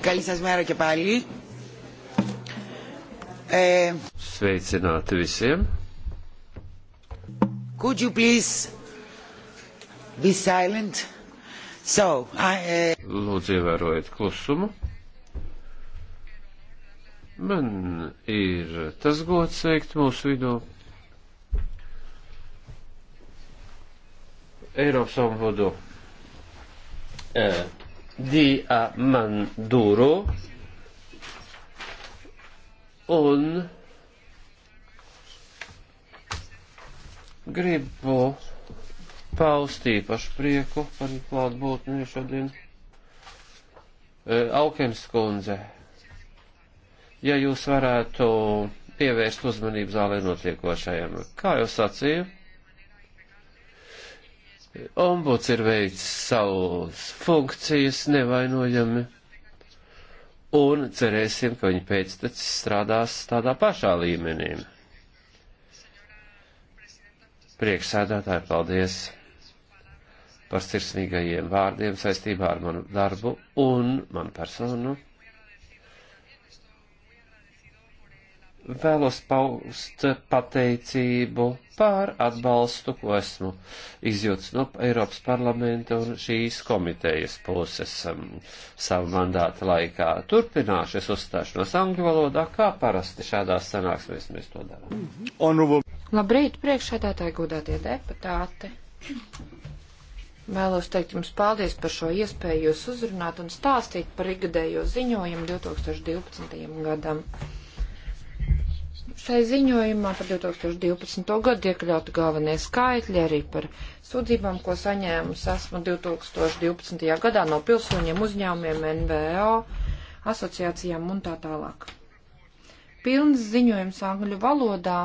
Καλή σας μέρα και πάλι. Ε, Sveicināti visiem. Could you please be silent? So, I, uh, Lūdzu, ievērojiet klusumu. Man ir tas gods sveikt mūsu vidū Eiropas ombudu. Uh, Diamanduru un gribu paust īpašu prieku par klātbūtni šodien. E, Aukens kundze, ja jūs varētu pievērst uzmanību zālē notiekošajam. Kā jau sacīju, Ombuds ir veicis savus funkcijas nevainojami, un cerēsim, ka viņa pēctecis strādās tādā pašā līmenī. Priekšsēdētāji, paldies! par sirsnīgajiem vārdiem saistībā ar manu darbu un manu personu. vēlos paust pateicību pār atbalstu, ko esmu izjūts no Eiropas parlamenta un šīs komitejas puses um, savu mandātu laikā. Turpināšu es uzstāšanos angļu valodā, kā parasti šādās sanāksmēs mēs to darām. Labrīt, priekšsēdētāji, godātie deputāti! Vēlos teikt jums paldies par šo iespēju jūs uzrunāt un stāstīt par ikgadējo ziņojumu 2012. gadam. Šai ziņojumā par 2012. gadu iekļauti galvenie skaitļi arī par sūdzībām, ko saņēmu esmu 2012. gadā no pilsoņiem, uzņēmumiem, NVO, asociācijām un tā tālāk. Pilns ziņojums angļu valodā,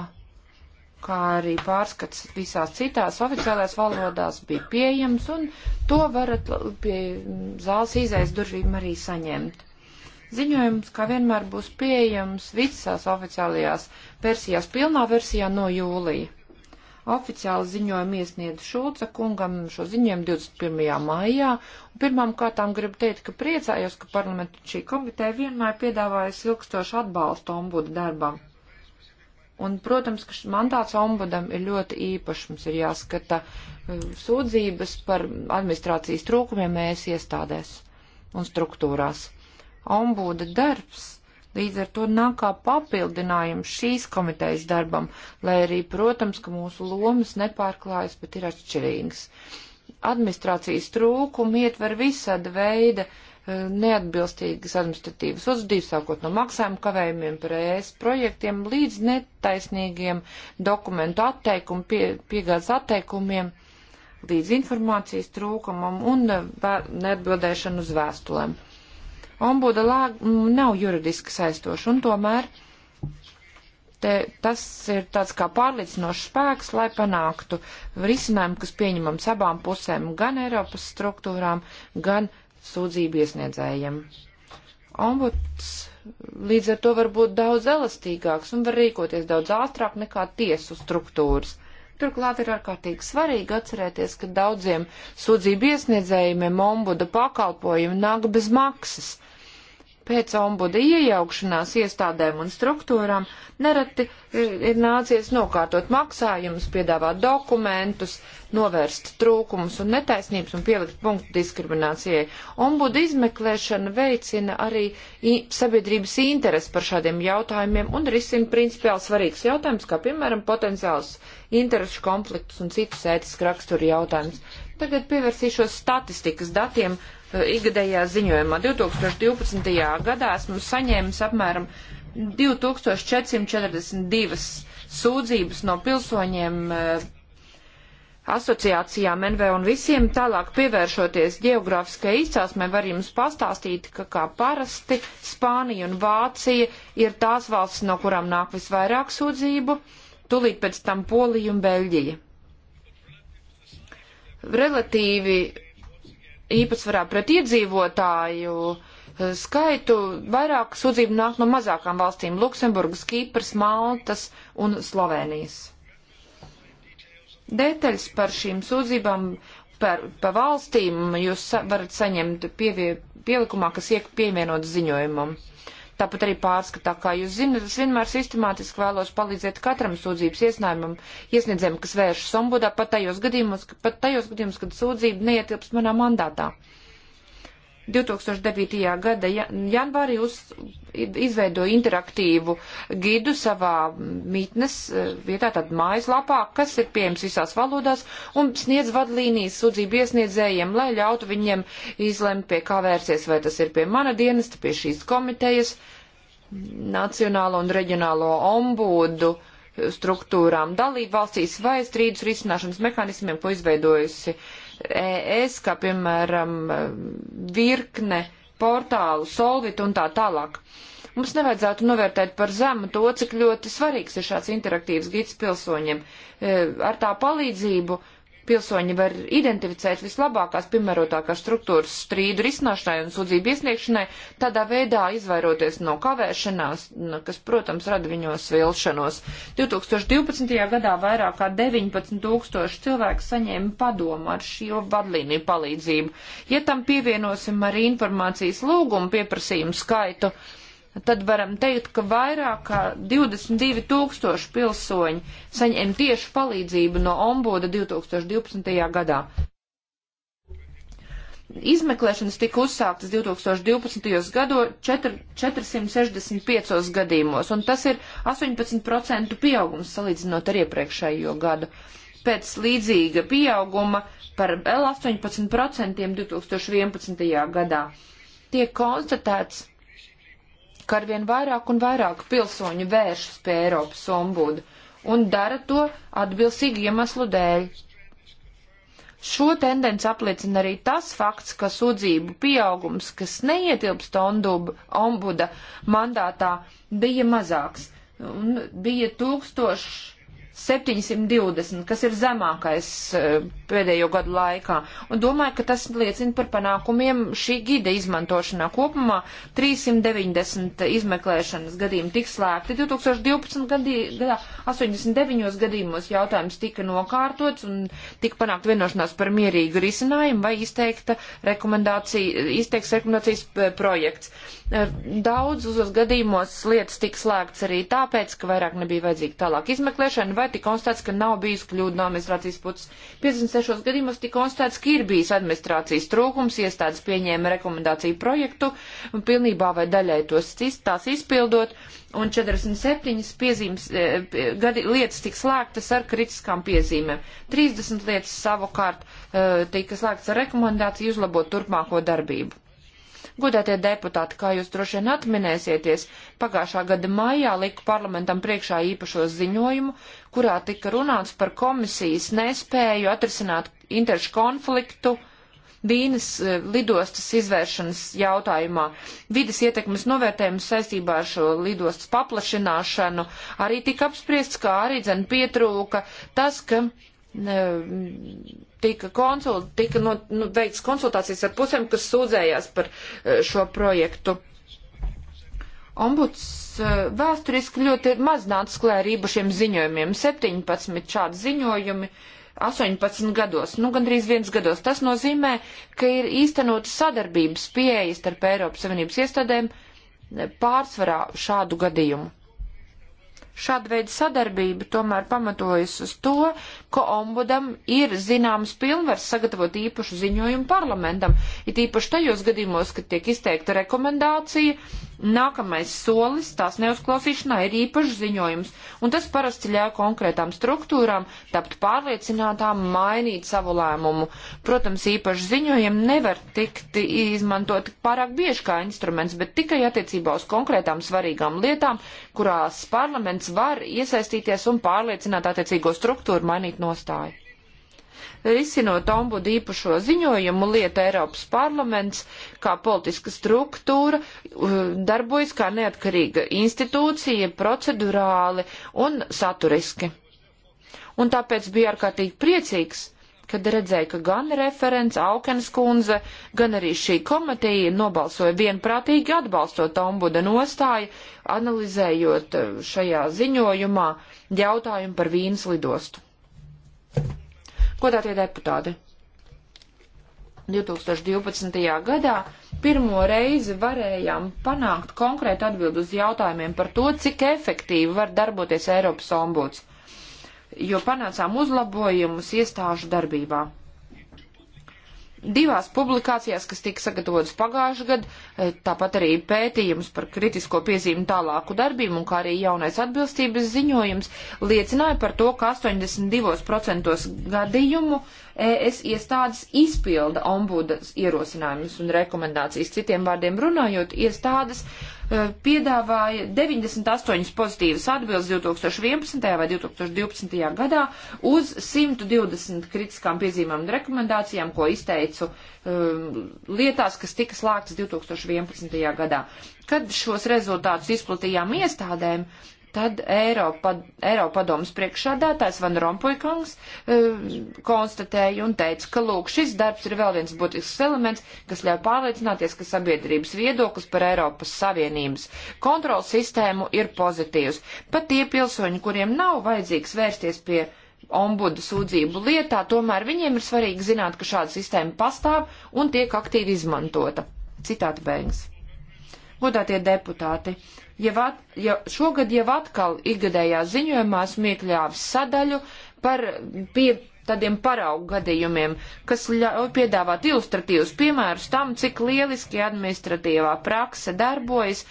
kā arī pārskats visās citās oficiālās valodās bija pieejams, un to varat pie zāles izējas durvīm arī saņemt. Ziņojums, kā vienmēr, būs pieejams visās oficiālajās versijās, pilnā versijā no jūlija. Oficiāli ziņojumu iesniedz Šulca kungam šo ziņojumu 21. maijā. Pirmām kārtām gribu teikt, ka priecājos, ka parlamentu šī komiteja vienmēr piedāvājas ilgstošu atbalstu ombudu darbam. Un, protams, ka mandāts ombudam ir ļoti īpašs. Mums ir jāskata uh, sūdzības par administrācijas trūkumiem mēs iestādēs un struktūrās ombuda darbs līdz ar to nāk kā papildinājums šīs komitejas darbam, lai arī, protams, ka mūsu lomas nepārklājas, bet ir atšķirīgas. Administrācijas trūkumi ietver visāda veida eh, neatbilstīgas administratīvas uzvedības, sākot no maksājuma kavējumiem par ES projektiem līdz netaisnīgiem dokumentu atteikumu, pie, piegādes atteikumiem, līdz informācijas trūkumam un eh, neatbildēšanu uz vēstulēm. Ombuda lāga mm, nav juridiski saistoša, un tomēr te, tas ir tāds kā pārliecinošs spēks, lai panāktu risinājumu, kas pieņemams abām pusēm, gan Eiropas struktūrām, gan sūdzību iesniedzējiem. Ombuds līdz ar to var būt daudz elastīgāks un var rīkoties daudz ātrāk nekā tiesu struktūras. Turklāt ir ārkārtīgi svarīgi atcerēties, ka daudziem sūdzību iesniedzējumiem ombuda pakalpojumi nāk bez maksas. Pēc ombuda iejaukšanās iestādēm un struktūrām nereti ir nācies nokārtot maksājumus, piedāvāt dokumentus, novērst trūkumus un netaisnības un pielikt punktu diskriminācijai. Ombuda izmeklēšana veicina arī sabiedrības interesi par šādiem jautājumiem un risina principiāli svarīgs jautājums, kā piemēram potenciāls interešu konfliktus un citus ētisku raksturu jautājumus. Tagad pievērsīšos statistikas datiem ikgadējā ziņojumā. 2012. gadā esmu saņēmis apmēram 2442 sūdzības no pilsoņiem e, asociācijām NV un visiem. Tālāk pievēršoties geogrāfiskai izcelsmē, var jums pastāstīt, ka kā parasti Spānija un Vācija ir tās valstis, no kurām nāk visvairāk sūdzību, tulīt pēc tam Polija un Beļģija. Relatīvi īpatsvarā pret iedzīvotāju eh, skaitu vairāk sūdzību nāk no mazākām valstīm - Luksemburgas, Kīpras, Maltas un Slovenijas. Detaļas par šīm sūdzībām par, par valstīm jūs varat saņemt pievie, pielikumā, kas iek pievienot ziņojumam. Uh, Tāpat arī pārskatā, kā jūs zinat, es vienmēr sistemātiski vēlos palīdzēt katram sūdzības iesnājumam, iesniedzējumam, kas vēršas ombudā, pat tajos gadījumos, pat tajos gadījumos, kad sūdzība neietilps manā mandātā. Uh, 2009. gada janvārī uz, izveidoja interaktīvu gidu savā mītnes eh, vietā, tad mājaslapā, kas ir pieejams visās valodās, un sniedz vadlīnijas sūdzību iesniedzējiem, lai ļautu viņiem izlemt, pie kā vērsties, vai tas ir pie mana dienesta, pie šīs komitejas, nacionālo un reģionālo ombudu struktūrām dalību valstīs vai strīdus risināšanas mekanismiem, ko izveidojusi uh, ES, kā piemēram virkne portālu, solvit un tā tālāk. Mums nevajadzētu novērtēt par zemu to, cik ļoti svarīgs ir šāds interaktīvs gids pilsoņiem. E, ar tā palīdzību pilsoņi var identificēt vislabākās, piemērotākās struktūras strīdu risināšanai un sūdzību iesniegšanai, tādā veidā izvairoties no kavēšanās, nu, kas, protams, rada viņos vilšanos. 2012. gadā vairāk kā 19 tūkstoši cilvēku saņēma padomu ar šo vadlīniju palīdzību. Ja tam pievienosim arī informācijas lūgumu pieprasījumu skaitu, tad varam teikt, ka vairāk kā 22 tūkstoši pilsoņi saņem tieši palīdzību no ombuda 2012. gadā. Izmeklēšanas tika uzsāktas 2012. gado 4, 465 gadījumos, un tas ir 18% pieaugums salīdzinot ar iepriekšējo gadu. Pēc līdzīga pieauguma par vēl 18% 2011. gadā tiek konstatēts, ka arvien vairāk un vairāk pilsoņu vēršas pie Eiropas ombudu un dara to atbilstīgu iemeslu dēļ. Šo tendenci apliecina arī tas fakts, ka sūdzību pieaugums, kas neietilpst ombuda mandātā, bija mazāks. Un bija tūkstoši 720, kas ir zemākais eh, pēdējo gadu laikā. Un domāju, ka tas liecina par panākumiem šī gida izmantošanā. Kopumā 390 izmeklēšanas gadījumi tika slēgti. 2012. Gadī, gadā 89 gadījumos jautājums tika nokārtots un tika panākt vienošanās par mierīgu risinājumu vai izteikta rekomendācija, izteikts rekomendācijas eh, projekts. Daudzos gadījumos lietas tika slēgts arī tāpēc, ka vairāk nebija vajadzīga tālāk izmeklēšana, vai tika konstatēts, ka nav bijis kļūda no administrācijas puses. 56 gadījumos tika konstatēts, ka ir bijis administrācijas trūkums, iestādes pieņēma rekomendāciju projektu, pilnībā vai daļai tos tās izpildot, un 47 piezīmes, e, gadi, lietas tika slēgtas ar kritiskām piezīmēm. 30 lietas savukārt e, tika slēgtas ar rekomendāciju uzlabot turpmāko darbību. Godātie deputāti, kā jūs droši vien atminēsieties, pagājušā gada maijā liku parlamentam priekšā īpašo ziņojumu, kurā tika runāts par komisijas nespēju atrisināt interešu konfliktu. Dīnas eh, lidostas izvēršanas jautājumā. Vides ietekmes novērtējums saistībā ar šo lidostas paplašināšanu arī tika apspriests, kā arī dzen pietrūka tas, ka. Ne, tika, konsul, tika no, nu, veikts konsultācijas ar pusēm, kas sūdzējās par eh, šo projektu. Ombuds eh, vēsturiski ļoti maz nāca klērība šiem ziņojumiem. 17 šādi ziņojumi 18 gados, nu gandrīz viens gados. Tas nozīmē, ka ir īstenot sadarbības pieejas starp Eiropas Savienības iestādēm eh, pārsvarā šādu gadījumu. Šāda veida sadarbība tomēr pamatojas uz to, ka ombudam ir zināms pilnvars sagatavot īpašu ziņojumu parlamentam, it īpaši tajos gadījumos, kad tiek izteikta rekomendācija, nākamais solis tās neuzklausīšanā ir īpašs ziņojums, un tas parasti ļauj konkrētām struktūrām tapt pārliecinātām mainīt savu lēmumu. Protams, īpaši ziņojumi nevar tikt izmantot pārāk bieži kā instruments, bet tikai attiecībā uz konkrētām svarīgām lietām, kurās parlaments var iesaistīties un pārliecināt attiecīgo struktūru mainīt nostāju. Risinot ombudu īpašo ziņojumu, lieta Eiropas parlaments kā politiska struktūra darbojas kā neatkarīga institūcija procedurāli un saturiski. Un tāpēc bija ārkārtīgi priecīgs, kad redzēju, ka gan referents Aukens kundze, gan arī šī komitīja nobalsoja vienprātīgi atbalstot ombuda nostāju, analizējot eh, šajā ziņojumā jautājumu par vīnas lidostu. Ko tā tie deputāti? 2012. gadā pirmo reizi varējām panākt konkrētu atbildu uz jautājumiem par to, cik efektīvi var darboties Eiropas ombuds jo panācām uzlabojumus iestāžu darbībā. Divās publikācijās, kas tika sagatavotas pagājušajā gadā, eh, tāpat arī pētījums par kritisko piezīmu tālāku darbību un kā arī jaunais atbilstības ziņojums liecināja par to, ka 82% gadījumu ES iestādes izpilda ombudas ierosinājumus un rekomendācijas. Citiem vārdiem runājot, iestādes uh, Eh, piedāvāja 98 pozitīvas atbildes 2011. vai 2012. gadā uz 120 kritiskām piezīmēm un rekomendācijām, ko izteicu um, lietās, kas tika slēgtas 2011. gadā. Kad šos rezultātus izplatījām iestādēm, Tad Eiropa, Eiropa padomas priekšādātājs Van Rompuikungs e, konstatēja un teica, ka lūk, šis darbs ir vēl viens būtisks elements, kas ļauj pārliecināties, ka sabiedrības viedoklis par Eiropas Savienības kontrols sistēmu ir pozitīvs. Pat tie pilsoņi, kuriem nav vajadzīgs vērsties pie ombudu sūdzību lietā, tomēr viņiem ir svarīgi zināt, ka šāda sistēma pastāv un tiek aktīvi izmantota. Citāta beigas. Godātie deputāti, jau at, jau šogad jau atkal ikgadējā ziņojumā esmu iekļāvis sadaļu par pie, tādiem paraugu gadījumiem, kas ļauj piedāvāt ilustratīvus piemērus tam, cik lieliski administratīvā prakse darbojas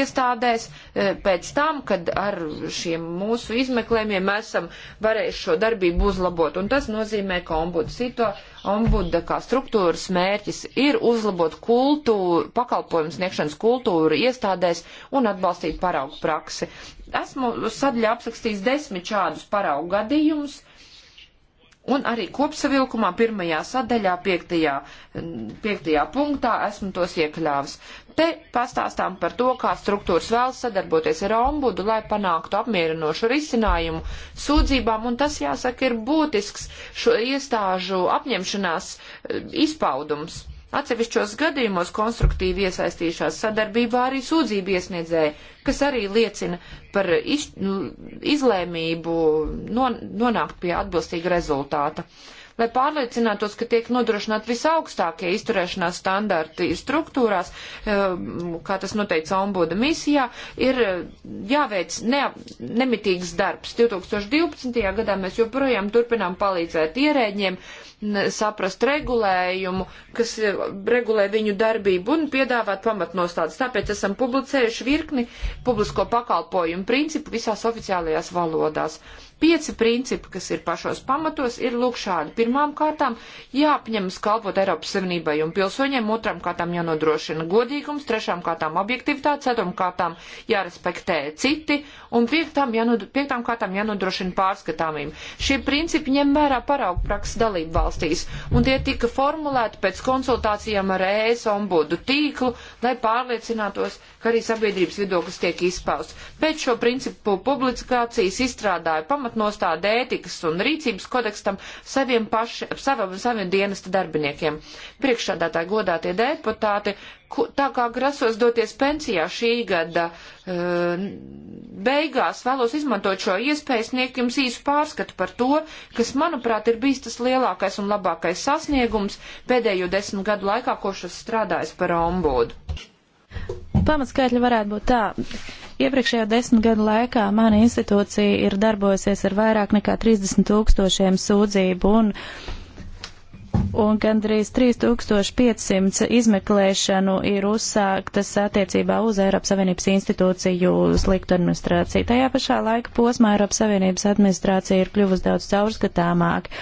iestādēs e, pēc tam, kad ar šiem mūsu izmeklējumiem esam varējuši šo darbību uzlabot. Un tas nozīmē, ka ombuda sito, ombuda kā struktūras mērķis ir uzlabot kultūru, pakalpojumu sniegšanas kultūru iestādēs un atbalstīt paraugu praksi. Esmu sadļā aprakstījis desmit šādus paraugu gadījumus Un arī kopsavilkumā pirmajā sadaļā, piektajā, piektajā punktā esmu tos iekļāvis. Te pastāstām par to, kā struktūras vēlas sadarboties ar ombudu, lai panāktu apmierinošu risinājumu sūdzībām, un tas, jāsaka, ir būtisks šo iestāžu apņemšanās eh, izpaudums. Atsevišķos gadījumos konstruktīvi iesaistījušās sadarbībā arī sūdzību iesniedzēji, kas arī liecina par iz, nu, izlēmību non, nonākt pie atbilstīga rezultāta. Uh, lai pārliecinātos, ka tiek nodrošināt visaugstākie izturēšanās standarti struktūrās, um, kā tas noteica ombuda misijā, ir uh, jāveic ne, nemitīgs darbs. 2012. gadā mēs joprojām turpinām palīdzēt ierēģiem saprast regulējumu, kas uh, regulē viņu darbību un piedāvāt pamatnostādes. Tāpēc esam publicējuši virkni publisko pakalpojumu principu visās oficiālajās valodās. Pieci principi, kas ir pašos pamatos, ir lūk šādi. Pirmām kārtām jāapņemas kalpot Eiropas Savienībai un pilsoņiem, otram kārtām jānodrošina godīgums, trešām kārtām objektivitāte, ceturtām kārtām jārespektē citi un piektām, jānod, piektām kārtām jānodrošina pārskatāmība. Šie principi ņem vērā paraugu prakses dalību valstīs un tie tika formulēti pēc konsultācijām ar ES ombudu tīklu, lai pārliecinātos, ka arī sabiedrības viedoklis tiek izpausts. Pēc šo principu publikācijas izstrādāja pamat pamatnostāda ētikas un rīcības kodekstam saviem, paši, savam, saviem dienesta darbiniekiem. Priekšādātāji godātie deputāti, ku, tā kā grasos doties pensijā šī gada uh, beigās, vēlos izmantot šo iespēju sniegt jums īsu pārskatu par to, kas, manuprāt, ir bijis tas lielākais un labākais sasniegums pēdējo desmit gadu laikā, ko šis strādājis par ombudu. Pamatskaitļi varētu būt tā. Iepriekšējā desmit gadu laikā mana institūcija ir darbojusies ar vairāk nekā 30 tūkstošiem sūdzību un, un gandrīz 3500 izmeklēšanu ir uzsāktas attiecībā uz Eiropas Savienības institūciju sliktu administrāciju. Tajā pašā laika posmā Eiropas Savienības administrācija ir kļuvusi daudz caurskatāmāk,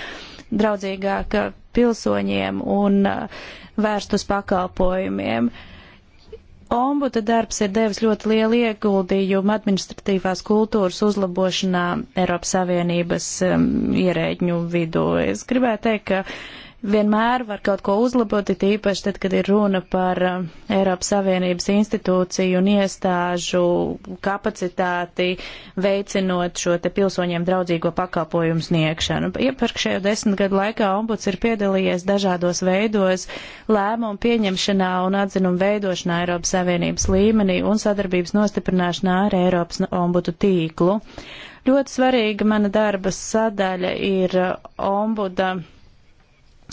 draudzīgāk pilsoņiem un uh, vērst uz pakalpojumiem. Uh, Ombuda darbs ir devis ļoti lielu ieguldījumu administratīvās kultūras uzlabošanā Eiropas Savienības um, ierēģņu vidū. Es gribētu teikt, ka vienmēr var kaut ko uzlabot, it īpaši tad, kad ir runa par um, Eiropas Savienības institūciju un iestāžu kapacitāti veicinot šo te pilsoņiem draudzīgo pakalpojumu sniegšanu. Iepriekšējo desmit gadu laikā ombuds ir piedalījies dažādos veidos lēmumu pieņemšanā un atzinumu veidošanā Eiropas Savienības līmenī un sadarbības nostiprināšanā ar Eiropas ombudu tīklu. Ļoti svarīga mana darba sadaļa ir uh, ombuda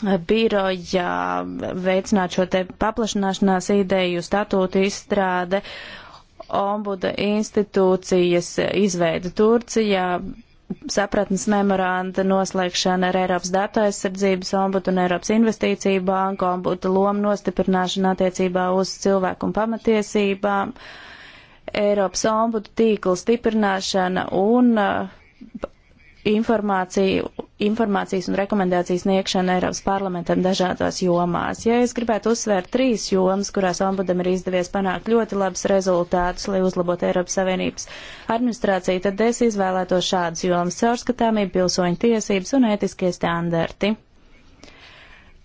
biroja veicināt šo te paplašanāšanās ideju, statūtu izstrāde, ombuda institūcijas izveida Turcijā, sapratnes memoranda noslēgšana ar Eiropas datu aizsardzības ombudu un Eiropas investīciju banku, ombuda loma nostiprināšana attiecībā uz cilvēku un pamatiesībām, Eiropas ombudu tīkla stiprināšana un uh, informāciju, informācijas un rekomendācijas sniegšana Eiropas parlamentam dažādās jomās. Ja es gribētu uzsvērt trīs jomas, kurās ombudam ir izdevies panākt ļoti labus rezultātus, lai uzlabotu Eiropas Savienības administrāciju, tad es izvēlēto šādas jomas - caurskatāmība, pilsoņu tiesības un ētiskie standarti.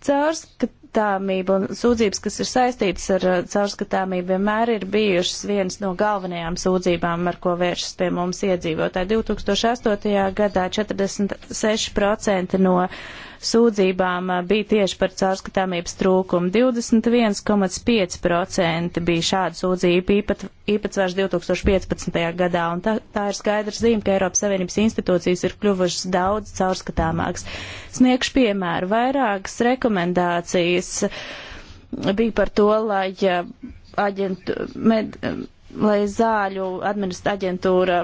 Caurskatāmība caurskatāmība un sūdzības, kas ir saistītas ar uh, caurskatāmību, vienmēr ir bijušas vienas no galvenajām sūdzībām, ar ko vēršas pie mums iedzīvotāji. 2008. gadā 46% no sūdzībām eh, bija tieši par caurskatāmības trūkumu. 21,5% bija šāda sūdzība īpat, īpatsvars 2015. gadā, un tā, tā ir skaidrs zīme, ka Eiropas Savienības institūcijas ir kļuvušas daudz caurskatāmāks. Sniegšu piemēru vairākas rekomendācijas bija par to, lai eh, aģentu, med, lai zāļu aģentūra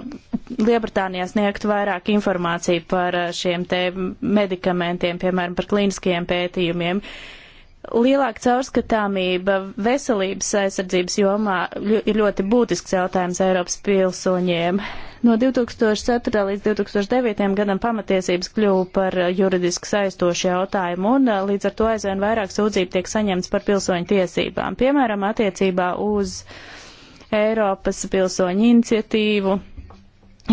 Lielbritānijā sniegtu vairāk informāciju par eh, šiem te medikamentiem, piemēram, par klīniskajiem pētījumiem. Lielāka caurskatāmība veselības aizsardzības jomā ir ļoti būtisks jautājums Eiropas pilsoņiem. No 2004. līdz 2009. gadam pamatiesības kļuva par eh, juridiski saistošu jautājumu, un eh, līdz ar to aizvien vairāk sūdzību tiek saņemts par pilsoņu tiesībām, piemēram, attiecībā uz uh, Eiropas pilsoņu iniciatīvu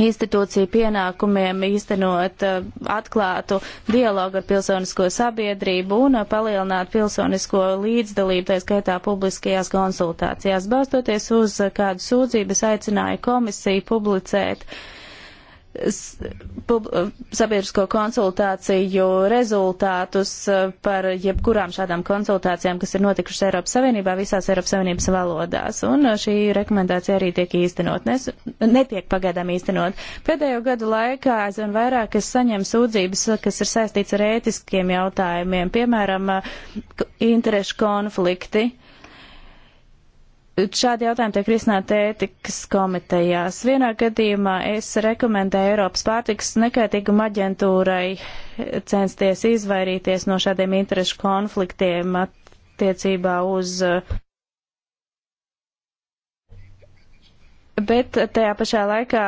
institūciju pienākumiem īstenot uh, atklātu dialogu ar pilsonisko sabiedrību un uh, palielināt pilsonisko līdzdalību, tā skaitā publiskajās konsultācijās. Balstoties uz uh, kādu sūdzību, aicināja komisiju publicēt uh, sabiedrisko konsultāciju rezultātus e, par jebkurām šādām konsultācijām, kas ir notikušas Eiropas Savienībā visās Eiropas Savienības valodās. Un e, šī rekomendācija arī tiek īstenot, nes, netiek pagaidām īstenot. Pēdējo gadu laikā aizvien vairāk es saņemu sūdzības, kas ir saistīts ar ētiskiem jautājumiem, piemēram, e, interešu konflikti Šādi jautājumi tiek risināti ētikas komitejās. Vienā gadījumā es rekomendēju Eiropas pārtikas nekaitīguma aģentūrai censties izvairīties no šādiem interešu konfliktiem attiecībā uz. Bet tajā pašā laikā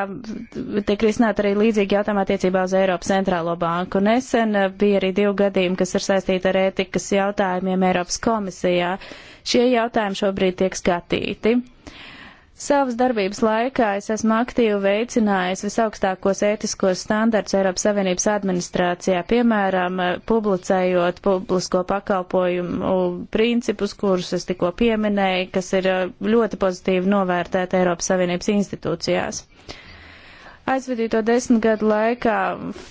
tiek risināti arī līdzīgi jautājumi attiecībā uz Eiropas centrālo banku. Nesen bija arī divi gadījumi, kas ir saistīti ar ētikas jautājumiem Eiropas komisijā. Uh, Šie jautājumi šobrīd tiek skatīti. Savas darbības laikā es esmu aktīvi veicinājis visaugstākos ētiskos standarts Eiropas Savienības administrācijā, piemēram, publicējot publisko pakalpojumu principus, kurus es tikko pieminēju, kas ir ļoti pozitīvi novērtēti Eiropas Savienības institūcijās aizvadīto desmit gadu laikā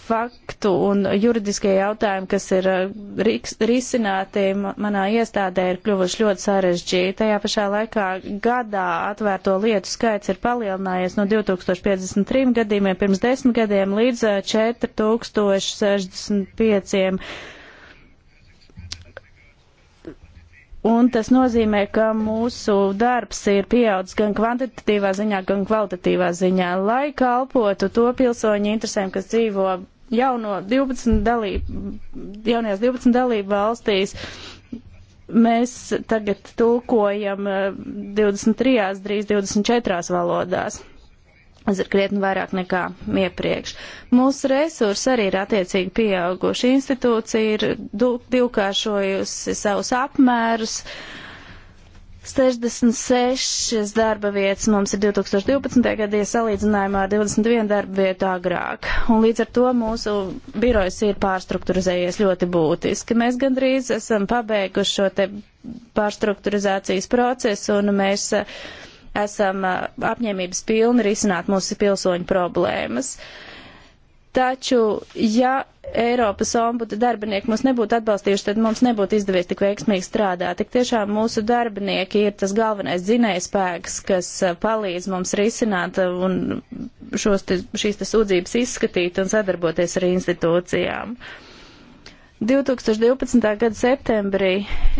faktu un juridiskie jautājumi, kas ir uh, risināti manā iestādē, ir kļuvuši ļoti sarežģīti. Tajā pašā laikā gadā atvērto lietu skaits ir palielinājies no 2053 gadījumiem pirms desmit gadiem līdz 4065 uh, Un tas nozīmē, ka mūsu darbs ir pieaudzis gan kvantitatīvā ziņā, gan kvalitatīvā ziņā, lai kalpotu to pilsoņu interesēm, kas dzīvo jauno 12 dalību, jaunajās 12 dalību valstīs. Mēs tagad tulkojam 23, eh, drīz 24 valodās. Tas ir krietni vairāk nekā iepriekš. Mūsu resursi arī ir attiecīgi pieauguši. Institūcija ir divkāršojusi savus apmērus. 66 darba vietas mums ir 2012. gadā, ja salīdzinājumā ar 21 darba vietu agrāk. Un līdz ar to mūsu birojs ir pārstrukturizējies ļoti būtiski. Mēs gandrīz esam pabeiguši šo te pārstrukturizācijas procesu un mēs uh, esam uh, apņēmības pilni risināt mūsu pilsoņu problēmas. Taču, ja Eiropas ombuda darbinieki mūs nebūtu atbalstījuši, tad mums nebūtu izdevies tik veiksmīgi strādāt. Tik tiešām mūsu darbinieki ir tas galvenais dzinējspēks, kas uh, palīdz mums risināt uh, un šos te, šīs te sūdzības izskatīt un sadarboties ar institūcijām. Uh, 2012. gada septembrī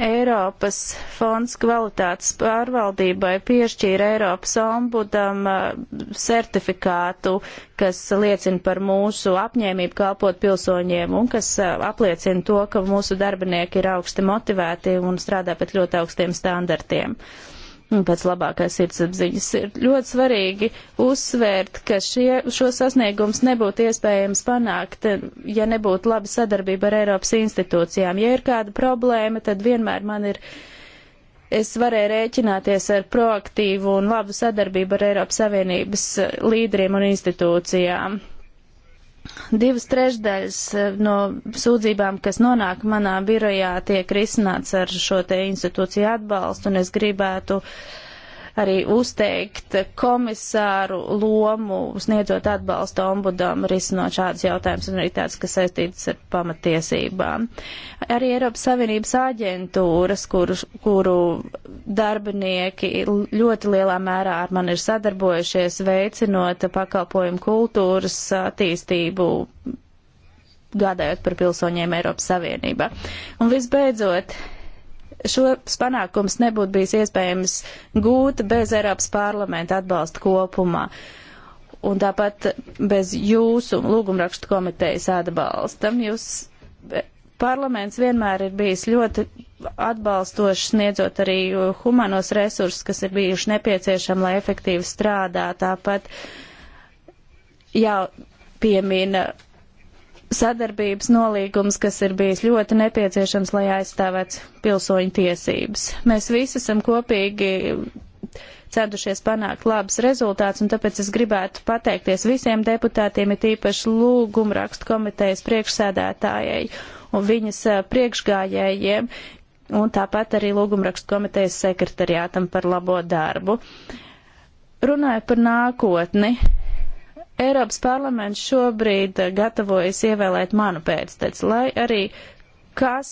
Eiropas fonds kvalitātes pārvaldībai piešķīra Eiropas ombudam uh, certifikātu, kas liecina par mūsu apņēmību kalpot pilsoņiem un kas uh, apliecina to, ka mūsu darbinieki ir augsti motivēti un strādā pēc ļoti augstiem standartiem. Uh, pēc labākās sirdsapziņas. Ir ļoti svarīgi uzsvērt, ka šie, šo sasniegums nebūtu iespējams panākt, ja nebūtu laba sadarbība ar Eiropas institūcijām. Ja ir kāda problēma, tad vienmēr man ir. Es varēju rēķināties ar proaktīvu un labu sadarbību ar Eiropas Savienības eh, līderiem un institūcijām. Divas trešdaļas eh, no sūdzībām, kas nonāk manā birojā, tiek risināts ar šo te institūciju atbalstu, un es gribētu uh, arī uzteikt komisāru lomu, sniedzot atbalstu ombudam, risinot šādus jautājumus un arī tāds, kas saistīts ar pamatiesībām. Arī Eiropas Savienības aģentūras, kuru, kuru darbinieki ļoti lielā mērā ar mani ir sadarbojušies, veicinot pakalpojumu kultūras attīstību gādājot par pilsoņiem Eiropas Savienībā. Un visbeidzot, Šos panākums nebūtu bijis iespējams gūt bez Eiropas parlamenta atbalsta kopumā. Un tāpat bez jūsu lūgumrakstu komitejas atbalsta. Jūs eh, parlaments vienmēr ir bijis ļoti atbalstoši sniedzot arī humanos resursus, kas ir bijuši nepieciešami, lai efektīvi strādā. Tāpat jau piemina sadarbības nolīgums, kas ir bijis ļoti nepieciešams, lai aizstāvētu pilsoņu tiesības. Mēs visi esam kopīgi centušies panākt labs rezultāts, un tāpēc es gribētu pateikties visiem deputātiem, ir īpaši lūgumu rakstu komitejas priekšsēdētājai un viņas eh, priekšgājējiem, un tāpat arī lūgumu rakstu komitejas sekretariātam par labo darbu. Runājot par nākotni, Eiropas parlaments šobrīd eh, gatavojas ievēlēt manu pēctec, lai arī kas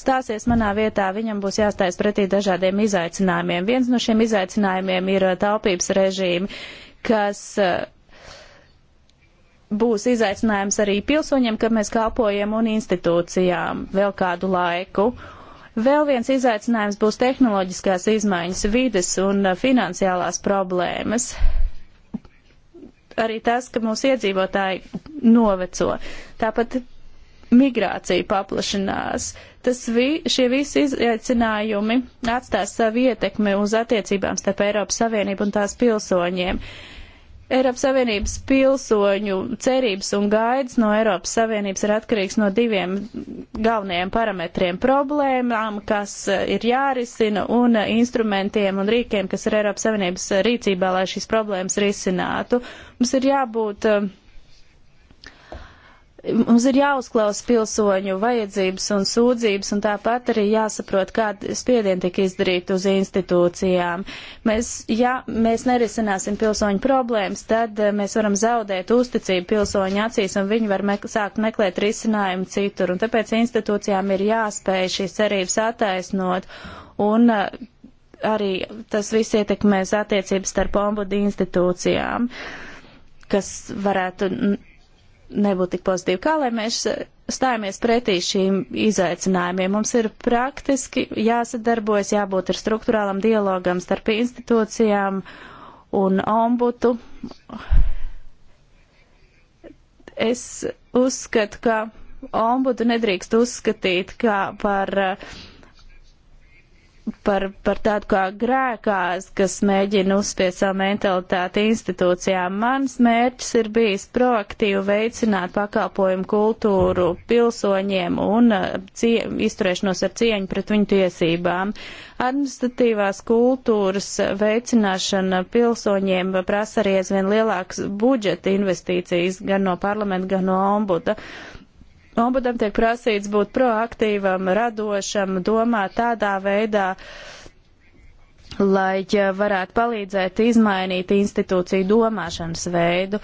stāsies manā vietā, viņam būs jāstājas pretī dažādiem izaicinājumiem. Viens no šiem izaicinājumiem ir eh, taupības režīmi, kas eh, būs izaicinājums arī pilsoņiem, kad mēs kalpojam un institūcijām vēl kādu laiku. Vēl viens izaicinājums būs tehnoloģiskās izmaiņas, vides un finansiālās problēmas arī tas, ka mūsu iedzīvotāji noveco. Tāpat migrācija paplašinās. Tas vi, šie visi izaicinājumi atstās savu ietekmi uz attiecībām starp Eiropas Savienību un tās pilsoņiem. Uh, Eiropas Savienības pilsoņu cerības un gaidas no Eiropas Savienības ir atkarīgs no diviem galvenajiem parametriem - problēmām, kas e, ir jārisina, un e, instrumentiem un rīkiem, kas ir Eiropas Savienības rīcībā, lai šīs problēmas risinātu. Mums ir jābūt uh, Mums ir jāuzklausa pilsoņu vajadzības un sūdzības, un tāpat arī jāsaprot, kāda spiediena tika izdarīta uz institūcijām. Mēs, ja mēs nerisināsim pilsoņu problēmas, tad eh, mēs varam zaudēt uzticību pilsoņu acīs, un viņi var mek sākt meklēt risinājumu citur. Un tāpēc institūcijām ir jāspēj šīs cerības attaisnot, un eh, arī tas viss ietekmēs attiecības starp ombudu institūcijām, kas varētu nebūtu tik pozitīvi. Kā lai mēs eh, stājamies pretī šīm izaicinājumiem? Mums ir praktiski jāsadarbojas, jābūt ar struktūrālam dialogam starp institūcijām un ombutu. Es uzskatu, ka ombudu nedrīkst uzskatīt kā par uh, par, par tādu kā grēkās, kas mēģina uzspiest savu mentalitāti institūcijām. Mans mērķis ir bijis proaktīvi veicināt pakalpojumu kultūru pilsoņiem un uh, cie, izturēšanos ar cieņu pret viņu tiesībām. Administratīvās kultūras veicināšana pilsoņiem prasa arī aizvien lielākas budžeta investīcijas gan no parlamenta, gan no ombuda. Uh, Ombudam tiek prasīts būt proaktīvam, radošam, domāt tādā veidā, lai varētu palīdzēt izmainīt institūciju domāšanas veidu.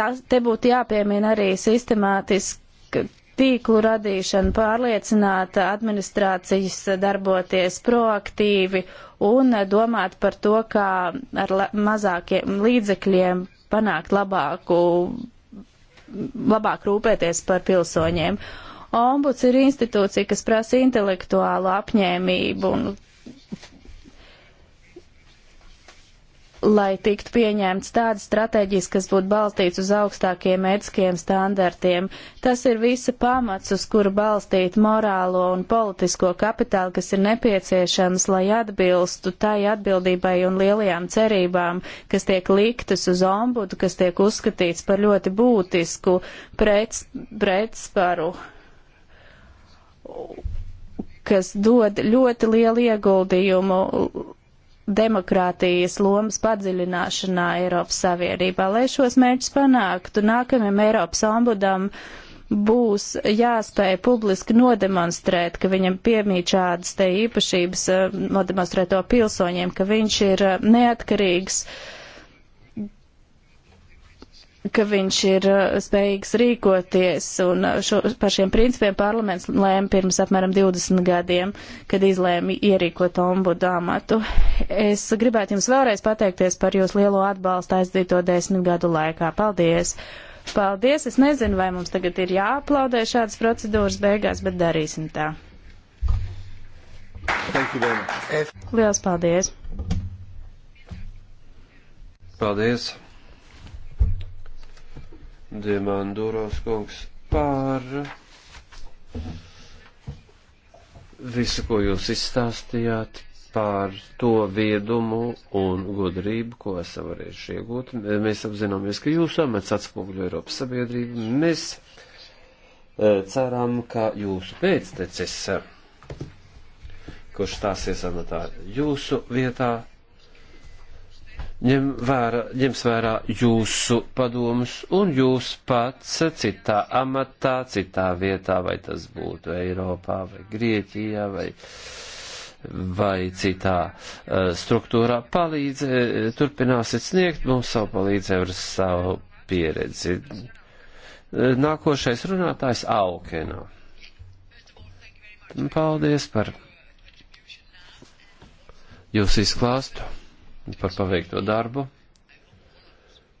Tas, te būtu jāpiemina arī sistemātiski tīklu radīšana, pārliecināta administrācijas darboties proaktīvi un domāt par to, kā ar mazākiem līdzekļiem panākt labāku labāk rūpēties par pilsoņiem. Ombuds ir institūcija, kas prasa intelektuālu apņēmību un lai tiktu pieņemts tādas stratēģijas, kas būtu balstīts uz augstākiem ētiskiem standartiem. Tas ir visa pamats, uz kuru balstīt morālo un politisko kapitālu, kas ir nepieciešams, lai atbilstu tai atbildībai un lielajām cerībām, kas tiek liktas uz ombudu, kas tiek uzskatīts par ļoti būtisku prets, pretsparu kas dod ļoti lielu ieguldījumu demokrātijas lomas padziļināšanā Eiropas Savienībā. Lai šos mērķus panāktu, nākamajam Eiropas ombudam būs jāspēj publiski nodemonstrēt, ka viņam piemīt šādas te īpašības eh, nodemonstrēto pilsoņiem, ka viņš ir eh, neatkarīgs uh, ka viņš ir uh, spējīgs rīkoties, un uh, šo, par šiem principiem parlaments lēma pirms apmēram 20 gadiem, kad izlēma ierīkot ombudu amatu. Es gribētu jums vēlreiz pateikties par jūsu lielo atbalstu aizdīto desmit gadu laikā. Paldies! Paldies! Es nezinu, vai mums tagad ir jāaplaudē šādas procedūras beigās, bet darīsim tā. Lielas paldies! Paldies! Diemandūros kungs par visu, ko jūs izstāstījāt, par to viedumu un gudrību, ko esam varējuši iegūt. Mēs apzināmies, ka jūsu amats atspoguļo Eiropas sabiedrību. Mēs e, ceram, ka jūsu pēctecis, kurš stāsies amatā jūsu vietā, ņem vērā, ņems vērā jūsu padomus un jūs pats citā amatā, citā vietā, vai tas būtu Eiropā vai Grieķijā vai, vai citā uh, struktūrā palīdz, uh, turpināsiet sniegt mums savu palīdzību ar savu pieredzi. Uh, nākošais runātājs Aukenā. Paldies par jūsu izklāstu par paveikto darbu,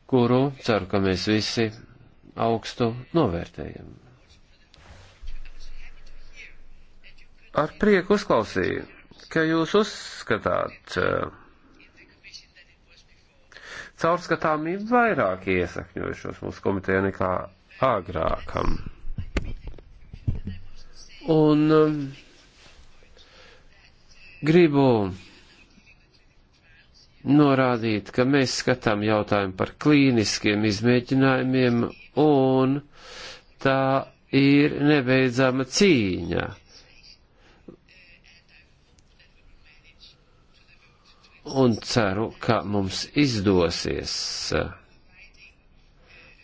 kuru ceru, ka mēs visi augstu novērtējam. Ar prieku uzklausīju, ka jūs uzskatāt eh, caurskatāmību vairāk iesakņojušos mūsu komitejā nekā agrākam. Un um, gribu norādīt, ka mēs skatām jautājumu par klīniskiem izmēģinājumiem, un tā ir nebeidzama cīņa. Un ceru, ka mums izdosies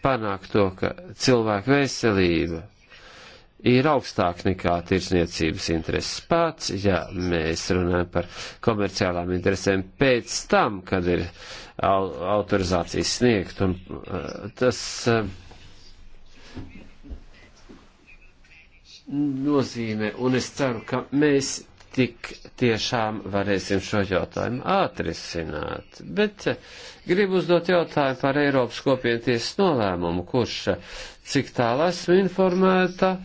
panākt to, ka cilvēku veselība ir augstāk nekā tirsniecības intereses pats, ja mēs runājam par komerciālām interesēm pēc tam, kad ir au autorizācijas sniegt. Un, uh, tas uh, nozīmē, un es ceru, ka mēs tik tiešām varēsim šo jautājumu atrisināt. Bet uh, gribu uzdot jautājumu par Eiropas kopienties nolēmumu, kurš, cik tālāk esmu informēta,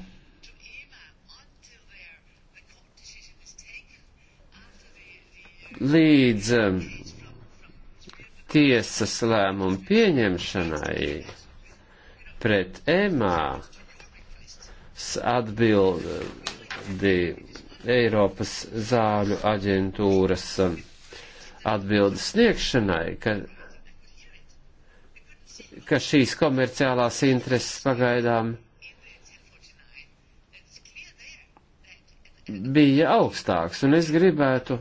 līdz um, tiesas lēmumu pieņemšanai pret EMA atbildi Eiropas zāļu aģentūras um, atbildes sniegšanai, ka, ka šīs komerciālās intereses pagaidām bija augstāks, un es gribētu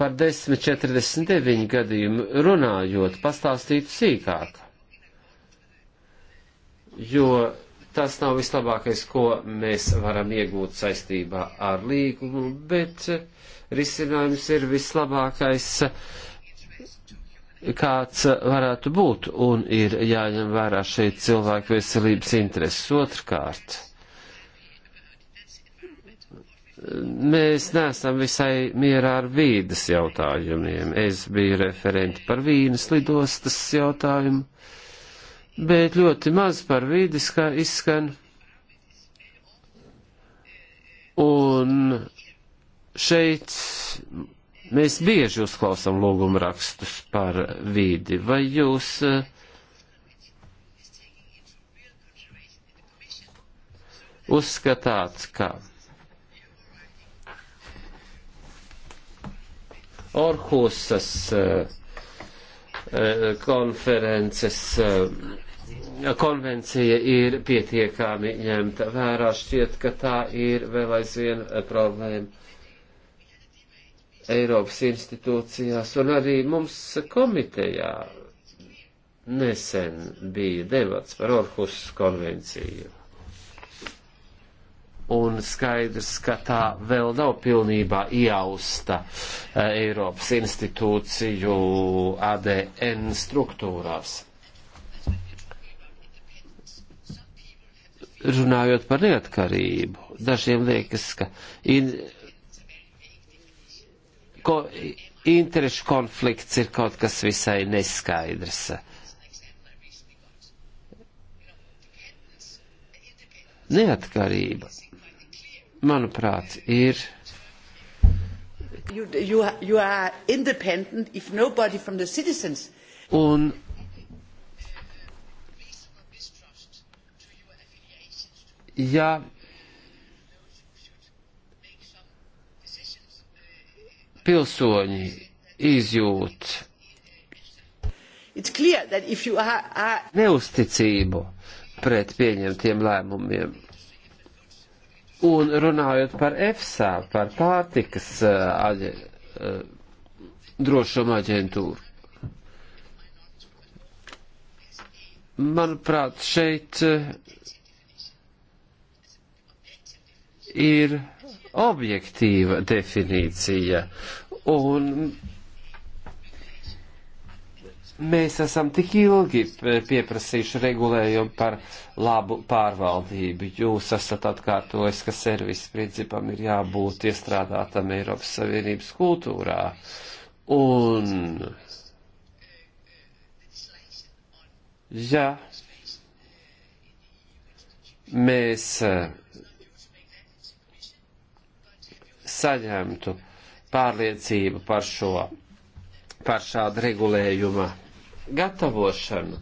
par 1049 gadījumu runājot, pastāstītu sīkāk. Jo tas nav vislabākais, ko mēs varam iegūt saistībā ar līgumu, bet risinājums ir vislabākais, kāds varētu būt, un ir jāņem vērā šeit cilvēku veselības intereses otrkārt mēs neesam visai mierā ar vīdas jautājumiem. Es biju referenti par vīnas lidostas jautājumu, bet ļoti maz par vīdas, kā izskan. Un šeit mēs bieži uzklausām lūgumu rakstus par vīdi. Vai jūs eh, uzskatāt, ka? Orhusas eh, eh, konferences eh, konvencija ir pietiekami ņemta vērā. Šķiet, ka tā ir vēl aizvien problēma Eiropas institūcijās un arī mums komitejā nesen bija debats par Orhusas konvenciju un skaidrs, ka tā vēl nav pilnībā iausta eh, Eiropas institūciju ADN struktūrās. Runājot par neatkarību, dažiem liekas, ka in, ko, interešu konflikts ir kaut kas visai neskaidrs. Neatkarība manuprāt, ir. You, you, are, you are independent if nobody from the citizens. Un ja pilsoņi izjūt are, are... neusticību pret pieņemtiem lēmumiem Un runājot par EFSA, par pārtikas aģe, drošuma aģentūru. Manuprāt, šeit ir objektīva definīcija. Un mēs esam tik ilgi pieprasījuši regulējumu par labu pārvaldību. Jūs esat atkārtojis, ka servisa principam ir jābūt iestrādātam Eiropas Savienības kultūrā. Un, ja mēs eh, saņemtu pārliecību par šo, par šādu regulējumu gatavošanu.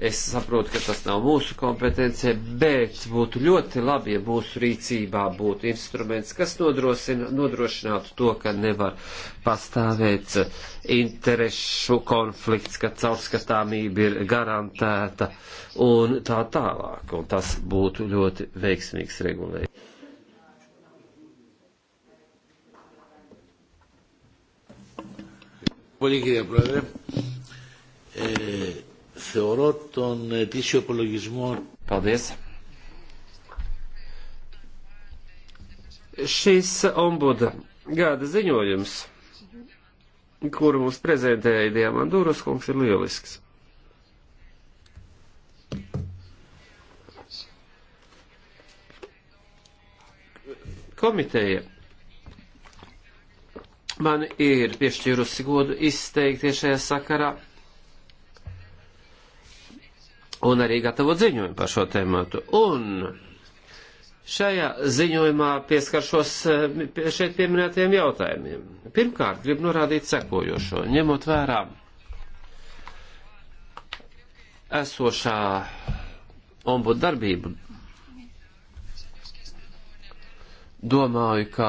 Es saprotu, ka tas nav mūsu kompetencija, bet būtu ļoti labi, ja mūsu rīcībā būtu instruments, kas nodrošinātu to, ka nevar pastāvēt interešu konflikts, ka caurskatāmība ir garantēta un tā tālāk. Un tas būtu ļoti veiksmīgs regulējums. Πολύ κύριε Πρόεδρε. Ε, θεωρώ τον ετήσιο απολογισμό... Paldies. Šis ombuda gada ziņojums, kuru mums prezentēja Diamandūras kungs, ir lielisks. komiteja man ir piešķīrusi godu izteikties šajā sakarā un arī gatavo ziņojumu par šo tēmatu. Un šajā ziņojumā pieskaršos eh, šeit pieminētajiem jautājumiem. Pirmkārt, gribu norādīt sekojošo, ņemot vērā esošā ombudu darbību. Domāju, ka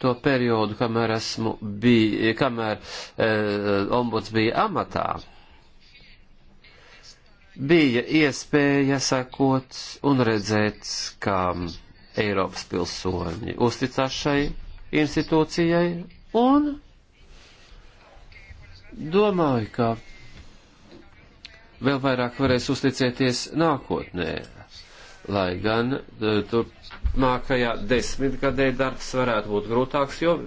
to periodu, kamēr esmu bija, kamēr e, ombuds bija amatā, bija iespēja sekot un redzēt, kā Eiropas pilsoņi uzticās šai institūcijai un domāju, ka vēl vairāk varēs uzticēties nākotnē, lai gan e, turpmākajā desmitgadē darbs varētu būt grūtāks, jo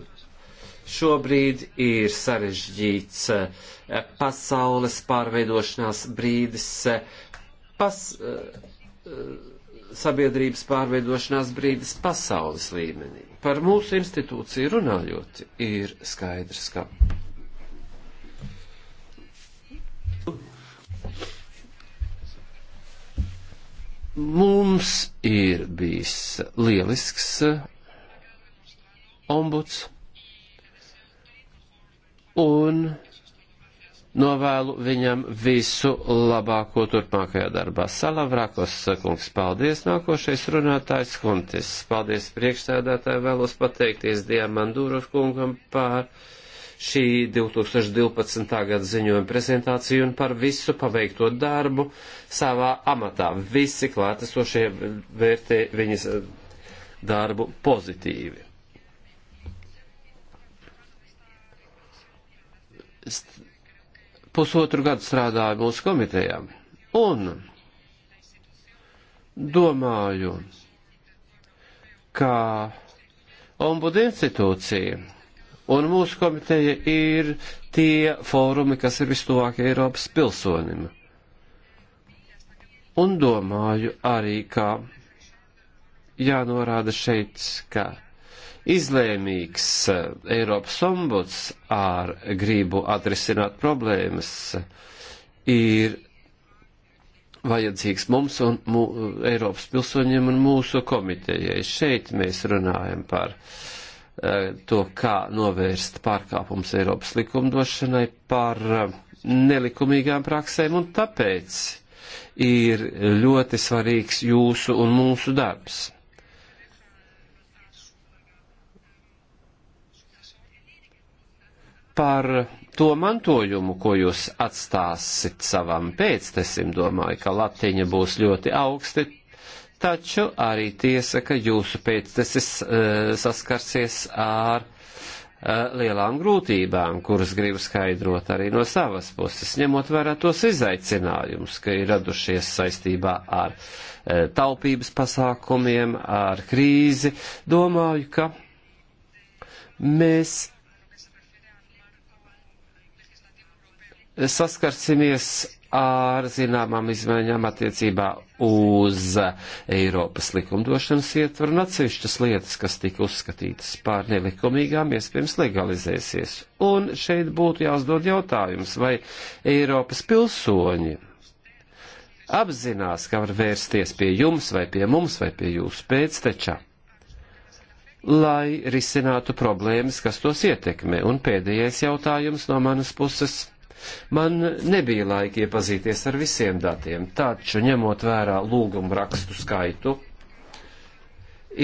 Šobrīd ir sarežģīts eh, pasaules pārveidošanās brīdis, eh, pas, eh, sabiedrības pārveidošanās brīdis pasaules līmenī. Par mūsu institūciju runājot, ir skaidrs, ka. Mums ir bijis lielisks ombuds un novēlu viņam visu labāko turpmākajā darbā. Salavrakos kungs, paldies, nākošais runātājs Huntis. Paldies priekšsēdētāji, vēlos pateikties Diamandūros kungam par šī 2012. gada ziņojuma prezentāciju un par visu paveikto darbu savā amatā. Visi klātesošie vērtē viņas darbu pozitīvi. pusotru gadu strādāju mūsu komitejām. Un domāju, ka ombudu institūcija un mūsu komiteja ir tie fórumi, kas ir vistuvākie Eiropas pilsonim. Un domāju arī, ka jānorāda šeit, ka izlēmīgs eh, Eiropas ombuds ar gribu atrisināt problēmas ir vajadzīgs mums un mū, Eiropas pilsoņiem un mūsu komitejai. Šeit mēs runājam par uh, to, kā novērst pārkāpums Eiropas likumdošanai par uh, nelikumīgām praksēm, un tāpēc ir ļoti svarīgs jūsu un mūsu darbs. par to mantojumu, ko jūs atstāsit savam pēctesim, domāju, ka latiņa būs ļoti augsti, taču arī tiesa, ka jūsu pēctesis uh, saskarsies ar eh, lielām grūtībām, kuras gribu skaidrot arī no savas puses, ņemot vērā tos izaicinājumus, ka ir radušies saistībā ar eh, taupības pasākumiem, ar krīzi. Domāju, ka mēs saskarsimies ar zināmām izmaiņām attiecībā uz Eiropas likumdošanas ietvaru un atsevišķas lietas, kas tika uzskatītas par nelikumīgām, iespējams legalizēsies. Un šeit būtu jāuzdod jautājums, vai Eiropas pilsoņi apzinās, ka var vērsties pie jums vai pie mums vai pie jūsu pēcteča, lai risinātu problēmas, kas tos ietekmē. Un pēdējais jautājums no manas puses Man nebija laika iepazīties ar visiem datiem, taču ņemot vērā lūgumu rakstu skaitu,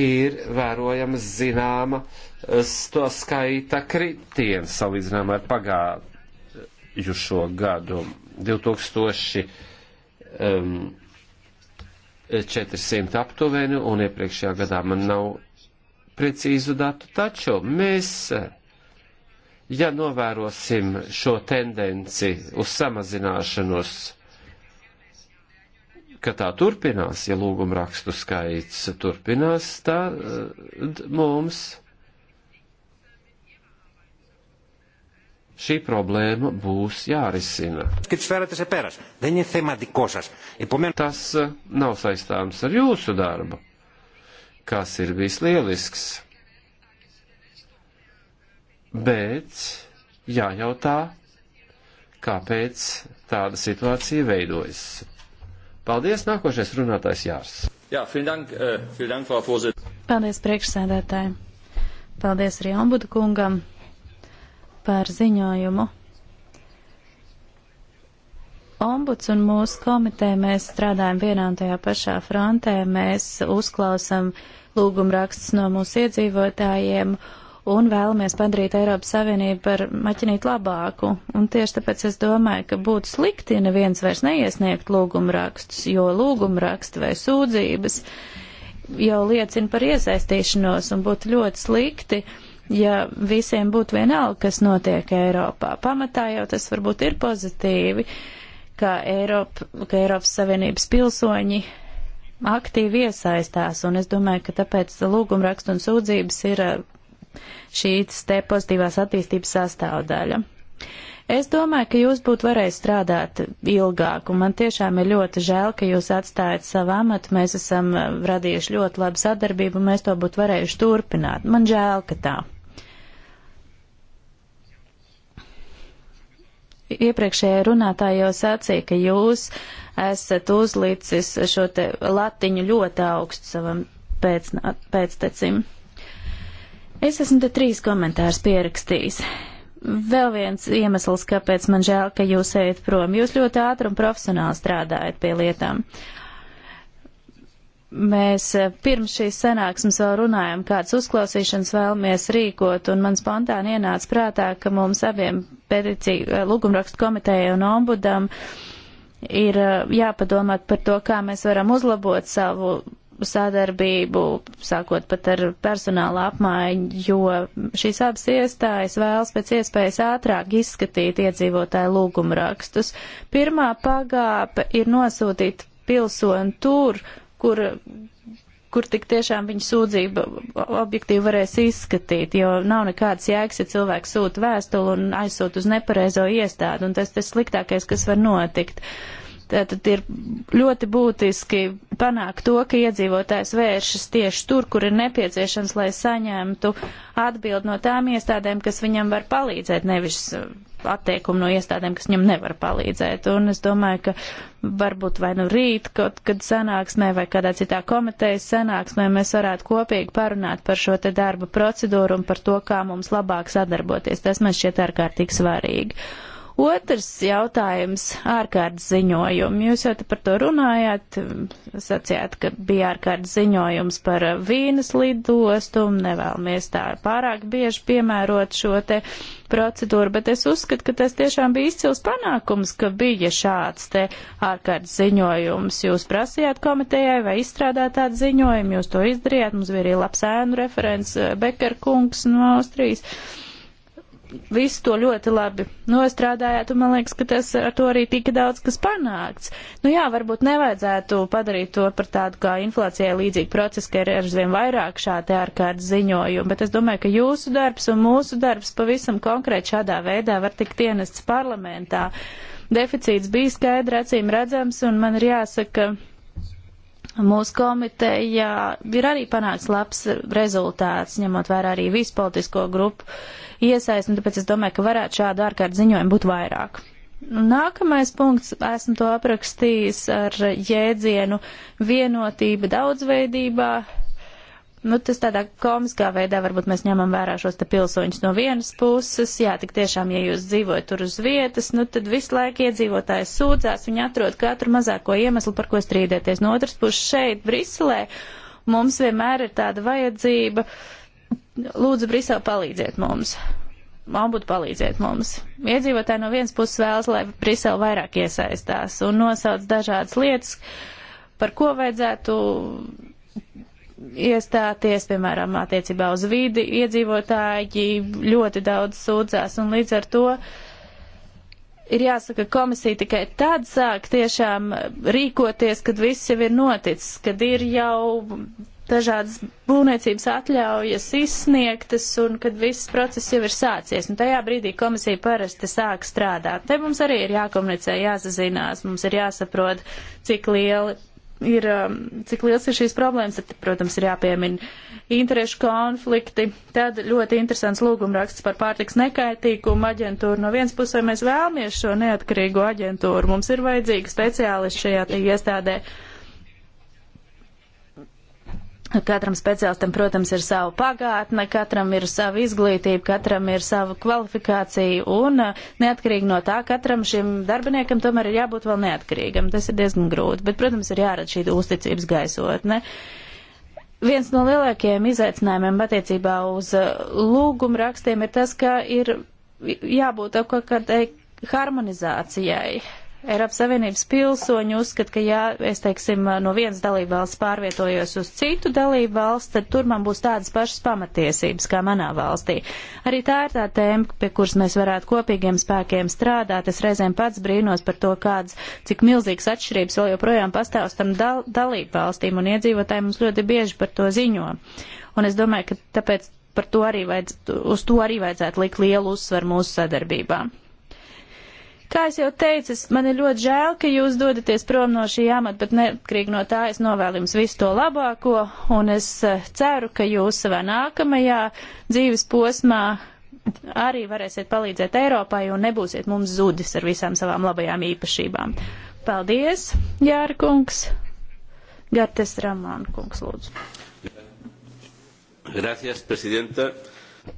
ir vērojama zināma eh, to skaita kritiens salīdzinām ar pagājušo gadu 2000. Um, 400 aptuveni, un iepriekšējā gadā man nav precīzu datu, taču mēs ja novērosim šo tendenci uz samazināšanos, ka tā turpinās, ja lūguma rakstu skaits turpinās, tad eh, mums šī problēma būs jārisina. Tas eh, nav saistāms ar jūsu darbu, kas ir bijis lielisks bet jājautā, kāpēc tāda situācija veidojas. Paldies, nākošais runātājs Jārs. Jā, vielen dank, uh, vielen dank, Frau Vorsitz. Paldies priekšsēdētāji. Paldies arī ombudu kungam par ziņojumu. Ombuds un mūsu komiteja, mēs strādājam vienā un tajā pašā frontē, mēs uzklausam lūgumrakstus no mūsu iedzīvotājiem un vēlamies padarīt Eiropas Savienību par maķinīt labāku. Un tieši tāpēc es domāju, ka būtu slikti, ja neviens vairs neiesniegt lūgumrakstus, jo lūgumraksti vai sūdzības jau liecina par iesaistīšanos un būtu ļoti slikti, ja visiem būtu vienalga, kas notiek Eiropā. Pamatā jau tas varbūt ir pozitīvi, ka, Eiropa, ka Eiropas Savienības pilsoņi aktīvi iesaistās, un es domāju, ka tāpēc lūgumrakstu un sūdzības ir šīs te pozitīvās attīstības sastāvdaļa. Es domāju, ka jūs būtu varējis strādāt ilgāk, un man tiešām ir ļoti žēl, ka jūs atstājat savu amatu. Mēs esam eh, radījuši ļoti labu sadarbību, un mēs to būtu varējuši turpināt. Man žēl, ka tā. Iepriekšējā runātāja jau sacīja, ka jūs esat uzlicis šo te latiņu ļoti augstu savam pēctecim. Pēc Es esmu te trīs komentārus pierakstījis. Vēl viens iemesls, kāpēc man žēl, ka jūs ejat prom. Jūs ļoti ātri un profesionāli strādājat pie lietām. Mēs eh, pirms šīs sanāksmes vēl runājam, kādas uzklausīšanas vēlamies rīkot, un man spontāni ienāca prātā, ka mums abiem peticiju eh, lūgumrakstu komitejai un ombudam ir eh, jāpadomāt par to, kā mēs varam uzlabot savu sadarbību, sākot pat ar personāla apmaiņu, jo šīs abas iestājas vēlas pēc iespējas ātrāk izskatīt iedzīvotāju lūgumu rakstus. Pirmā pagāpe ir nosūtīt pilsoni tur, kur, kur tik tiešām viņa sūdzība objektīvi varēs izskatīt, jo nav nekādas jēgas, ja cilvēks sūta vēstuli un aizsūt uz nepareizo iestādi, un tas ir sliktākais, kas var notikt. Uh, Tātad ir ļoti būtiski panākt to, ka iedzīvotājs vēršas tieši tur, kur ir nepieciešams, lai saņemtu atbild no tām iestādēm, kas viņam var palīdzēt, nevis uh, atteikumu no iestādēm, kas viņam nevar palīdzēt. Un es domāju, ka varbūt vai nu rīt, kaut kad sanāksmē vai kādā citā komitejas sanāksmē mēs varētu kopīgi parunāt par šo te darba procedūru un par to, kā mums labāk sadarboties. Tas man šķiet ārkārtīgi svarīgi. Otrs jautājums - ārkārtas ziņojumi. Jūs jau par to runājāt, sacījāt, ka bija ārkārtas ziņojums par vīnas lidostu, un nevēlamies tā pārāk bieži piemērot šo te procedūru, bet es uzskatu, ka tas tiešām bija izcils panākums, ka bija šāds te ārkārtas ziņojums. Jūs prasījāt komitejai vai izstrādāt tādu ziņojumu, jūs to izdarījāt, mums bija arī labs ēnu referents eh, Bekar kungs no Austrijas. Uh, visu to ļoti labi nostrādājāt, un man liekas, ka tas ar to arī tika daudz kas panākts. Nu jā, varbūt nevajadzētu padarīt to par tādu kā inflācijai līdzīgu procesu, ka ir aizvien vairāk šādi ārkārtas ziņojumi, bet es domāju, ka jūsu darbs un mūsu darbs pavisam konkrēti šādā veidā var tikt ienests parlamentā. Deficīts bija skaidri acīm redzams, un man ir jāsaka, Mūsu komitejā ir arī panāks labs rezultāts, ņemot vērā arī visu politisko grupu iesaist, un tāpēc es domāju, ka varētu šādu ārkārtas ziņojumu būt vairāk. Nākamais punkts, esmu to aprakstījis ar jēdzienu vienotība daudzveidībā. Nu, tas tādā komiskā veidā varbūt mēs ņemam vērā šos te pilsoņus no vienas puses. Jā, tik tiešām, ja jūs dzīvojat tur uz vietas, nu tad visu laiku iedzīvotājs sūdzās, viņi atrod katru mazāko iemeslu, par ko strīdēties. No otras puses šeit, Briselē, mums vienmēr ir tāda vajadzība. Uh, lūdzu Brisele palīdziet mums. Ombudu palīdziet mums. Iedzīvotāji no vienas puses vēlas, lai Brisele vairāk iesaistās un nosauc dažādas lietas, par ko vajadzētu iestāties, piemēram, attiecībā uz vidi. Iedzīvotāji ļoti daudz sūdzās un līdz ar to ir jāsaka, komisija tikai tad sāk tiešām rīkoties, kad viss jau ir noticis, kad ir jau dažādas būvniecības atļaujas izsniegtas un kad viss process jau ir sācies. Un tajā brīdī komisija parasti sāk strādāt. Te mums arī ir jākomunicē, jāsazinās, mums ir jāsaprot, cik lieli. Ir, um, cik liels ir šīs problēmas, tad, protams, ir jāpiemina interešu konflikti. Tad ļoti interesants lūgumraksts par pārtiks nekaitīgumu aģentūru. No vienas pusē mēs vēlamies šo neatkarīgo aģentūru. Mums ir vajadzīgi speciālisti šajā iestādē. Uh, Katram speciālistam, protams, ir sava pagātne, katram ir sava izglītība, katram ir sava kvalifikācija, un uh, neatkarīgi no tā, katram šim darbiniekam tomēr ir jābūt vēl neatkarīgam. Tas ir diezgan grūti, bet, protams, ir jārada šī uzticības gaisotne. Viens no lielākajiem izaicinājumiem attiecībā uz uh, lūgumrakstiem ir tas, ka ir jābūt kaut kādai harmonizācijai Eiropas Savienības pilsoņi uzskata, ka ja es, teiksim, no vienas dalībvalsts pārvietojos uz citu dalībvalsts, tad tur man būs tādas pašas pamatiesības kā manā valstī. Arī tā ir tā tēma, pie kuras mēs varētu kopīgiem spēkiem strādāt. Es reizēm pats brīnos par to, kādas, cik milzīgas atšķirības vēl joprojām pastāv starp dal dalībvalstīm, un iedzīvotāji mums ļoti bieži par to ziņo. Un es domāju, ka tāpēc par to arī vajadz, uz to arī vajadzētu likt lielu uzsvaru mūsu sadarbībām. Kā es jau teicu, man ir ļoti žēl, ka jūs dodaties prom no šī amata, bet neatkarīgi no tā es novēlu jums visu to labāko, un es eh, ceru, ka jūs savā nākamajā dzīves posmā arī varēsiet palīdzēt Eiropai un nebūsiet mums zudis ar visām savām labajām īpašībām. Paldies, Jārkungs! Gartes Ramāna kungs, lūdzu. Gracias, prezidenta.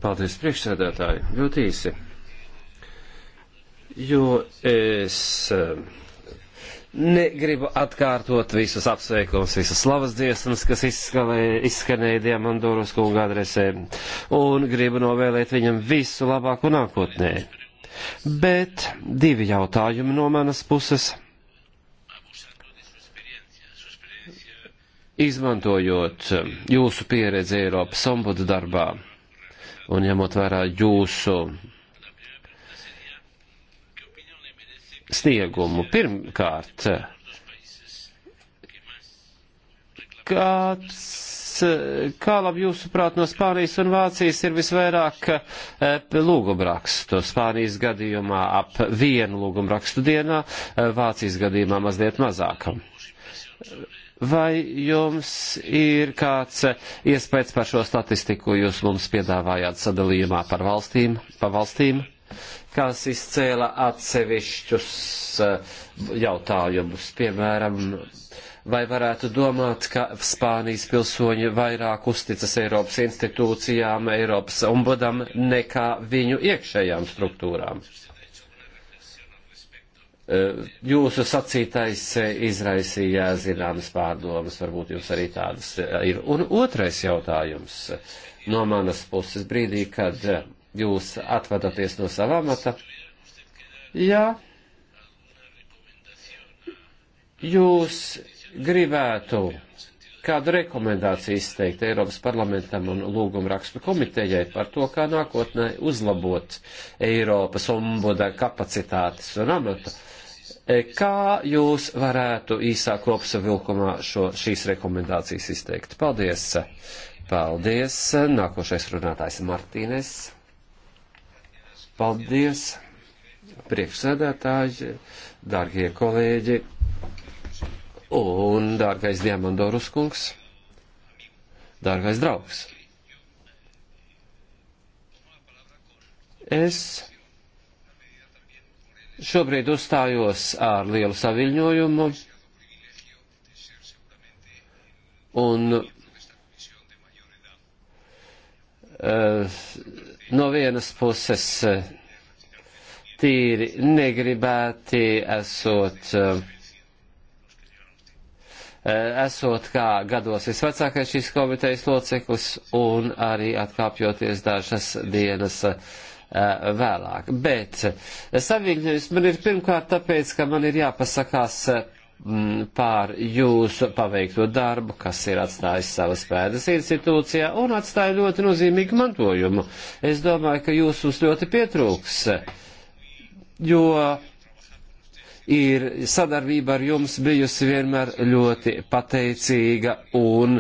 Paldies, priekšsēdētāji. Ļoti īsi jo es eh, negribu atkārtot visus apsveikums, visas slavas dziesmas, kas izskalēja, izskanēja Diamandoras kunga adresē, un gribu novēlēt viņam visu labāko nākotnē. Bet divi jautājumi no manas puses. Izmantojot eh, jūsu pieredzi Eiropas ombudu darbā un ņemot vērā jūsu sniegumu. Pirmkārt, kāds, kā labi jūsuprāt no Spānijas un Vācijas ir visvairāk eh, lūgumrakstu? Spānijas gadījumā ap vienu lūgumrakstu dienā, eh, Vācijas gadījumā mazliet mazākam. Vai jums ir kāds eh, iespējas par šo statistiku, jūs mums piedāvājāt sadalījumā par valstīm, pa valstīm? kas izcēla atsevišķus eh, jautājumus, piemēram, vai varētu domāt, ka Spānijas pilsoņi vairāk uzticas Eiropas institūcijām, Eiropas ombudam nekā viņu iekšējām struktūrām. Eh, jūsu sacītais eh, izraisīja zināmas pārdomas, varbūt jums arī tādas ir. Un otrais jautājums no manas puses brīdī, kad jūs atvadāties no savā mata, ja jūs gribētu kādu rekomendāciju izteikt Eiropas parlamentam un lūgumu rakstu komitejai par to, kā nākotnē uzlabot Eiropas ombuda kapacitātes un amatu. E, kā jūs varētu īsā kopsavilkumā šo, šīs rekomendācijas izteikt? Paldies! Paldies! Nākošais runātājs Martīnes. Paldies, priekšsēdētāji, dārgie kolēģi un dārgais Diamandorus kungs, dārgais draugs. Es šobrīd uzstājos ar lielu saviļņojumu un uh, no vienas puses eh, tīri negribēti esot, eh, eh, esot kā gados visvecākais šīs komitejas loceklis un arī atkāpjoties dažas dienas vēlāk. Bet saviņojums man ir pirmkārt tāpēc, ka man ir jāpasakās Mm, pār jūsu paveikto darbu, kas ir atstājis savas pēdas institūcijā un atstāja ļoti nozīmīgu mantojumu. Es domāju, ka jūs mums ļoti pietrūks, jo ir sadarbība ar jums bijusi vienmēr ļoti pateicīga un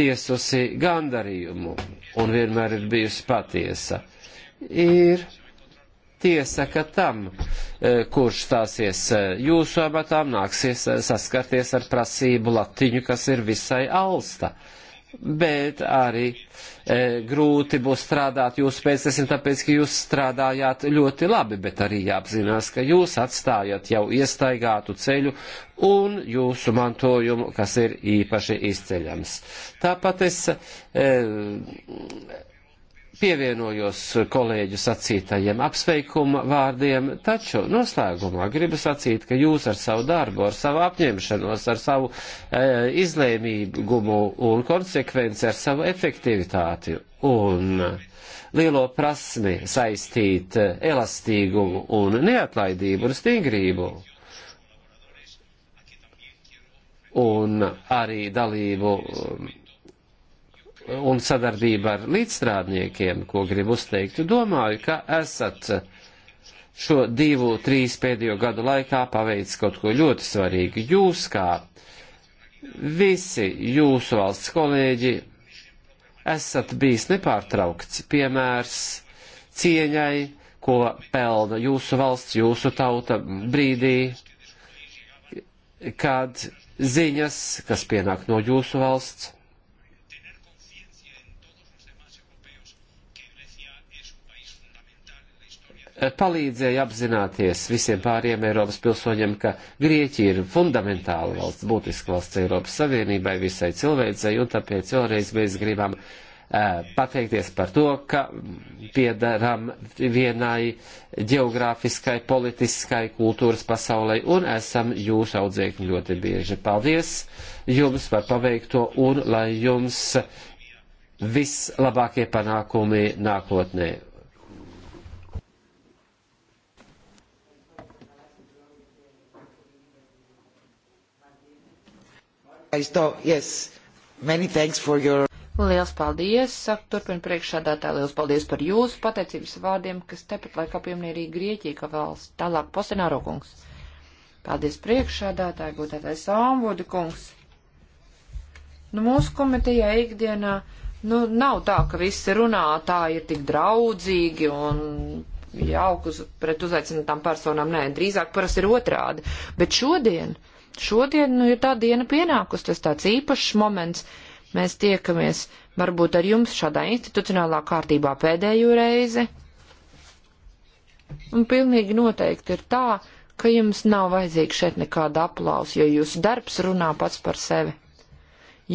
viesusi gandarījumu un vienmēr ir bijusi patiesa. Ir tiesa, ka tam, Eh, kurš stāsies eh, jūsu amatām, nāksies eh, saskarties ar prasību latiņu, kas ir visai alsta. Bet arī e, grūti būs strādāt jūsu pēctesim, tāpēc, ka jūs strādājāt ļoti labi, bet arī jāapzinās, ka jūs atstājat jau iestaigātu ceļu un jūsu mantojumu, kas ir īpaši izceļams. Tāpat es e, pievienojos kolēģu sacītajiem apsveikuma vārdiem, taču noslēgumā gribu sacīt, ka jūs ar savu darbu, ar savu apņemšanos, ar savu e, izlēmīgumu un konsekvenci, ar savu efektivitāti un lielo prasmi saistīt elastīgumu un neatlaidību un stingrību un arī dalību un sadarbība ar līdzstrādniekiem, ko gribu uzteikt. Domāju, ka esat šo divu, trīs pēdējo gadu laikā paveicis kaut ko ļoti svarīgu. Jūs kā visi jūsu valsts kolēģi esat bijis nepārtraukts piemērs cieņai, ko pelna jūsu valsts, jūsu tauta brīdī, kad ziņas, kas pienāk no jūsu valsts, palīdzēja apzināties visiem pāriem Eiropas pilsoņiem, ka Grieķija ir fundamentāla valsts, būtiska valsts Eiropas Savienībai, visai cilvēcei, un tāpēc vēlreiz mēs gribam pateikties par to, ka piedaram vienai geogrāfiskai, politiskai kultūras pasaulē un esam jūs audzēkņi ļoti bieži. Paldies jums par paveikto un lai jums vislabākie panākumi nākotnē. Ευχαριστώ. Yes. Many thanks for your. Liels paldies, saka turpina priekšādātā, liels paldies par jūsu pateicības vārdiem, kas tepat laikā pieminīja arī Grieķija, ka valsts tālāk Posināro kungs. Paldies priekšādātāji, godātais Āmvodu kungs. Nu, mūsu komitejā ikdienā, nu, nav tā, ka visi runātāji ir tik draudzīgi un jaukus pret uzaicinātām personām, nē, drīzāk parasti ir otrādi. Bet šodien šodien nu, ir tā diena pienākusi, tas tāds īpašs moments. Mēs tiekamies varbūt ar jums šādā institucionālā kārtībā pēdējo reizi. Un pilnīgi noteikti ir tā, ka jums nav vajadzīga šeit nekāda aplausa, jo jūsu darbs runā pats par sevi.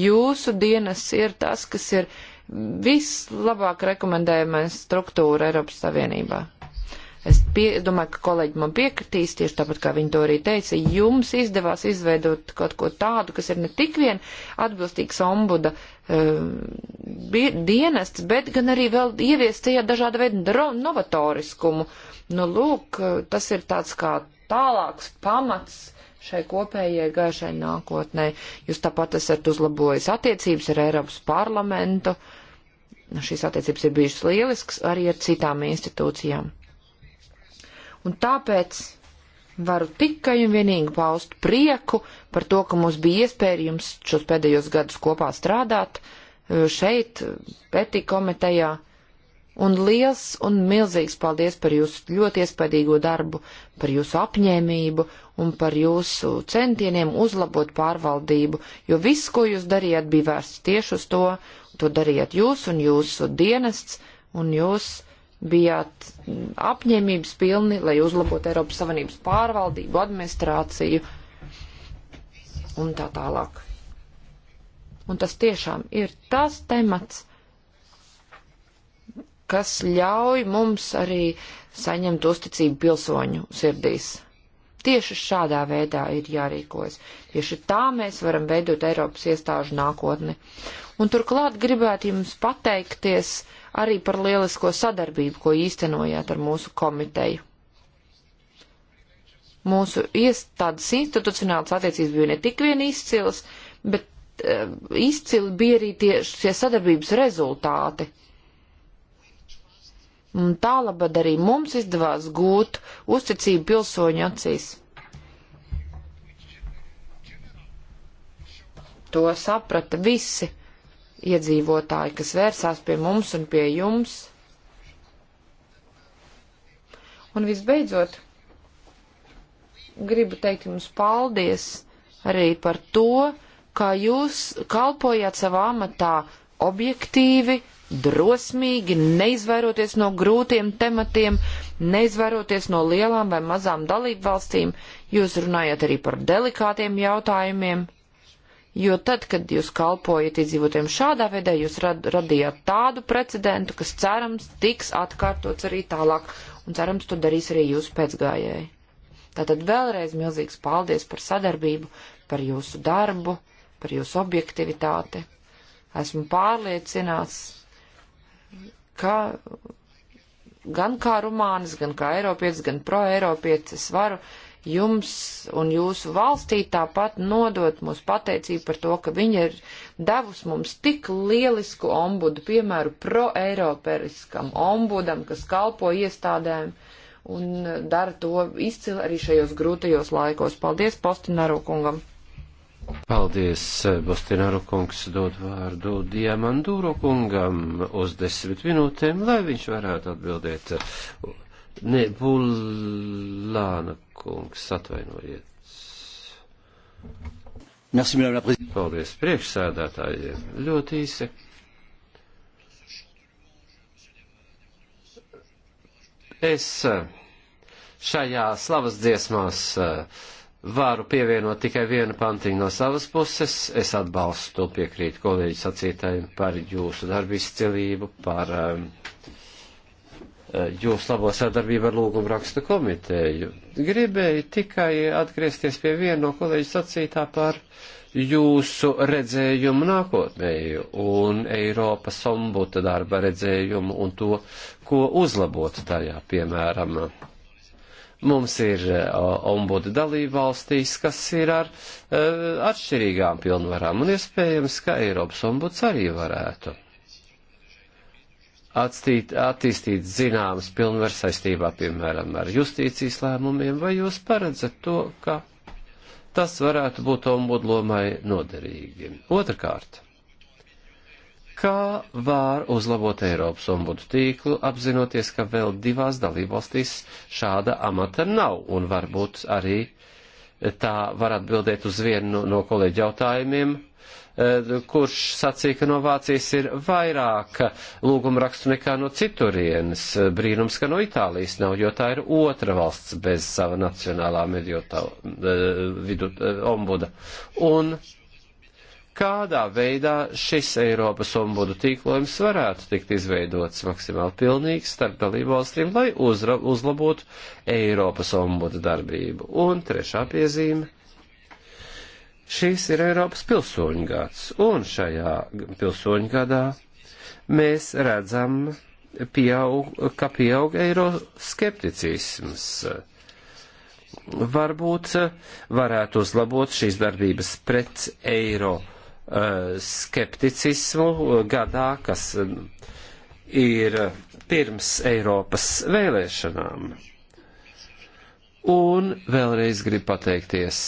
Jūsu dienas ir tas, kas ir vislabāk rekomendējamais struktūra Eiropas Savienībā. Es pie, domāju, ka kolēģi man piekritīs, tieši tāpat kā viņi to arī teica, jums izdevās izveidot kaut ko tādu, kas ir ne tik vien atbilstīgs ombuda uh, dienests, bet gan arī vēl ieviest tajā dažāda veida novatoriskumu. Nu, lūk, tas ir tāds kā tālāks pamats šai kopējai gaišai nākotnē. Jūs tāpat esat uzlabojis attiecības ar Eiropas parlamentu. Šīs attiecības ir bijušas lielisks arī ar citām institūcijām un tāpēc varu tikai un vienīgi paust prieku par to, ka mums bija iespēja jums šos pēdējos gadus kopā strādāt e, šeit, e, Pētī komitejā. Un liels un milzīgs paldies par jūsu ļoti iespaidīgo darbu, par jūsu apņēmību un par jūsu centieniem uzlabot pārvaldību, jo viss, ko jūs darījāt, bija vērsts tieši uz to, to darījāt jūs un jūsu dienests un jūs bijāt mm, apņēmības pilni, lai uzlabotu Eiropas Savienības pārvaldību, administrāciju un tā tālāk. Un tas tiešām ir tas temats, kas ļauj mums arī saņemt uzticību pilsoņu sirdīs. Tieši šādā veidā ir jārīkojas. Tieši tā mēs varam veidot Eiropas iestāžu nākotni. Un turklāt gribētu jums pateikties uh, arī par lielisko sadarbību, ko īstenojāt ar mūsu komiteju. Mūsu iestādes institucionāls attiecības bija ne tik vien izcils, bet uh, izcili bija arī tie, tie sadarbības rezultāti. Un tālabad arī mums izdevās gūt uzticību pilsoņu acīs. To saprata visi iedzīvotāji, kas vērsās pie mums un pie jums. Un visbeidzot, gribu teikt jums paldies arī par to, kā jūs kalpojāt savā amatā objektīvi, drosmīgi, neizvairoties no grūtiem tematiem, neizvairoties no lielām vai mazām dalību valstīm. Jūs runājat arī par delikātiem jautājumiem. Jo tad, kad jūs kalpojat iedzīvotiem šādā veidā, jūs rad, radījāt tādu precedentu, kas cerams tiks atkārtots arī tālāk, un cerams to darīs arī jūsu pēcgājēji. Tātad vēlreiz milzīgs paldies par sadarbību, par jūsu darbu, par jūsu objektivitāti. Esmu pārliecināts, ka gan kā rumānis, gan kā eiropietis, gan proeiropietis varu jums un jūsu valstī tāpat nodot mums pateicību par to, ka viņa ir devus mums tik lielisku ombudu, piemēru pro-eiroperiskam ombudam, kas kalpo iestādēm un dara to izcili arī šajos grūtajos laikos. Paldies Postināru kungam! Paldies, Bostināru kungs, dod vārdu Diamandūro kungam uz desmit minūtēm, lai viņš varētu atbildēt. Ne, Bulāna kungs, atvainojiet. Merci, Paldies priekšsēdētājiem. Ļoti īsi. Es eh, šajā slavas dziesmās eh, varu pievienot tikai vienu pantiņu no savas puses. Es atbalstu, piekrītu kolēģi sacītājiem par jūsu darbu izcilību, par uh, jūsu labo sadarbību ar lūgumu rakstu komiteju. Gribēju tikai atgriezties pie viena no kolēģi sacītā par jūsu redzējumu nākotnēju un Eiropas ombuta darba redzējumu un to, ko uzlabot tajā, piemēram. Mums ir e, ombuda dalība valstīs, kas ir ar e, atšķirīgām pilnvarām, un iespējams, ka Eiropas ombuds arī varētu atstīt, attīstīt zināmas pilnvaras saistībā, piemēram, ar justīcijas lēmumiem, vai jūs paredzat to, ka tas varētu būt ombudlomai noderīgi? Otrakārt, kā var uzlabot Eiropas ombudu tīklu, apzinoties, ka vēl divās dalībvalstīs šāda amata nav un varbūt arī tā var atbildēt uz vienu no kolēģi jautājumiem Eh, kurš sacīja, ka no Vācijas ir vairāk lūguma rakstu nekā no citurienes. Eh, brīnums, ka no Itālijas nav, jo tā ir otra valsts bez sava nacionālā mediotā, eh, vidu, ombuda. Un kādā veidā šis Eiropas ombudu tīklojums varētu tikt izveidots maksimāli pilnīgs starp dalībvalstīm, lai uzra, uzlabotu Eiropas ombudu darbību. Un trešā piezīme Šis ir Eiropas pilsoņu gads, un šajā pilsoņu gadā mēs redzam, pieaug, ka pieaug eiroskepticisms. Varbūt varētu uzlabot šīs darbības pret eiro skepticismu gadā, kas ir pirms Eiropas vēlēšanām. Un vēlreiz gribu pateikties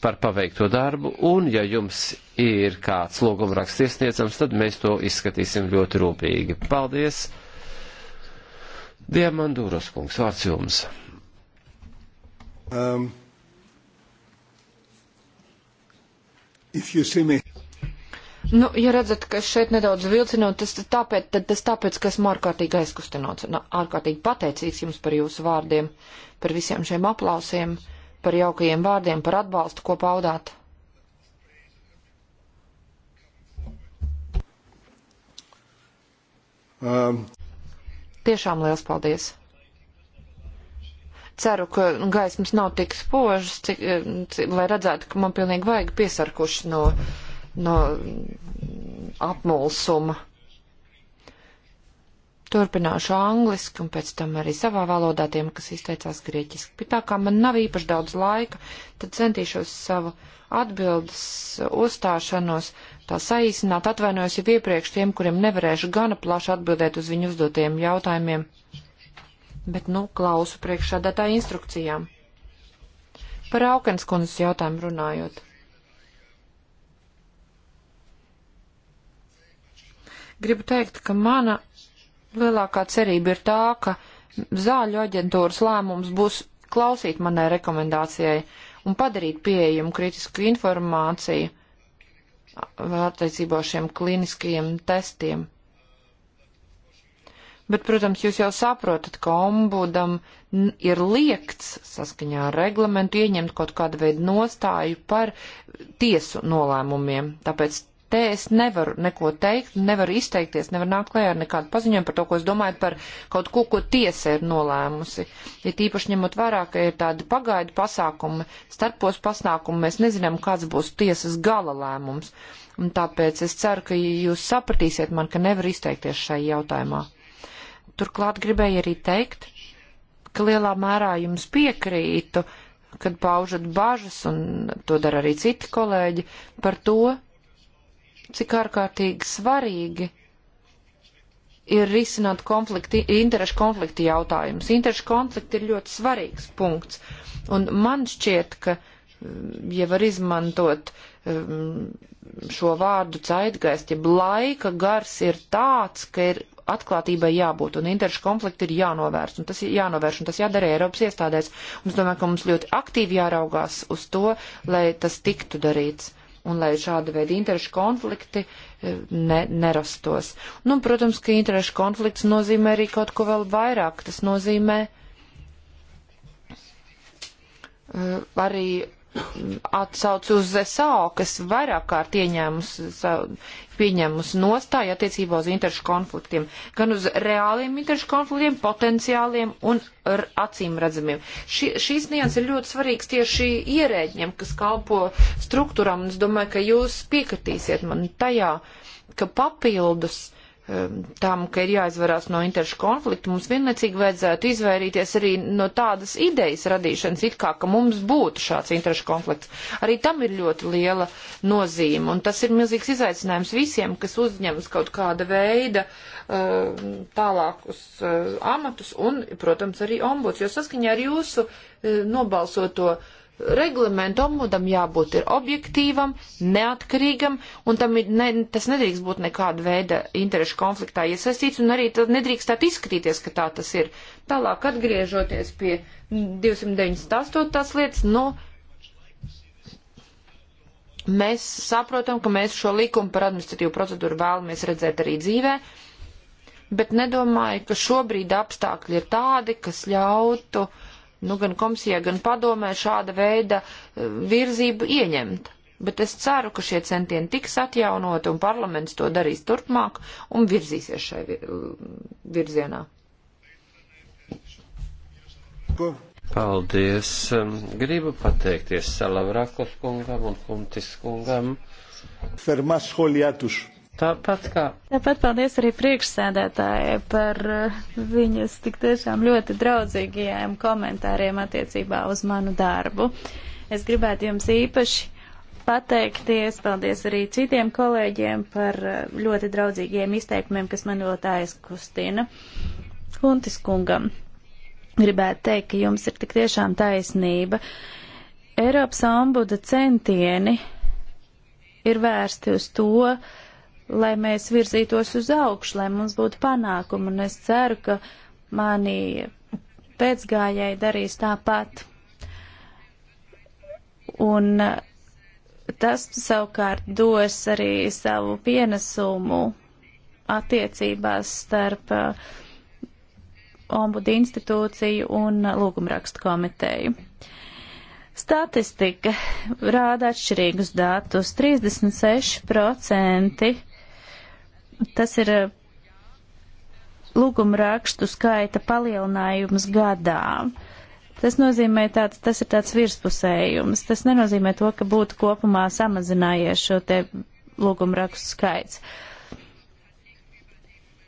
par paveikto darbu, un ja jums ir kāds logumraksts iesniedzams, tad mēs to izskatīsim ļoti rūpīgi. Paldies! Diamandūros kungs, vārds jums! Um, Nu, ja redzat, ka šeit nedaudz vilcinot, tas tāpēc, tad tas tāpēc, ka esmu ārkārtīgi aizkustināts un ārkārtīgi pateicīgs jums par jūsu vārdiem, par visiem šiem aplausiem. Uh, par jaukajiem vārdiem, par atbalstu, ko paudāt. Um. Tiešām liels paldies! Ceru, ka gaismas nav tik spožas, cik, cik, lai redzētu, ka man pilnīgi vajag piesarkuši no, no apmulsuma. Turpināšu angliski un pēc tam arī savā valodā tiem, kas izteicās grieķiski. Bet tā kā man nav īpaši daudz laika, tad centīšos savu atbildes uzstāšanos tā saīsināt. Atvainojos jau iepriekš tiem, kuriem nevarēšu gana plaši atbildēt uz viņu uzdotajiem jautājumiem. Bet nu klausu priekšādātā instrukcijām. Par Aukenskundas jautājumu runājot. gribu teikt, ka mana Lielākā cerība ir tā, ka zāļu aģentūras lēmums būs klausīt manai rekomendācijai un padarīt pieejamu kritisku informāciju attiecībā šiem kliniskajiem testiem. Bet, protams, jūs jau saprotat, ka ombudam ir liekts saskaņā ar reglamentu ieņemt kaut kādu veidu nostāju par tiesu nolēmumiem. Tāpēc Te es nevaru neko teikt, nevaru izteikties, nevaru nākt klajā ar nekādu paziņojumu par to, ko es domāju par kaut ko, ko tiesa ir nolēmusi. Ja tīpaši ņemot vērā, ka ir tādi pagaidu pasākumi, starpos pasākumi, mēs nezinām, kāds būs tiesas gala lēmums. Un tāpēc es ceru, ka jūs sapratīsiet man, ka nevar izteikties šai jautājumā. Turklāt gribēju arī teikt, ka lielā mērā jums piekrītu, kad paužat bažas, un to dara arī citi kolēģi, par to, cik ārkārtīgi svarīgi ir risināt konflikti, interešu konflikti jautājumus. Interešu konflikti ir ļoti svarīgs punkts. Un man šķiet, ka, mm, ja var izmantot mm, šo vārdu caitgaist, ja laika gars ir tāds, ka ir atklātībai jābūt un interešu konflikti ir jānovērst, un tas ir jānovērš, un tas jādara Eiropas iestādēs. Un es domāju, ka mums ļoti aktīvi jāraugās uz to, lai tas tiktu darīts un lai šāda veida interešu konflikti eh, ne, nerastos. Nu, protams, ka interešu konflikts nozīmē arī kaut ko vēl vairāk. Tas nozīmē uh, arī atsauc uz SAO, kas vairāk kārt ieņēmus, pieņēmus nostāju attiecībā uz interešu konfliktiem, gan uz reāliem interešu konfliktiem, potenciāliem un acīm redzamiem. Ši, šīs nians ir ļoti svarīgs tieši ierēģiem, kas kalpo struktūram, un es domāju, ka jūs piekritīsiet man tajā, ka papildus Um, tam, ka ir jāizvarās no interešu konfliktu, mums vienlaicīgi vajadzētu izvairīties arī no tādas idejas radīšanas, it kā, ka mums būtu šāds interešu konflikts. Arī tam ir ļoti liela nozīme, un tas ir milzīgs izaicinājums visiem, kas uzņemas kaut kāda veida uh, tālākus uh, amatus, un, protams, arī ombuds, jo saskaņā ar jūsu uh, nobalsoto to reglamentu omudam jābūt ir objektīvam, neatkarīgam, un tam ir, ne, tas nedrīkst būt nekāda veida interešu konfliktā iesaistīts, un arī tad nedrīkst tā izskatīties, ka tā tas ir. Tālāk atgriežoties pie 298. lietas, nu, mēs saprotam, ka mēs šo likumu par administratīvu procedūru vēlamies redzēt arī dzīvē, bet nedomāju, ka šobrīd apstākļi ir tādi, kas ļautu uh, nu, gan komisijā, gan padomē šāda veida eh, virzību ieņemt. Bet es ceru, ka šie centieni tiks atjaunoti un parlaments to darīs turpmāk un virzīsies šai eh, virzienā. Paldies! Um, gribu pateikties Salavrakos kungam un Kuntis kungam. Fermās holiatus. Tāpat kā. Tāpat paldies arī priekšsēdētājai par eh, viņas tik tiešām ļoti draudzīgajiem komentāriem attiecībā uz manu darbu. Es gribētu jums īpaši pateikties, paldies arī citiem kolēģiem par eh, ļoti draudzīgiem izteikumiem, kas man ļoti aizkustina. Huntis kungam gribētu teikt, ka jums ir tik tiešām taisnība. Eiropas ombuda centieni ir vērsti uz to, lai mēs virzītos uz augšu, lai mums būtu panākumi, un es ceru, ka mani pēcgājēji darīs tāpat. Un uh, tas savukārt dos arī savu pienesumu attiecībās starp uh, ombudu institūciju un lūgumrakstu komiteju. Statistika rāda atšķirīgus datus. 36% Tas ir eh, lūguma rakstu skaita palielinājums gadā. Tas nozīmē tāds, tas ir tāds virspusējums. Tas nenozīmē to, ka būtu kopumā samazinājies šo te lūguma rakstu skaits.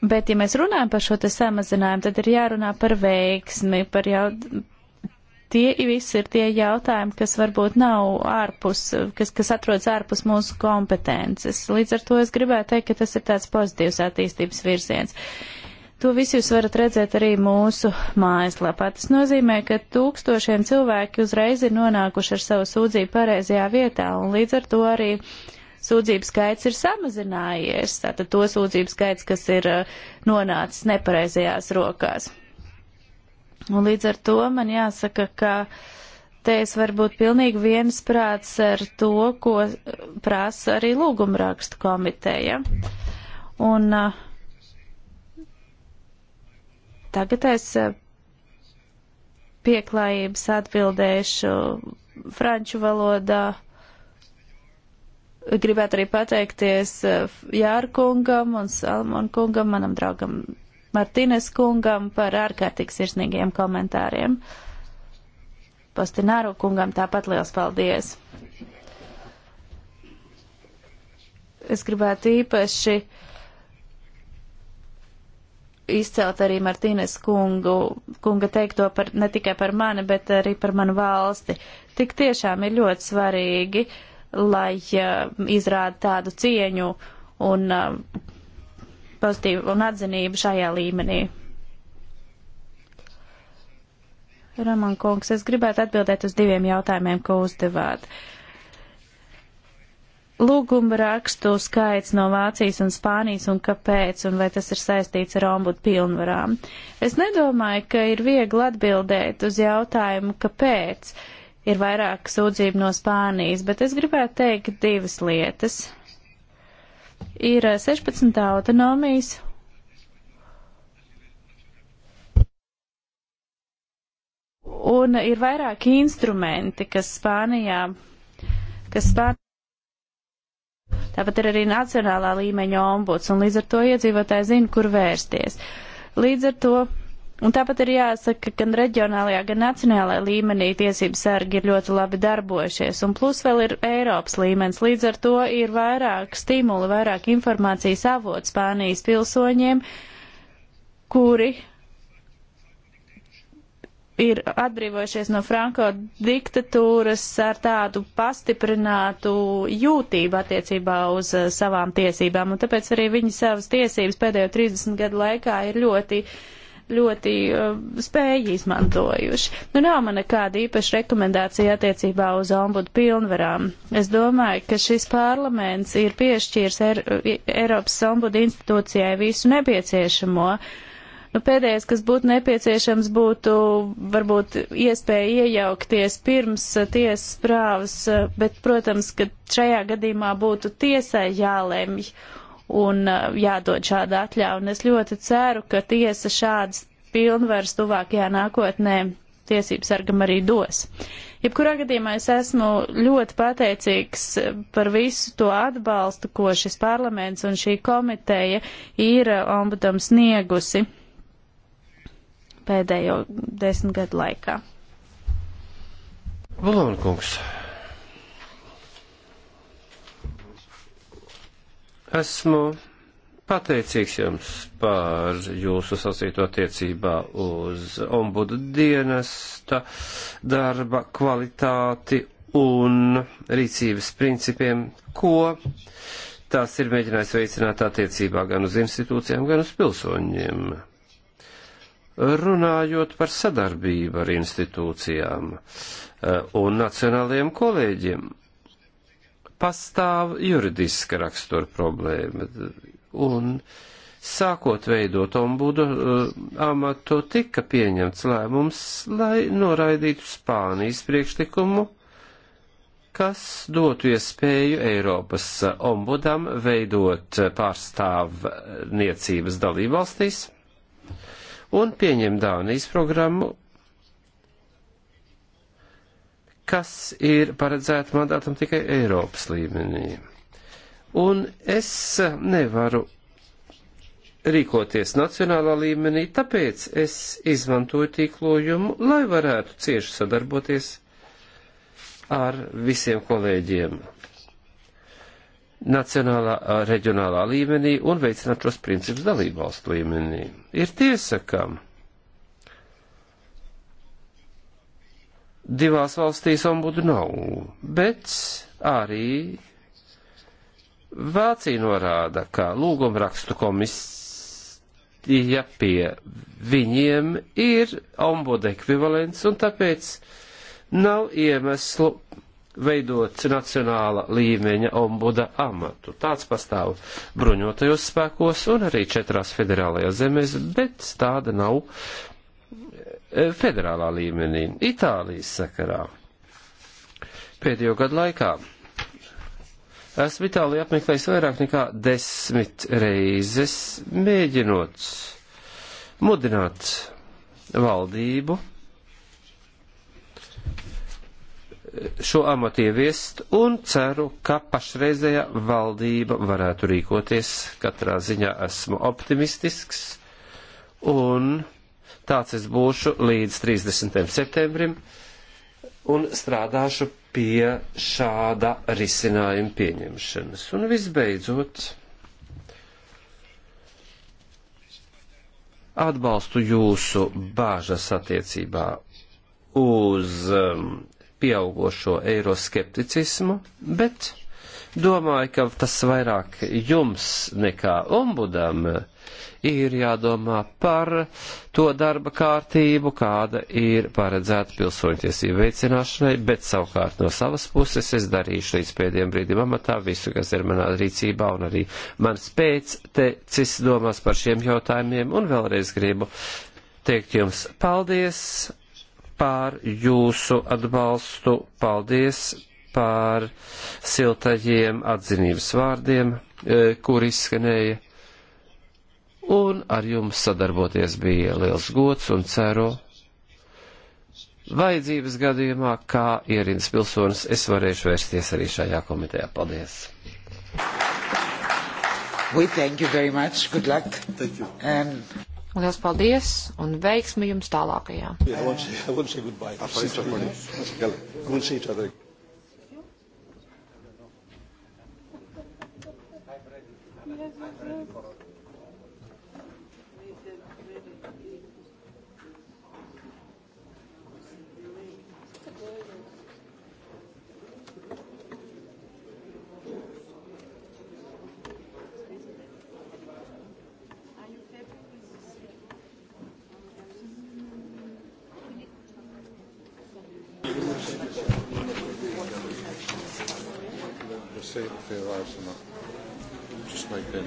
Bet, ja mēs runājam par šo te samazinājumu, tad ir jārunā par veiksmi, par jau, Tie visi ir tie jautājumi, kas varbūt nav ārpus, kas, kas atrodas ārpus mūsu kompetences. Līdz ar to es gribētu teikt, ka tas ir tāds pozitīvs attīstības virziens. To visu jūs varat redzēt arī mūsu mājaslapā. Tas nozīmē, ka tūkstošiem cilvēki uzreiz ir nonākuši ar savu sūdzību pareizajā vietā, un līdz ar to arī sūdzību skaits ir samazinājies. Tātad to sūdzību skaits, kas ir eh, nonācis nepareizajās rokās. Un līdz ar to man jāsaka, ka te es varbūt pilnīgi viensprāts ar to, ko prasa arī lūgumrakstu komiteja. Un tagad es pieklājības atbildēšu franču valodā. Gribētu arī pateikties Jārkungam un Salmon kungam, manam draugam Martīnes kungam par ārkārtīgi sirsnīgiem komentāriem. Postināru kungam tāpat liels paldies. Es gribētu īpaši izcelt arī Martīnes kungu, kunga teikto par, ne tikai par mani, bet arī par manu valsti. Tik tiešām ir ļoti svarīgi, lai uh, izrāda tādu cieņu un uh, pozitīvu un atzinību šajā līmenī. Roman kungs, es gribētu atbildēt uz diviem jautājumiem, ko uzdevāt. Lūguma rakstu skaits no Vācijas un Spānijas un kāpēc un vai tas ir saistīts ar ombudu pilnvarām. Es nedomāju, ka ir viegli atbildēt uz jautājumu, kāpēc ir vairāk sūdzību no Spānijas, bet es gribētu teikt divas lietas ir 16 eh, autonomijas. Un ir vairāki instrumenti, kas Spānijā, kas Spānijā. Tāpat ir arī nacionālā līmeņa ombuds, un līdz ar to iedzīvotāji zina, kur vērsties. Līdz ar to Un tāpat ir jāsaka, ka gan reģionālajā, gan nacionālajā līmenī tiesību sargi ir ļoti labi darbojušies, un plus vēl ir Eiropas līmenis. Līdz ar to ir vairāk stimulu, vairāk informācijas avot Spānijas pilsoņiem, kuri ir atbrīvojušies no Franko diktatūras ar tādu pastiprinātu jūtību attiecībā uz eh, savām tiesībām, un tāpēc arī viņi savas tiesības pēdējo 30 gadu laikā ir ļoti uh, ļoti uh, spēju izmantojuši. Nu, nav man nekāda īpaša rekomendācija attiecībā uz ombudu pilnvarām. Es domāju, ka šis parlaments ir piešķīrs er Eiropas ombudu institūcijai visu nepieciešamo. Nu, pēdējais, kas būtu nepieciešams, būtu varbūt iespēja iejaukties pirms uh, tiesas prāvas, uh, bet, protams, ka šajā gadījumā būtu tiesai jālemj un uh, jādod šāda atļauja. Un es ļoti ceru, ka tiesa šādas pilnvaras tuvākajā nākotnē tiesību sargam arī dos. Jebkurā gadījumā es esmu ļoti pateicīgs par visu to atbalstu, ko šis parlaments un šī komiteja ir uh, ombudam sniegusi pēdējo desmit gadu laikā. Valonkungs. Esmu pateicīgs jums par jūsu sasīto attiecībā uz ombudu dienesta darba kvalitāti un rīcības principiem, ko tās ir mēģinājis veicināt attiecībā gan uz institūcijām, gan uz pilsoņiem. Runājot par sadarbību ar institūcijām eh, un nacionālajiem kolēģiem, pastāv juridiska rakstura problēma. Un sākot veidot ombudu eh, amatu, tika pieņemts lēmums, lai noraidītu Spānijas priekšlikumu, kas dotu iespēju Eiropas ombudam veidot pārstāvniecības dalībvalstīs un pieņem Dānijas programmu, kas ir paredzēta mandātam tikai Eiropas līmenī. Un es nevaru rīkoties nacionālā līmenī, tāpēc es izmantoju tīklojumu, lai varētu cieši sadarboties ar visiem kolēģiem nacionālā, reģionālā līmenī un veicināt šos principus dalībvalstu līmenī. Ir tiesa, kam divās valstīs ombudu nav, bet arī Vācija norāda, ka lūgumrakstu komisija pie viņiem ir ombuda ekvivalents un tāpēc nav iemeslu veidot nacionāla līmeņa ombuda amatu. Tāds pastāv bruņotajos spēkos un arī četrās federālajās zemēs, bet tāda nav E, federālā līmenī, Itālijas sakarā. Pēdējo gadu laikā esmu Itāliju apmeklējis vairāk nekā desmit reizes, mēģinot mudināt valdību šo amatu ieviest un ceru, ka pašreizējā valdība varētu rīkoties. Katrā ziņā esmu optimistisks un Tāds es būšu līdz 30. septembrim un strādāšu pie šāda risinājuma pieņemšanas. Un visbeidzot, atbalstu jūsu bāžas attiecībā uz um, pieaugošo eiroskepticismu, bet domāju, ka tas vairāk jums nekā ombudam uh, ir jādomā par to darba kārtību, kāda ir paredzēta pilsoņtiesību veicināšanai, bet savukārt no savas puses es darīšu līdz pēdējiem brīdim amatā visu, kas ir manā rīcībā, un arī mans pēctecis domās par šiem jautājumiem, un vēlreiz gribu teikt jums paldies pār jūsu atbalstu, paldies pār siltajiem atzinības vārdiem, eh, kur izskanēja un ar jums sadarboties bija liels gods un ceru. Vajadzības gadījumā, kā ierīnas pilsonis, es varēšu vērsties arī šajā komitejā. Paldies! We thank you very much. Good luck. Thank you. And... Liels paldies un veiksmi jums tālākajā. Yeah, I won't say, I won't say goodbye.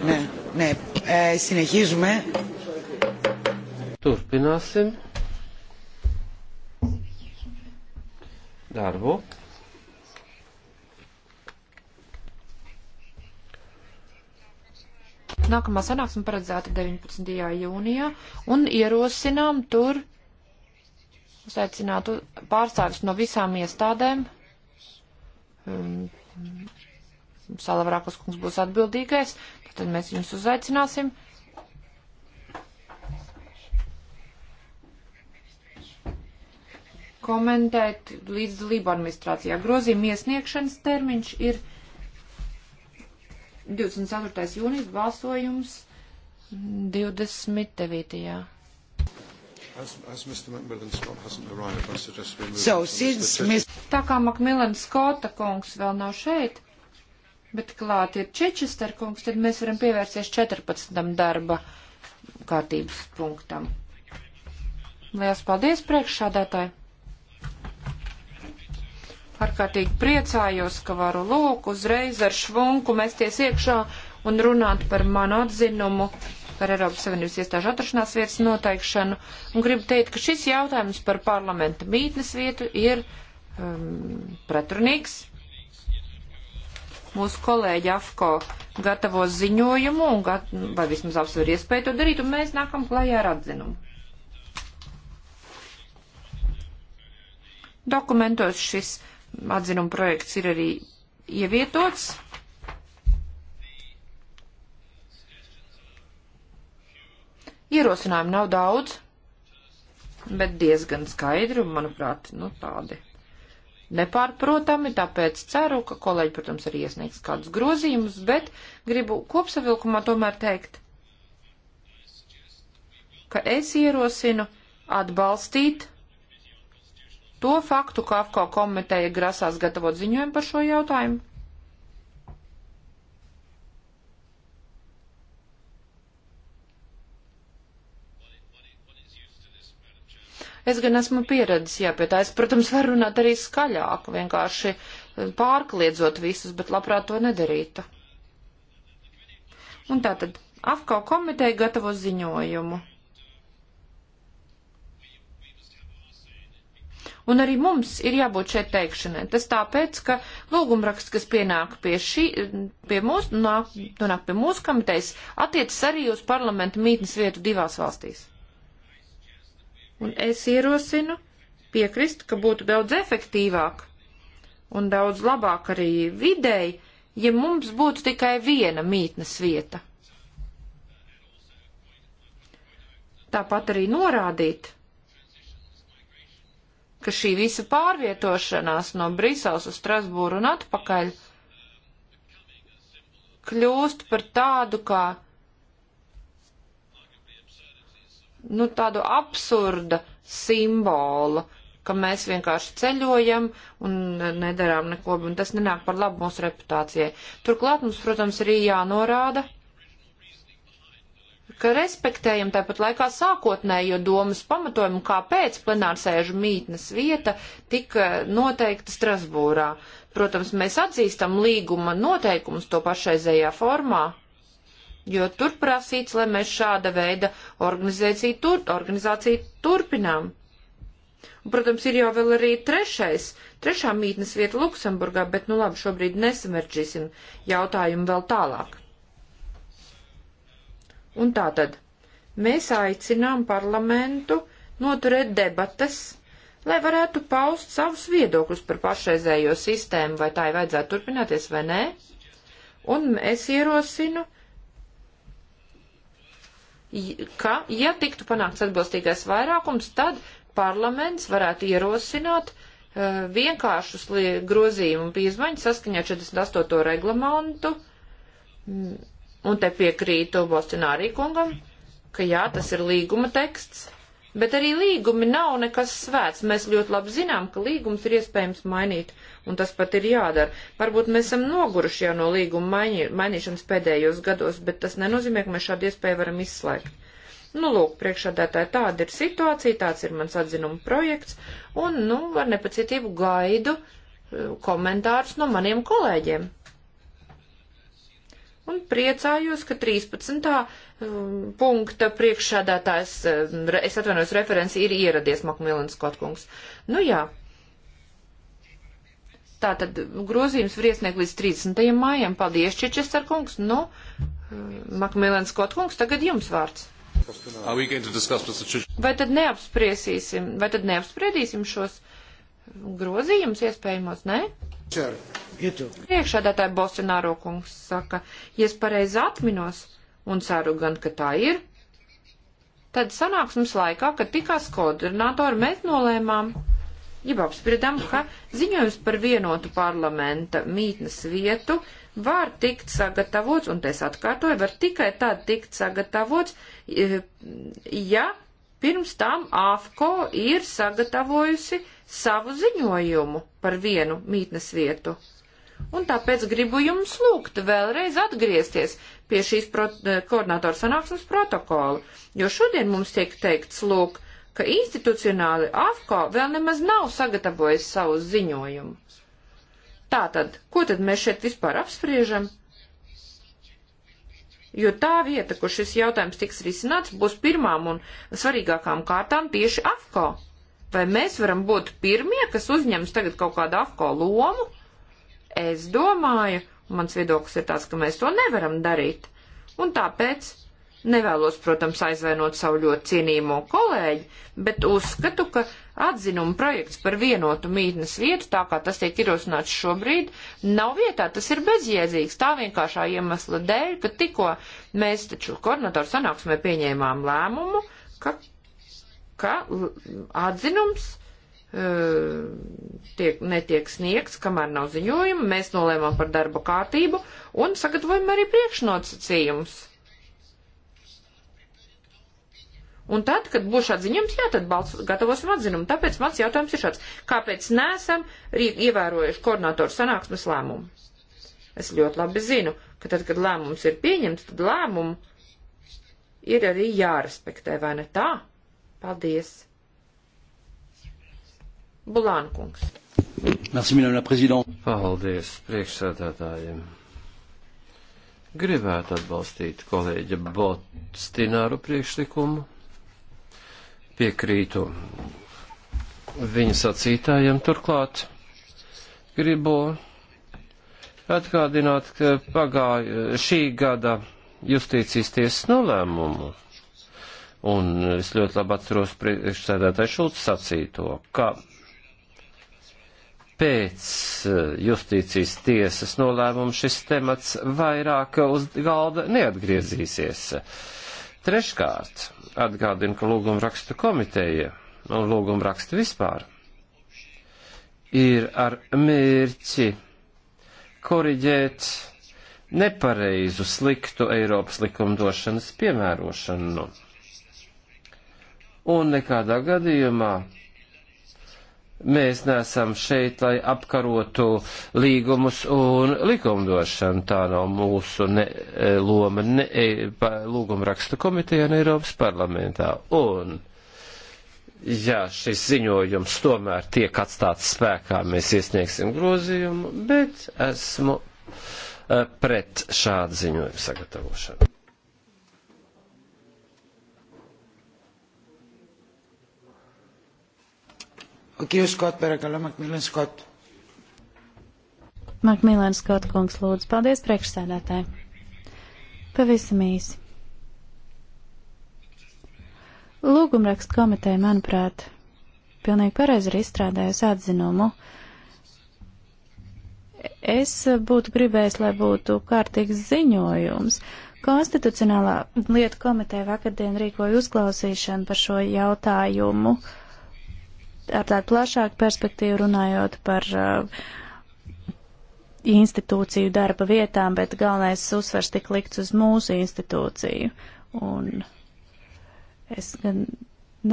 Ναι, ναι. Ε, συνεχίζουμε. Turpināsim darbu. Nākamā sanāksme paredzēta 19. jūnijā un ierosinām tur uzaicināt pārstāvis no visām iestādēm. Um, Salavrākos kungs būs atbildīgais, tad mēs viņus uzaicināsim. Komentēt līdzdalību administrācijā. Grozījuma iesniegšanas termiņš ir 24. jūnijas balsojums 29. As, as so, since, Mr. Tā kā Makmilans Skota kungs vēl nav šeit, bet klāt ir Čečester kungs, tad mēs varam pievērsties 14. darba kārtības punktam. Lielas paldies priekšsādātāji! Ārkārtīgi priecājos, ka varu lūk uzreiz ar švunku mesties iekšā un runāt par manu atzinumu par Eiropas Savienības iestāžu atrašanās vietas noteikšanu. Un gribu teikt, ka šis jautājums par parlamenta mītnes vietu ir um, pretrunīgs Mūsu kolēģi AFCO gatavos ziņojumu, un gat, vai vismaz apsver iespēju to darīt, un mēs nākam klajā ar atzinumu. Dokumentos šis atzinuma projekts ir arī ievietots. Ierosinājumu nav daudz, bet diezgan skaidri un, manuprāt, nu tādi nepārprotami, tāpēc ceru, ka kolēģi, protams, arī iesniegs kādus grozījumus, bet gribu kopsavilkumā tomēr teikt, ka es ierosinu atbalstīt to faktu, ka AFKO komiteja grasās gatavot ziņojumu par šo jautājumu. Es gan esmu pieradis, jā, pie tā es, protams, varu runāt arī skaļāk, vienkārši eh, pārkliedzot visus, bet labprāt to nedarītu. Un tātad AFKO komiteja gatavo ziņojumu. Un arī mums ir jābūt šeit teikšanai. Tas tāpēc, ka lūgumraksts, kas pienāk pie, šī, pie mūsu, nāk, nonāk pie mūsu komitejas, attiecas arī uz parlamentu mītnes vietu divās valstīs. Un es ierosinu piekrist, ka būtu daudz efektīvāk un daudz labāk arī videi, ja mums būtu tikai viena mītnes vieta. Tāpat arī norādīt, ka šī visa pārvietošanās no Briseles uz Strasbūru un atpakaļ kļūst par tādu kā nu, tādu absurda simbolu, ka mēs vienkārši ceļojam un nedarām neko, un tas nenāk par labu mūsu reputācijai. Turklāt mums, protams, arī jānorāda, ka respektējam tāpat laikā sākotnējo domas pamatojumu, kāpēc plenārsēžu mītnes vieta tika noteikta Strasbūrā. Protams, mēs atzīstam līguma noteikumus to pašreizējā formā, jo tur prasīts, lai mēs šāda veida organizāciju, tur, organizāciju turpinām. Un, protams, ir jau vēl arī trešais, trešā mītnes vieta Luksemburgā, bet nu labi, šobrīd nesamērķīsim jautājumu vēl tālāk. Un tātad, mēs aicinām parlamentu noturēt debatas, lai varētu paust savus viedokļus par pašreizējo sistēmu, vai tā ir vajadzētu turpināties vai nē. Un es ierosinu ka, ja tiktu panākts atbilstīgais vairākums, tad parlaments varētu ierosināt uh, vienkāršus grozījumu un izmaiņu saskaņā 48. reglamentu, mm, un te piekrītu Bostonārī kungam, ka jā, tas ir līguma teksts, bet arī līgumi nav nekas svēts. Mēs ļoti labi zinām, ka līgums ir iespējams mainīt. Uh, un tas pat ir jādara. Varbūt mēs esam noguruši jau no līguma mainī, mainīšanas pēdējos gados, bet tas nenozīmē, ka mēs šādu iespēju varam izslēgt. Nu, lūk, priekšādātāji, tāda ir situācija, tāds ir mans atzinuma projekts, un, nu, ar nepacietību gaidu uh, komentārus no maniem kolēģiem. Un priecājos, ka 13. Um, punkta priekšādātājs, uh, es atvainojos, referents ir ieradies Makmilans Kotkungs. Nu jā, Tātad grozījums var iesniegt līdz 30. mājam. Paldies, Čečester kungs. Nu, eh, Makmilens Kotkungs, tagad jums vārds. Vai tad neapspriesīsim, vai tad neapspriedīsim šos grozījumus iespējamos, ne? Priekšādātāja Bosināro kungs saka, ja es pareizi atminos, un ceru gan, ka tā ir, tad sanāksmes laikā, kad tikās koordinātori, mēs nolēmām jau apspriedām, ka ziņojums par vienotu parlamenta mītnes vietu var tikt sagatavots, un es atkārtoju, var tikai tad tikt sagatavots, e, ja pirms tam AFCO ir sagatavojusi savu ziņojumu par vienu mītnes vietu. Un tāpēc gribu jums lūgt vēlreiz atgriezties pie šīs pro e, koordinātora sanāksmes protokola, jo šodien mums tiek teikts, lūk, uh, ka institucionāli AFCO vēl nemaz nav sagatavojis savu ziņojumu. Tātad, ko tad mēs šeit vispār apspriežam? Jo tā vieta, kur šis jautājums tiks risināts, būs pirmām un svarīgākām kārtām tieši AFCO. Vai mēs varam būt pirmie, kas uzņems tagad kaut kādu AFCO lomu? Es domāju, mans viedoklis ir tāds, ka mēs to nevaram darīt. Un tāpēc Nevēlos, protams, aizvainot savu ļoti cienīmo kolēģi, bet uzskatu, ka atzinuma projekts par vienotu mītnes vietu, tā kā tas tiek ierosināts šobrīd, nav vietā, tas ir bezjēdzīgs, tā vienkāršā iemesla dēļ, ka tikko mēs taču koordinatoru sanāksmē pieņēmām lēmumu, ka, ka atzinums e, tiek, netiek sniegts, kamēr nav ziņojuma, mēs nolēmām par darba kārtību un sagatavojam arī priekšnosacījumus Un tad, kad būs šāds ziņojums, jā, tad balsu, gatavosim atzinumu. Tāpēc mans jautājums ir šāds. Kāpēc nesam ievērojuši koordinātoru sanāksmes lēmumu? Es ļoti labi zinu, ka tad, kad lēmums ir pieņemts, tad lēmumu ir arī jārespektē, vai ne tā? Paldies! Bulānkungs. Merci, madame la présidente. Paldies priekšsēdētājiem gribētu atbalstīt kolēģa Bostināru priekšlikumu Piekrītu viņa sacītājiem. Turklāt gribu atgādināt, ka pagāja šī gada justīcijas tiesas nolēmumu. Un es ļoti labi atceros priekšsēdētāju Šulcu sacīto, ka pēc eh, justīcijas tiesas nolēmuma šis temats vairāk uz galda neatgriezīsies. Treškārt, atgādinu, ka lūguma raksta komiteja un lūguma raksta vispār ir ar mērķi koriģēt nepareizu, sliktu Eiropas likumdošanas piemērošanu. Un nekādā gadījumā mēs neesam šeit, lai apkarotu līgumus un likumdošanu. Tā nav mūsu ne, e, loma ne, e, lūgumrakstu komitejā un Eiropas parlamentā. Un, ja šis ziņojums tomēr tiek atstāts spēkā, mēs iesniegsim grozījumu, bet esmu e, pret šādu ziņojumu sagatavošanu. Ο κύριος Σκοτ, παρακαλώ, Μακμίλεν Σκοτ. Makmīlēns Skot kungs lūdzu. Paldies priekšsēdētāji. Pavisam īsi. Lūgumrakstu komiteja, manuprāt, pilnīgi pareizi ir izstrādājusi atzinumu. Es būtu gribējis, lai būtu kārtīgs ziņojums. Konstitucionālā lieta komiteja vakardien rīkoja uzklausīšanu par šo jautājumu. Uh, ar tādu plašāku perspektīvu runājot par uh, institūciju darba vietām, bet galvenais uzsvers tika likts uz mūsu institūciju. Un es gan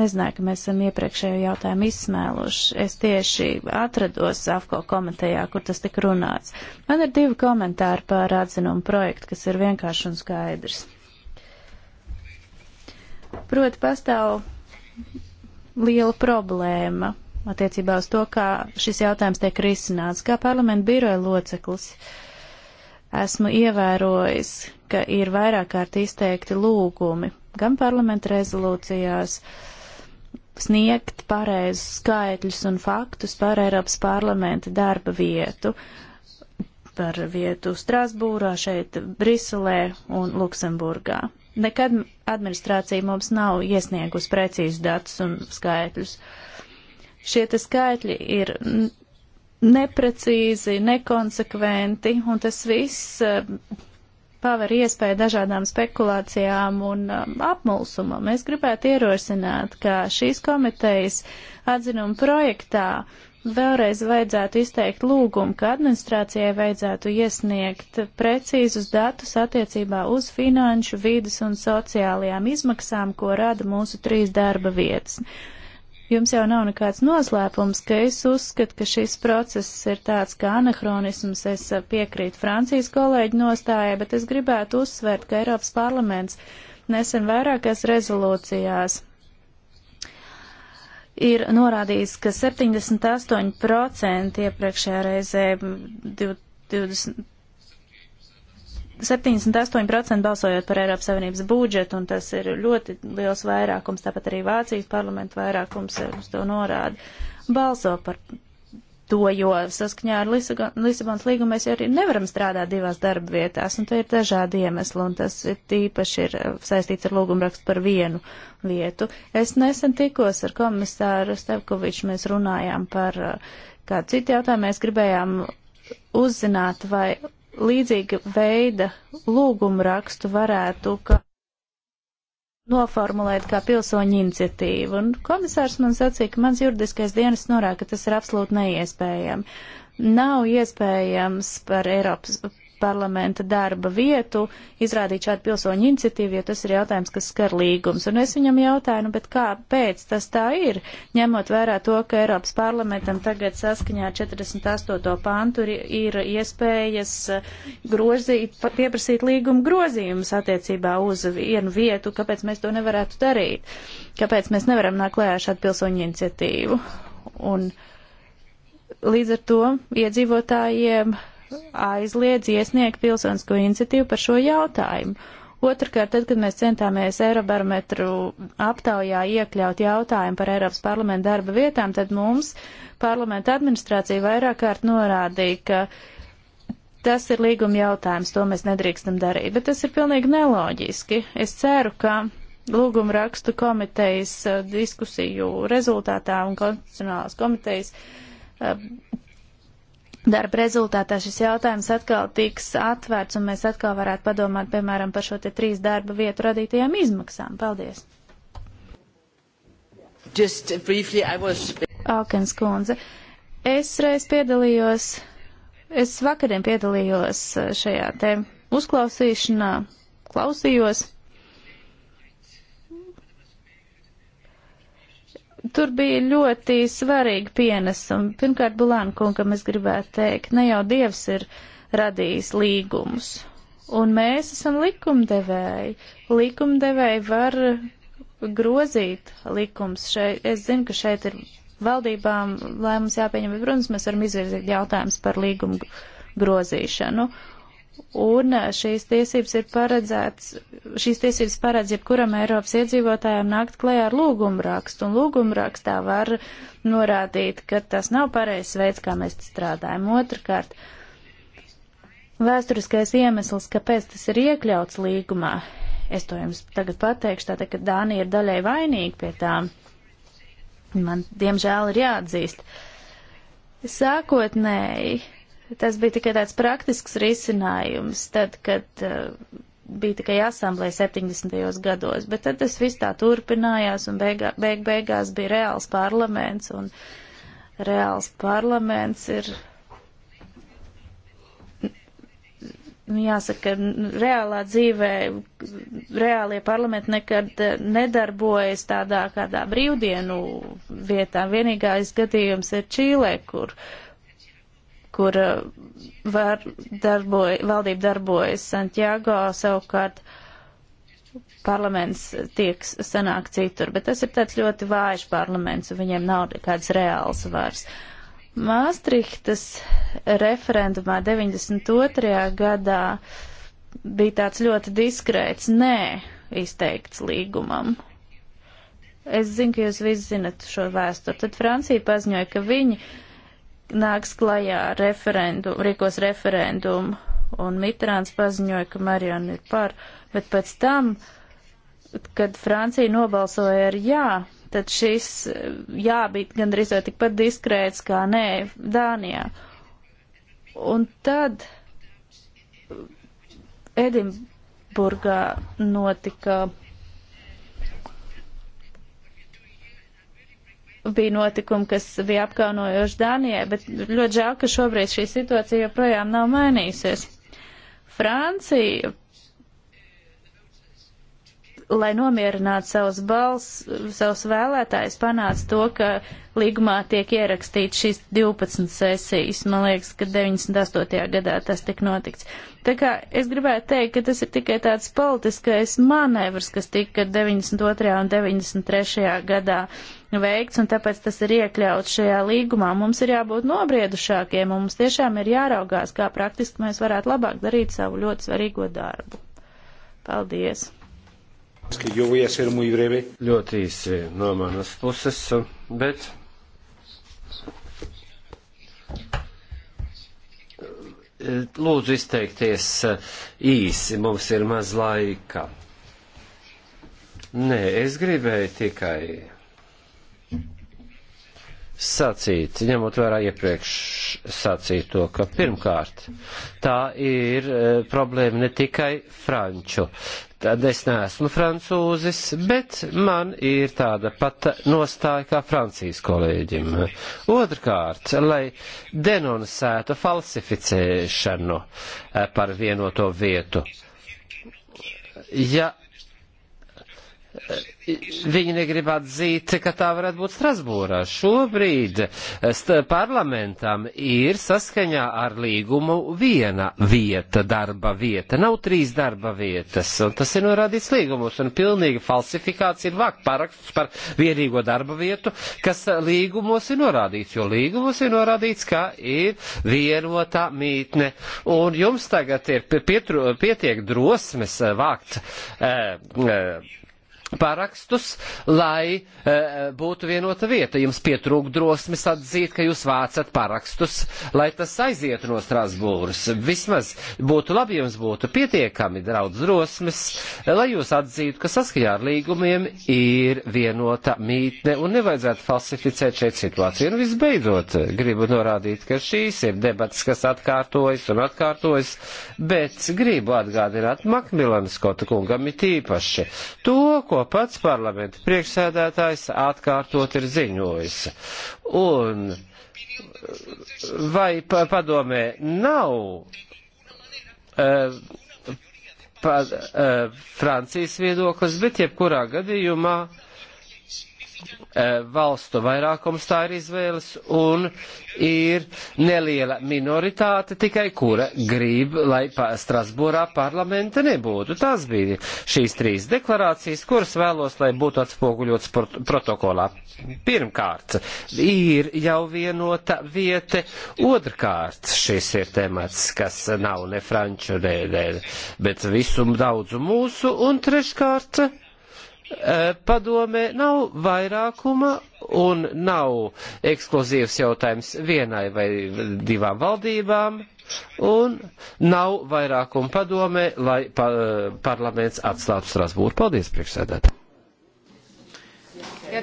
nezināju, ka mēs esam iepriekšējo jautājumu izsmēluši. Es tieši atrados AFCO komitejā, kur tas tika runāts. Man ir divi komentāri par atzinumu projektu, kas ir vienkārši un skaidrs. Proti pastāv liela problēma attiecībā uz to, kā šis jautājums tiek risināts. Kā parlamenta biroja loceklis esmu ievērojis, ka ir vairāk kārt izteikti lūgumi gan parlamenta rezolūcijās sniegt pareizus skaitļus un faktus par Eiropas parlamenta darba vietu, par vietu Strasbūrā, šeit Briselē un Luksemburgā nekad administrācija mums nav iesniegus precīzus datus un skaitļus. Šie te skaitļi ir neprecīzi, nekonsekventi, un tas viss eh, paver iespēju dažādām spekulācijām un eh, apmulsumam. Es gribētu ierosināt, ka šīs komitejas atzinuma projektā Vēlreiz vajadzētu izteikt lūgumu, ka administrācijai vajadzētu iesniegt precīzus datus attiecībā uz finanšu, vidas un sociālajām izmaksām, ko rada mūsu trīs darba vietas. Jums jau nav nekāds noslēpums, ka es uzskatu, ka šis process ir tāds kā anahronisms. Es piekrītu Francijas kolēģi nostājai, bet es gribētu uzsvērt, ka Eiropas parlaments nesen vairākās rezolūcijās ir norādījis, ka 78% iepriekšējā reizē 20. 78% balsojot par Eiropas Savienības budžetu, un tas ir ļoti liels vairākums, tāpat arī Vācijas parlamenta vairākums uz to norāda, balso par to, jo saskaņā ar Lisabonas līgumu mēs arī nevaram strādāt divās darba vietās, un te ir dažādi iemesli, un tas ir tīpaši ir uh, saistīts ar lūgumrakstu par vienu vietu. Es nesen tikos ar komisāru Stevkoviču, mēs runājām par uh, kādu citu jautājumu, mēs gribējām uzzināt, vai līdzīga veida lūgumrakstu varētu, ka noformulēt kā pilsoņu iniciatīvu. Un komisārs man sacīja, ka mans juridiskais dienas norāda, ka tas ir absolūti neiespējami. Nav iespējams par Eiropas parlamenta darba vietu, izrādīt šādu pilsoņu iniciatīvu, jo tas ir jautājums, kas skar līgums. Un es viņam jautāju, nu, bet kāpēc tas tā ir, ņemot vērā to, ka Eiropas parlamentam tagad saskaņā ar 48. pantu ir, ir iespējas eh, grozīt, pieprasīt līguma grozījumus attiecībā uz vienu vietu, kāpēc mēs to nevarētu darīt, kāpēc mēs nevaram nākt klējā šādu pilsoņu iniciatīvu. Un līdz ar to iedzīvotājiem aizliedz iesniegt pilsonisko iniciatīvu par šo jautājumu. Otrakārt, tad, kad mēs centāmies Eirobarometru aptaujā iekļaut jautājumu par Eiropas parlamentu darba vietām, tad mums parlamenta administrācija vairāk kārt norādīja, ka tas ir līguma jautājums, to mēs nedrīkstam darīt. Bet tas ir pilnīgi neloģiski. Es ceru, ka lūguma rakstu komitejas uh, diskusiju rezultātā un konstitucionālās komitejas uh, darba rezultātā šis jautājums atkal tiks atvērts un mēs atkal varētu padomāt, piemēram, par šo te trīs darba vietu radītajām izmaksām. Paldies! Briefly, was... Alkens kundze, es reiz piedalījos, es vakariem piedalījos šajā te uzklausīšanā, klausījos. tur bija ļoti svarīgi pienesumi. Pirmkārt, Bulāna kungam es gribētu teikt, ne jau Dievs ir radījis līgumus, un mēs esam likumdevēji. Likumdevēji var grozīt likums. Šeit, es zinu, ka šeit ir valdībām lēmums jāpieņem, bet, protams, mēs varam izvirzīt jautājumus par līgumu grozīšanu. Nu, Un eh, šīs tiesības ir paredzēts, šīs tiesības paredz jebkuram Eiropas iedzīvotājam nākt klajā ar lūgumrakstu, un lūgumrakstā var norādīt, ka tas nav pareizs veids, kā mēs strādājam. Otrakārt, vēsturiskais iemesls, kāpēc tas ir iekļauts līgumā, es to jums tagad pateikšu, tātad, ka Dānija ir daļai vainīga pie tām. Man, diemžēl, ir jāatzīst. Sākotnēji tas bija tikai tāds praktisks risinājums, tad, kad uh, bija tikai asamblēja 70. gados, bet tad tas viss tā turpinājās un beigā, beig, beigās bija reāls parlaments un reāls parlaments ir. Nu, jāsaka, reālā dzīvē reālie parlamenti nekad eh, nedarbojas tādā kādā brīvdienu vietā. Vienīgais gadījums ir Čīlē, kur uh, kur eh, var darboj, valdība darbojas Santiago, savukārt parlaments tiek sanāk citur, bet tas ir tāds ļoti vājš parlaments, un viņiem nav kāds reāls vairs. Māstrihtas referendumā 92. gadā bija tāds ļoti diskrēts nē izteikts līgumam. Es zinu, ka jūs visi zinat šo vēsturi. Tad Francija paziņoja, ka viņi uh, nāks klajā referendumu, rīkos referendumu, un Mitrāns paziņoja, ka Mariana ir par, bet pēc tam, kad Francija nobalsoja ar jā, tad šis eh, jā bija gandrīz vai tikpat diskrēts kā nē Dānijā. Un tad Edinburgā notika bija notikumi, kas bija apkaunojoši Dānijai, bet ļoti žēl, ka šobrīd šī situācija joprojām nav mainījusies. Francija, lai nomierinātu savus balss, savus vēlētājus, panāca to, ka līgumā tiek ierakstīts šīs 12 sesijas. Man liekas, ka 98. gadā tas tik notikts. Tā kā es gribētu teikt, ka tas ir tikai tāds politiskais manevrs, kas tika 92. un 93. gadā veikts, un tāpēc tas ir iekļauts šajā līgumā. Mums ir jābūt nobriedušākiem, un mums tiešām ir jāraugās, kā praktiski mēs varētu labāk darīt savu ļoti svarīgo darbu. Paldies! Ļoti īsi no manas puses, bet Lūdzu, izteikties īsi, mums ir maz laika. Nē, es gribēju tikai sacīt, ņemot vērā iepriekš sacīto, ka pirmkārt tā ir e, problēma ne tikai franču. Tad es neesmu francūzis, bet man ir tāda pata nostāja kā Francijas kolēģim. Otrkārt, lai denonsētu falsificēšanu e, par vienoto vietu. Ja Viņi negrib atzīt, ka tā varētu būt Strasbūrā. Šobrīd eh, parlamentam ir saskaņā ar līgumu viena vieta, darba vieta. Nav trīs darba vietas, un tas ir norādīts līgumos, un pilnīga falsifikācija ir vākt paraksts par vienīgo darba vietu, kas eh, līgumos ir norādīts, jo līgumos ir norādīts, ka ir vienotā mītne. Un jums tagad ir pietru, pietiek drosmes eh, vākt. Eh, eh, parakstus, lai e, būtu vienota vieta. Jums pietrūk drosmes atzīt, ka jūs vācat parakstus, lai tas aizietu no Strasbūras. Vismaz būtu labi, jums būtu pietiekami draudz drosmes, lai jūs atzītu, ka saskaņā ar līgumiem ir vienota mītne un nevajadzētu falsificēt šeit situāciju. Un visbeidzot, gribu norādīt, ka šīs ir debatas, kas atkārtojas un atkārtojas, bet gribu atgādināt Makmilanas Kota kungam it īpaši to, ko ko pats parlamenta priekšsēdētājs atkārtot ir ziņojis. Un vai padomē nav uh, pa, uh, Francijas viedoklis, bet jebkurā gadījumā uh, Eh, valstu vairākums tā ir izvēles un ir neliela minoritāte tikai, kura grib, lai Strasbūrā parlamenta nebūtu. Tās bija šīs trīs deklarācijas, kuras vēlos, lai būtu atspoguļotas protokolā. Pirmkārt, ir jau vienota vieta. Otrkārt, šis ir temats, kas nav ne franču, ne, ne, bet visu daudzu mūsu. Un treškārt, padomē nav vairākuma un nav ekskluzīvs jautājums vienai vai divām valdībām, un nav vairākuma padomē, lai pa, parlaments atstātu Strasbūru. Paldies, priekšsēdētāji! Ja,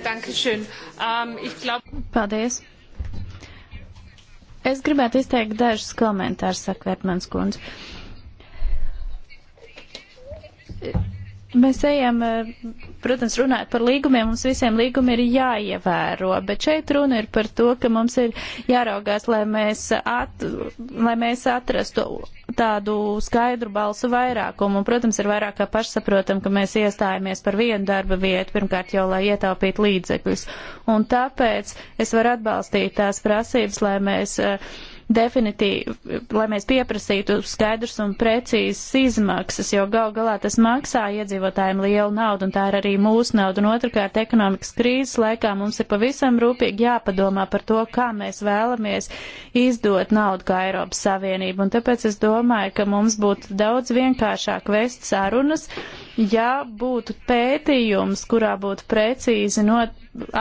um, glaub... Paldies! Es gribētu izteikt dažus komentārus, saka Vērtmans kundze Mēs ejam, eh, protams, runāt par līgumiem, mums visiem līgumi ir jāievēro, bet šeit runa ir par to, ka mums ir jāraugās, lai mēs, at, lai mēs atrastu tādu skaidru balsu vairākumu. Un, protams, ir vairāk kā pašsaprotam, ka mēs iestājamies par vienu darba vietu, pirmkārt jau, lai ietaupītu līdzekļus. Un tāpēc es varu atbalstīt tās prasības, lai mēs. Uh, definitīvi, lai mēs pieprasītu skaidrs un precīzes izmaksas, jo gal galā tas maksā iedzīvotājiem lielu naudu, un tā ir arī mūsu nauda. Un otrkārt, ekonomikas krīzes laikā mums ir pavisam rūpīgi jāpadomā par to, kā mēs vēlamies izdot naudu kā Eiropas Savienība. Un tāpēc es domāju, ka mums būtu daudz vienkāršāk vest sarunas Ja būtu pētījums, kurā būtu precīzi not,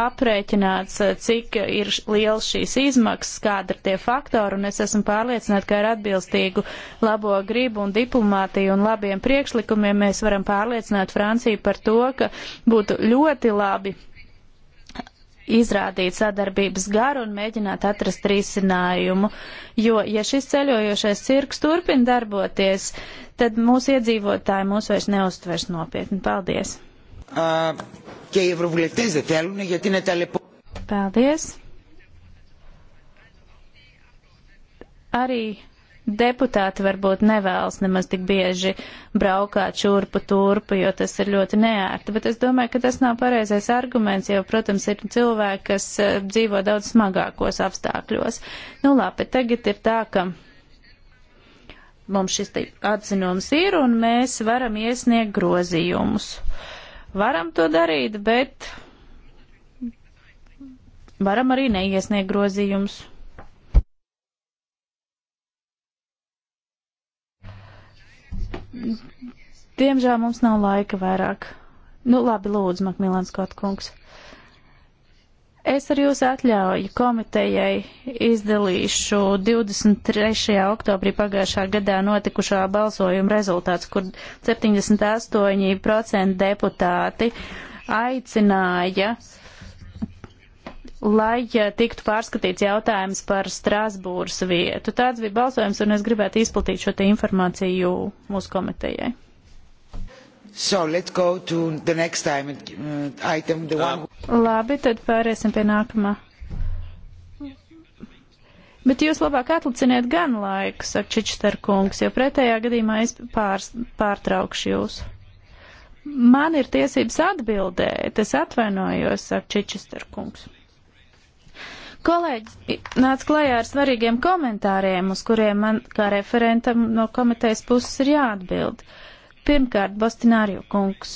aprēķināts, eh, cik ir liels šīs izmaksas, kāda ir tie faktori, un es esmu pārliecināta, ka ar atbilstīgu labo gribu un diplomātiju un labiem priekšlikumiem mēs varam pārliecināt Franciju par to, ka būtu ļoti labi izrādīt sadarbības garu un mēģināt atrast risinājumu. Jo, ja šis ceļojošais cirks turpina darboties, tad mūsu iedzīvotāji mūs vairs neustvers nopietni. Paldies! Paldies! Arī deputāti varbūt nevēlas nemaz tik bieži braukāt šurpu turpu, jo tas ir ļoti neērti. Bet es domāju, ka tas nav pareizais arguments, jo, protams, ir cilvēki, kas eh, dzīvo daudz smagākos apstākļos. Nu labi, tagad ir tā, ka mums šis atzinums ir un mēs varam iesniegt grozījumus. Varam to darīt, bet varam arī neiesniegt grozījumus. Diemžēl mums nav laika vairāk. Nu, labi, lūdzu, Makmilans Kotkungs. Es ar jūsu atļauju komitejai izdalīšu 23. oktobrī pagājušā gadā notikušā balsojuma rezultāts, kur 78% deputāti aicināja uh, lai tiktu pārskatīts jautājums par Strasbūras vietu. Tāds bija balsojums, un es gribētu izplatīt šo te informāciju mūsu komitejai. So, time, uh, item, one... Labi, tad pāriesim pie nākamā. Bet jūs labāk atliciniet gan laiku, saka Čičster kungs, jo pretējā gadījumā es pār, pārtraukšu jūs. Man ir tiesības atbildēt, es atvainojos, saka Čičester kungs. Kolēģi nāca klajā ar svarīgiem komentāriem, uz kuriem man kā referentam no komitejas puses ir jāatbild. Pirmkārt, Bostināriju kungs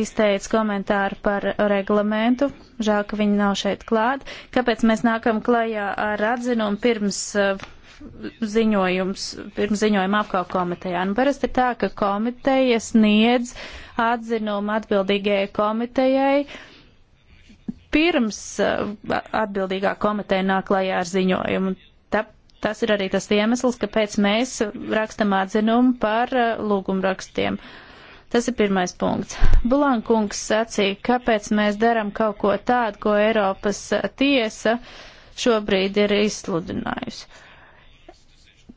izteica komentāru par reglamentu. Žēl, ka viņi nav šeit klāt. Kāpēc mēs nākam klajā ar atzinumu pirms uh, ziņojums, pirms ziņojuma apkalp komitejā. Nu, parasti ir tā, ka komiteja sniedz atzinumu atbildīgajai komitejai pirms eh, atbildīgā komiteja nāk klajā ar ziņojumu. Tā, tas ir arī tas iemesls, kāpēc mēs rakstam atzinumu par eh, lūgumrakstiem. Tas ir pirmais punkts. Bulankungs sacīja, kāpēc mēs daram kaut ko tādu, ko Eiropas eh, tiesa šobrīd ir izsludinājusi.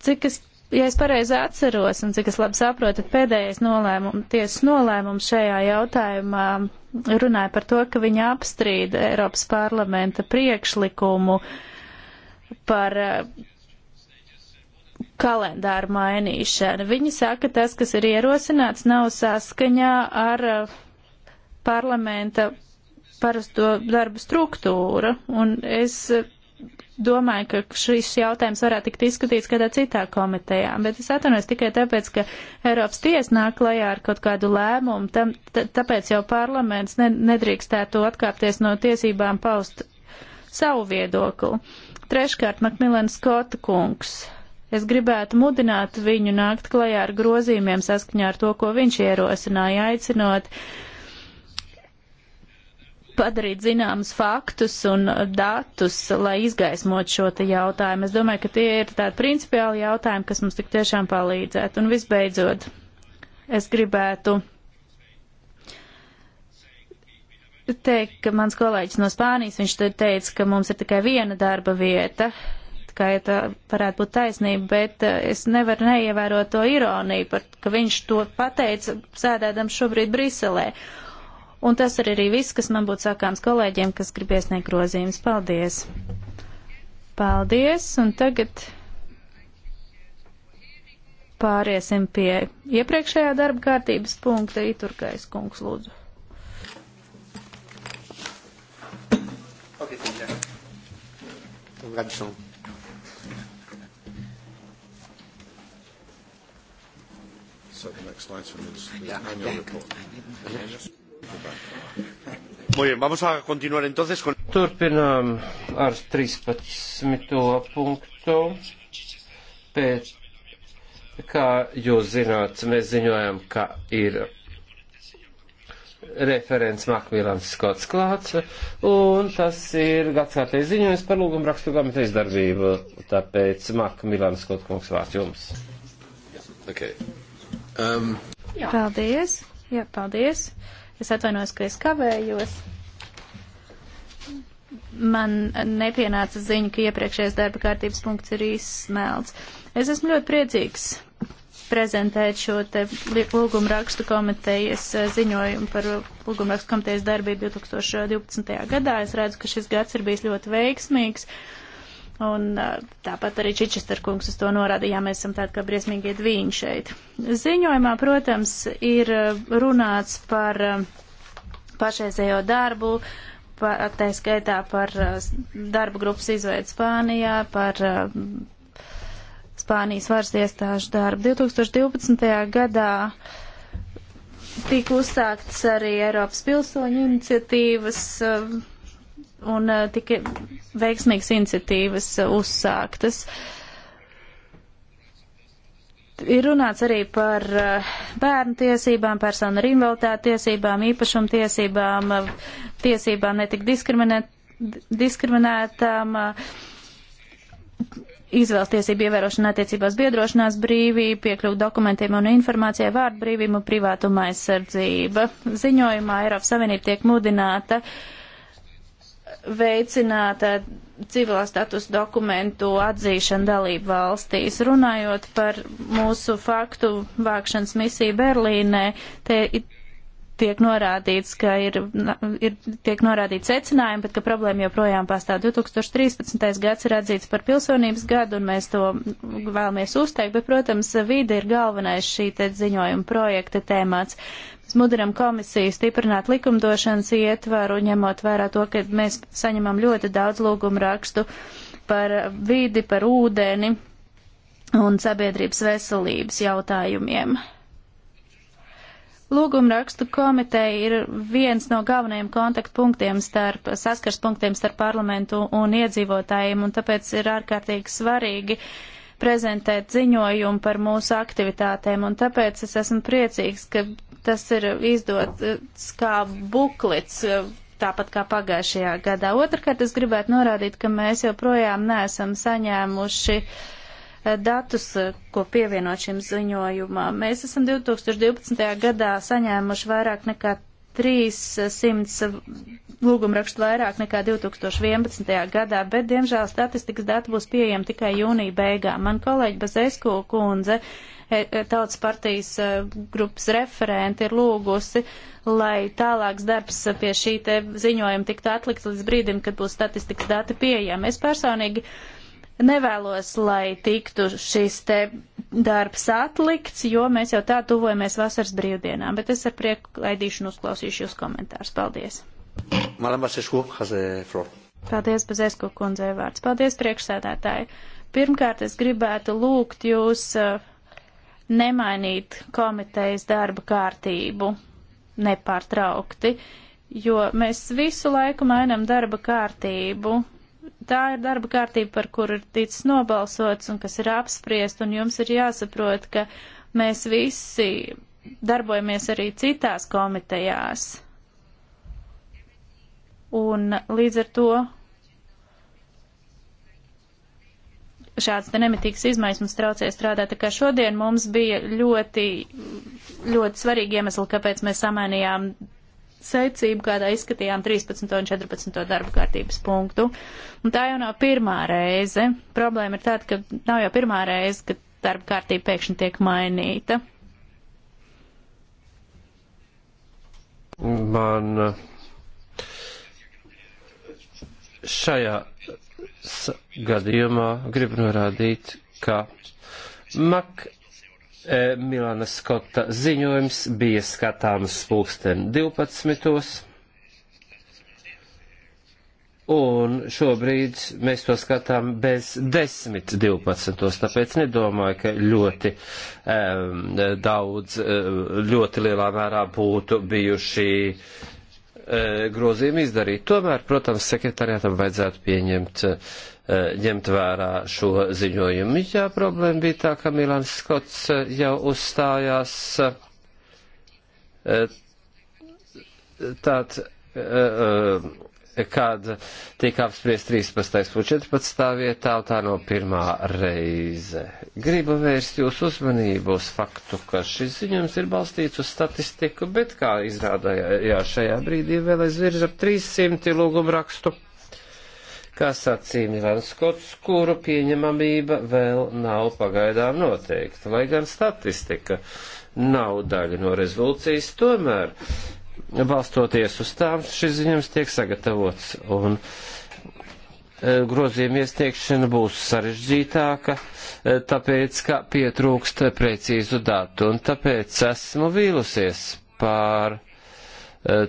Cik es Ja es pareizi atceros, un cik es labi saprotu, pēdējais nolēmum, tiesas nolēmums šajā jautājumā runāja par to, ka viņa apstrīda Eiropas parlamenta priekšlikumu par eh, kalendāru mainīšanu. Viņi saka, tas, kas ir ierosināts, nav saskaņā ar eh, parlamenta parasto darbu struktūru, un es domāju, ka šis jautājums varētu tikt izskatīts kādā citā komitejā, bet es atvainojos tikai tāpēc, ka Eiropas tiesa nāk klajā ar kaut kādu lēmumu, tam, tāpēc jau parlaments ne, nedrīkstētu atkāpties no tiesībām paust savu viedokli. Treškārt, Makmilens Skota kungs. Es gribētu mudināt viņu nākt klajā ar grozījumiem saskaņā ar to, ko viņš ierosināja, aicinot uh, padarīt zināmas faktus un datus, lai izgaismot šo te jautājumu. Es domāju, ka tie ir tādi principiāli jautājumi, kas mums tik tiešām palīdzētu. Un visbeidzot, es gribētu teikt, ka mans kolēģis no Spānijas, viņš teica, ka mums ir tikai viena darba vieta, kā ja tā varētu būt taisnība, bet eh, es nevaru neievērot to ironiju, par, ka viņš to pateica sēdēdam šobrīd Briselē. Uh, Un tas ir arī viss, kas man būtu sakāms kolēģiem, kas grib iesniegt grozījumus. Paldies! Paldies! Un tagad pāriesim pie iepriekšējā darba kārtības punkta. Iturkais kungs, lūdzu. Obrigado, João. So the next slide for me is the yeah, annual report. Muy bien, vamos a continuar entonces con... Turpinām ar 13. punktu. Pēc, kā jūs zināt, mēs ziņojam, ka ir referents Makmīlāns Skots klāts, un tas ir gadskārtais ziņojums par lūgumu rakstu komitejas darbību. Tāpēc Makmīlāns Skots kungs vārds jums. Okay. Um. Jā. Paldies. Jā, paldies. Uh, Es atvainojos, ka es kavējos. Man nepienāca ziņa, ka iepriekšējais darba kārtības punkts ir izsmelts. Es esmu ļoti priecīgs prezentēt šo te lūgumu rakstu komitejas eh, ziņojumu par lūgumu rakstu komitejas darbību 2012. gadā. Es redzu, ka šis gads ir bijis ļoti veiksmīgs. Uh, Un tāpat arī Čičester kungs uz to norāda, ja mēs esam tādi kā briesmīgie dviņi šeit. Ziņojumā, protams, ir runāts par pašreizējo darbu, par, tā skaitā par darba grupas izveidu Spānijā, par Spānijas varas iestāžu darbu. 2012. gadā tika uzsāktas arī Eiropas pilsoņu iniciatīvas un eh, tika veiksmīgas iniciatīvas eh, uzsāktas. Ir runāts arī par eh, bērnu tiesībām, personu ar invaliditāti tiesībām, īpašumtiesībām, tiesībām netik diskriminēt, diskriminētām, izvēles tiesību ievērošana attiecībās biedrošanās brīvība, piekļuvu dokumentiem un informācijai, vārdu brīvība un privātuma aizsardzība. Ziņojumā Eiropas Savienība tiek mudināta uh, veicināt eh, civilā status dokumentu atzīšanu dalību valstīs. Runājot par mūsu faktu vākšanas misiju Berlīnē, te tiek norādīts, ka ir, ir tiek norādīts secinājumi, bet ka problēma joprojām pastāv. 2013. gads ir atzīts par pilsonības gadu, un mēs to vēlamies uzteikt, bet, protams, vide ir galvenais šī te ziņojuma projekta tēmāts smudinam komisiju stiprināt likumdošanas ietvaru, ņemot vērā to, ka mēs saņemam ļoti daudz lūgumu rakstu par vidi, par ūdeni un sabiedrības veselības jautājumiem. Lūgumrakstu komiteja ir viens no galvenajiem kontaktpunktiem starp, saskars punktiem starp parlamentu un iedzīvotājiem, un tāpēc ir ārkārtīgi svarīgi prezentēt ziņojumu par mūsu aktivitātēm, un tāpēc es esmu priecīgs, ka Tas ir izdots kā buklets, tāpat kā pagājušajā gadā. Otrakārt, es gribētu norādīt, ka mēs joprojām neesam saņēmuši eh, datus, eh, ko pievienot šim ziņojumam. Mēs esam 2012. gadā saņēmuši vairāk nekā 300 eh, lūgumrakstu vairāk nekā 2011. gadā, bet, diemžēl, statistikas dati būs pieejami tikai jūnija beigā. Man kolēģi Bazēsku kundze E, e, tautas partijas e, grupas referenti ir lūgusi, lai tālāks darbs pie šī te ziņojuma tiktu atlikts līdz brīdim, kad būs statistikas dati pieejami. Es personīgi nevēlos, lai tiktu šis te darbs atlikts, jo mēs jau tā tuvojamies vasaras brīvdienām, bet es ar prieku laidīšanu uzklausīšu jūs komentārus. Paldies! Madam Basescu has the floor. Paldies, Bazesko kundzei vārds. Paldies, priekšsēdētāji. Pirmkārt, es gribētu lūgt jūs uh, nemainīt komitejas darba kārtību nepārtraukti, jo mēs visu laiku mainam darba kārtību. Tā ir darba kārtība, par kuru ir ticis nobalsots un kas ir apspriest, un jums ir jāsaprot, ka mēs visi darbojamies arī citās komitejās. Un līdz ar to šāds te nemitīgs izmaiņas mums traucēja strādāt. Tā kā šodien mums bija ļoti, ļoti svarīgi iemesli, kāpēc mēs samainījām secību, kādā izskatījām 13. un 14. darba kārtības punktu. Un tā jau nav pirmā reize. Problēma ir tāda, ka nav jau pirmā reize, ka darba kārtība pēkšņi tiek mainīta. Man šajā gadījumā gribu norādīt, ka Mak e, Milana Skota ziņojums bija skatāms pulksten 12. Un šobrīd mēs to skatām bez 10.12. Tāpēc nedomāju, ka ļoti um, e, daudz, um, e, ļoti lielā mērā būtu bijuši uh, E, grozījumu izdarīt. Tomēr, protams, sekretariātam vajadzētu pieņemt, e, ņemt vērā šo ziņojumu. Jā, problēma bija tā, ka Milans Skots e, jau uzstājās tāds kad tika apspriest 13. un 14. vietā, tā no pirmā reize. Gribu vērst jūsu uzmanību uz faktu, ka šis ziņojums ir balstīts uz statistiku, bet, kā izrādājās šajā brīdī, vēl aizvirz ap 300 lūgumu rakstu, kas acīm Ivans Skots, kuru pieņemamība vēl nav pagaidām noteikta, lai gan statistika nav daļa no rezolūcijas, tomēr balstoties uz tām šis ziņojums tiek sagatavots. Un e, grozījuma iestiekšana būs sarežģītāka, e, tāpēc, ka pietrūkst precīzu datu. Un tāpēc esmu vīlusies pār e,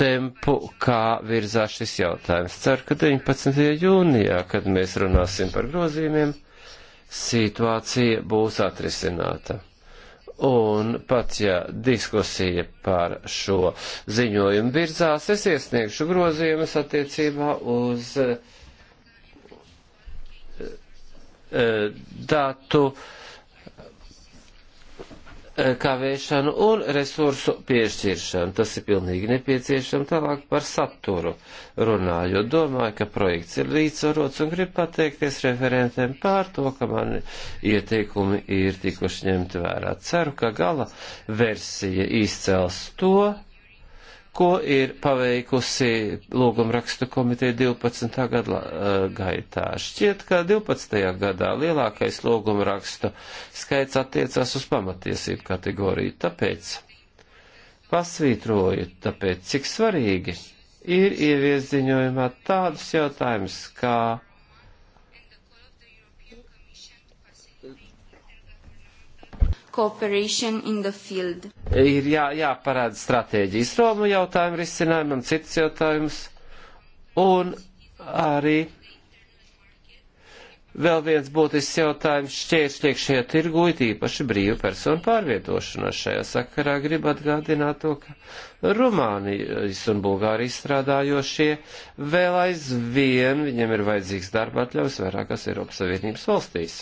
tempu, kā virzās šis jautājums. Ceru, ka 19. jūnijā, kad mēs runāsim par grozījumiem, situācija būs atrisināta un pat ja diskusija par šo ziņojumu virzās, es iesniegšu grozījumus attiecībā uz eh, eh, datu uh, Eh, kavēšanu un resursu piešķiršanu. Tas ir pilnīgi nepieciešams tālāk par saturu runājot. Domāju, ka projekts ir līdzsvarots un gribu pateikties referentiem pār to, ka mani ieteikumi ir tikuši ņemti vērā. Ceru, ka gala versija izcels to, ko ir paveikusi lūgumrakstu komiteja 12. gada eh, gaitā. Šķiet, ka 12. gadā lielākais lūgumrakstu skaits attiecās uz pamatiesību kategoriju, tāpēc pasvītroju, tāpēc cik svarīgi ir ievies ziņojumā tādus jautājumus kā cooperation in the field. Ir jā, jāparāda stratēģijas Romu jautājumu risinājumu un citas jautājumus. Un arī vēl viens būtisks jautājums šķēršļiek šajā tirgu, it īpaši brīvu personu pārvietošanās. Šajā sakarā grib atgādināt to, ka Rumānijas un Bulgārijas strādājošie vēl aizvien viņiem ir vajadzīgs darba atļaus vairākās Eiropas Savienības valstīs.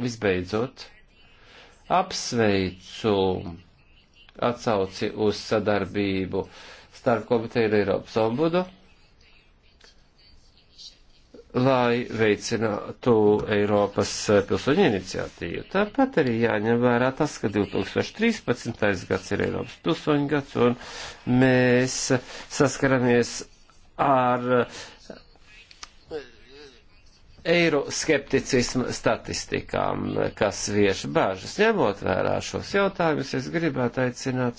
Visbeidzot. Apsveicu atsauci uz sadarbību starp komiteju un Eiropas ombudu, lai veicinātu Eiropas pilsoņu iniciatīvu. Tāpat arī jāņem vērā tas, ka 2013. gads ir Eiropas pilsoņu gads, un mēs saskaramies ar eiroskepticismu statistikām, kas vieš bāžas. Ņemot vērā šos jautājumus, es gribētu aicināt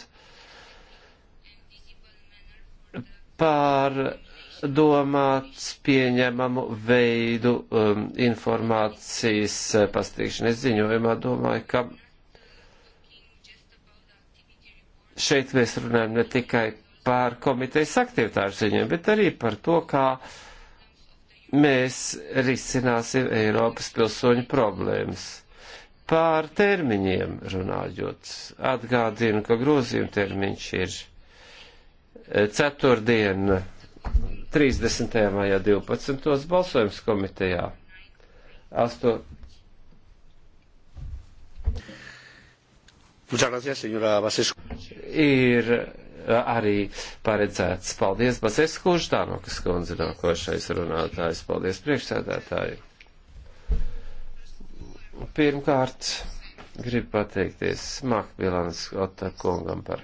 pārdomāt pieņemamu veidu um, informācijas uh, pastīšanas ziņojumā. Domāju, ka šeit mēs runājam ne tikai par komitejas aktivitāšu ziņojumu, bet arī par to, kā uh, mēs risināsim Eiropas pilsoņu problēmas. Pār termiņiem runājot, atgādinu, ka grozījuma termiņš ir eh, ceturtdien 30. maijā 12. balsojums komitejā. Asto... Muchas gracias, señora Basescu. Ir arī paredzēts. Paldies, Bases Kurš, Tānokas kundze, nākošais runātājs. Paldies, priekšsēdētāji. Pirmkārt, gribu pateikties Makbilans Otta kungam par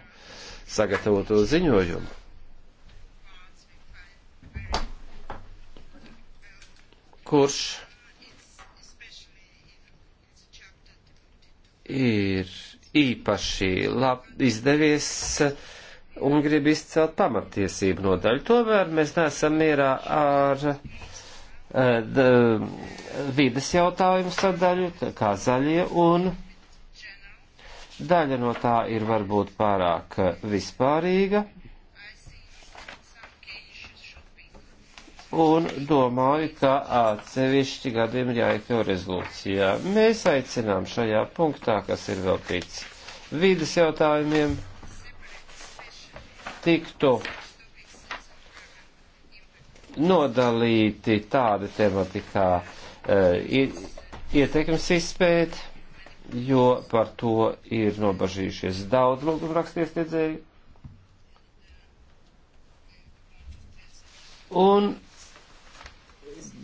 sagatavoto ziņojumu. Kurš ir īpaši lab, izdevies uh, un grib izcelt pamatiesību nodaļu. Tomēr mēs neesam mierā ar eh, eh, vides jautājumu sadaļu, kā zaļie, un daļa no tā ir varbūt pārāk eh, vispārīga. Un domāju, ka atsevišķi gadiem ir jāiekļau rezolūcijā. Mēs aicinām šajā punktā, kas ir veltīts vides jautājumiem, tiktu nodalīti tādi temati kā eh, ieteikums izpēt, jo par to ir nobažījušies daudz lūgumu rakstiesniedzēju. Un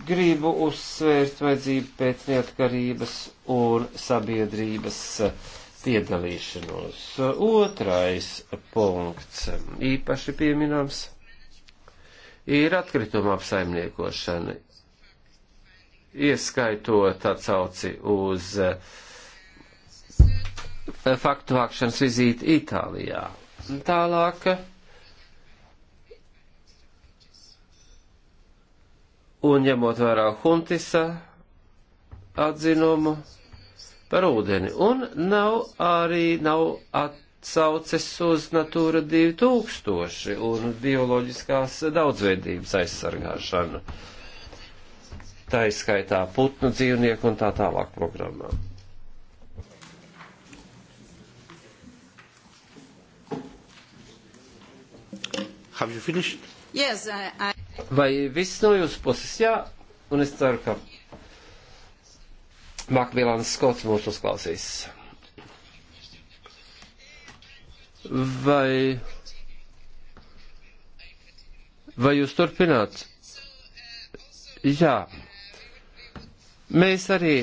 gribu uzsvērt vajadzību pēc neatkarības un sabiedrības uh, piedalīšanos. Otrais punkts, īpaši pieminams, ir atkrituma apsaimniekošana, ieskaitot atsauci uz eh, faktu vākšanas vizīti Itālijā. Tālāk. Un ņemot vērā Huntisa atzinumu, par ūdeni. Un nav arī nav atsauces uz Natūra 2000 un bioloģiskās daudzveidības aizsargāšanu. Tā izskaitā putnu dzīvnieku un tā tālāk programmā. Have you finished? Yes, I, I... Vai viss no jūsu puses jā? Un es ceru, ka Makmilans Skots mūs uzklausīs. Vai, vai jūs turpināt? Jā. Mēs arī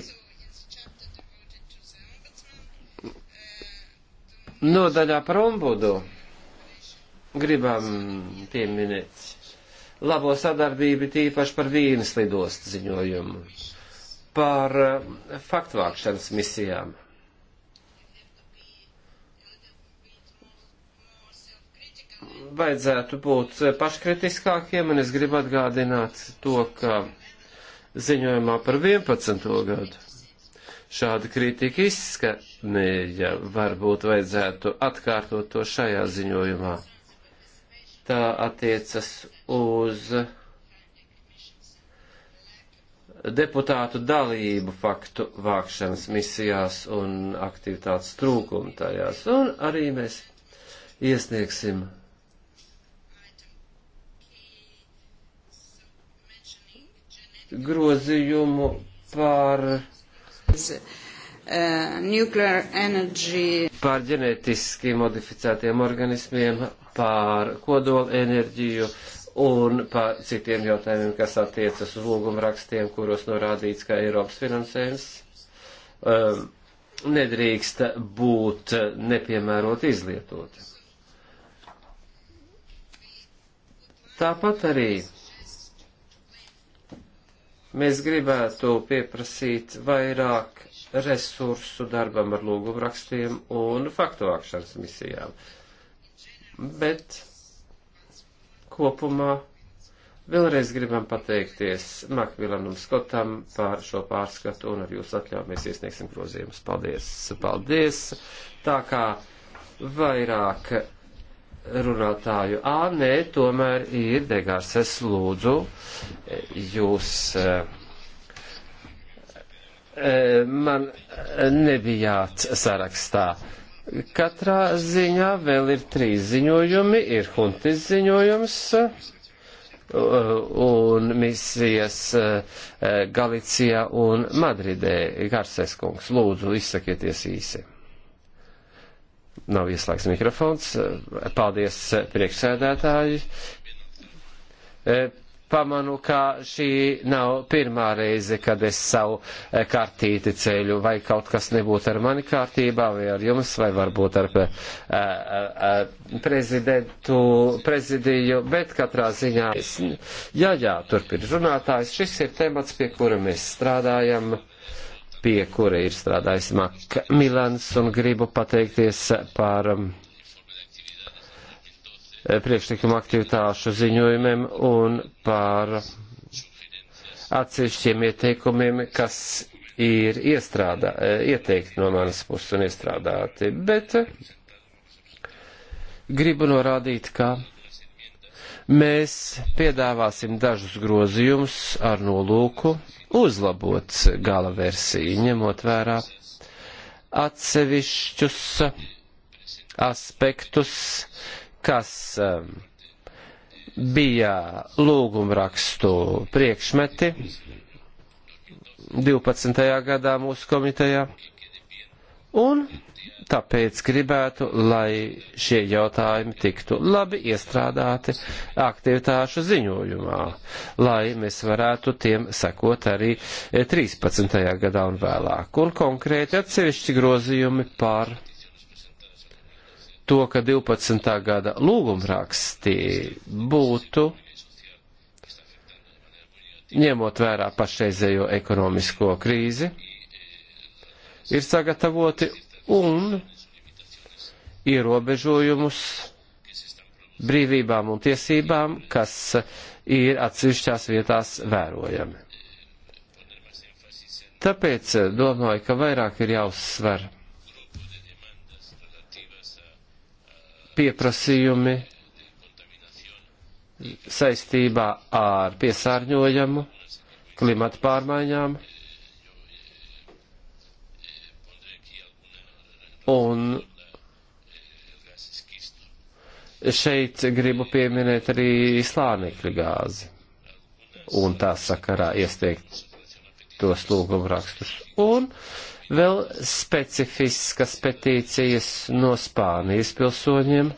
nodaļā par ombudu gribam pieminēt labo sadarbību tīpaši par vīnas lidostu ziņojumu par eh, faktvākšanas misijām. Vajadzētu būt paškritiskākiem, un es gribu atgādināt to, ka ziņojumā par 11. gadu šāda kritika izskanēja, varbūt vajadzētu atkārtot to šajā ziņojumā. Tā attiecas uz deputātu dalību faktu vākšanas misijās un aktivitātes trūkumu tajās. Un arī mēs iesniegsim grozījumu par pār uh, ģenētiski modificētiem organismiem, pār kodolenerģiju, un par citiem jautājumiem, kas attiecas uz lūgumrakstiem, kuros norādīts, ka Eiropas finansējums um, nedrīkst būt nepiemērot izlietoti. Tāpat arī mēs gribētu pieprasīt vairāk resursu darbam ar lūgumrakstiem un faktu vākšanas misijām. Bet kopumā vēlreiz gribam pateikties Makvilanam Skotam par šo pārskatu un ar jūsu atļauju mēs iesniegsim grozījumus. Paldies! Paldies! Tā kā vairāk runātāju. Ā, nē, tomēr ir Degārs, es lūdzu jūs. Man nebijāt sarakstā. Katrā ziņā vēl ir trīs ziņojumi, ir huntis ziņojums uh, un misijas uh, Galicijā un Madridē. Garsēs kungs, lūdzu, izsakieties īsi. Nav ieslēgts mikrofons. Paldies, priekšsēdētāji. Uh, pamanu, ka šī nav pirmā reize, kad es savu eh, kartīti ceļu, vai kaut kas nebūtu ar mani kārtībā, vai ar jums, vai varbūt ar a, a, a, prezidentu, prezidiju, bet katrā ziņā, es, jā, jā, turpin runātājs, šis ir temats, pie kura mēs strādājam pie kura ir strādājis Mak Milans un gribu pateikties par um, Eh, priekšlikuma aktivitāšu ziņojumiem un par atsevišķiem ieteikumiem, kas ir iestrādā, eh, ieteikti no manas puses un iestrādāti. Bet eh, gribu norādīt, ka mēs piedāvāsim dažus grozījumus ar nolūku uzlabot gala versiju, ņemot vērā atsevišķus aspektus, kas um, bija lūgumrakstu priekšmeti 12. gadā mūsu komitejā, un tāpēc gribētu, lai šie jautājumi tiktu labi iestrādāti aktivitāšu ziņojumā, lai mēs varētu tiem sekot arī 13. gadā un vēlāk, un konkrēti atsevišķi grozījumi par to, ka 12. gada lūgumrakstī būtu ņemot vērā pašreizējo ekonomisko krīzi, ir sagatavoti un ierobežojumus brīvībām un tiesībām, kas ir atsevišķās vietās vērojami. Tāpēc domāju, ka vairāk ir jāuzsver pieprasījumi saistībā ar piesārņojumu, klimata pārmaiņām un šeit gribu pieminēt arī slānekļa gāzi un tā sakarā iesniegt tos lūgumu rakstus. Un uh, vēl specifiskas petīcijas no Spānijas pilsoņiem,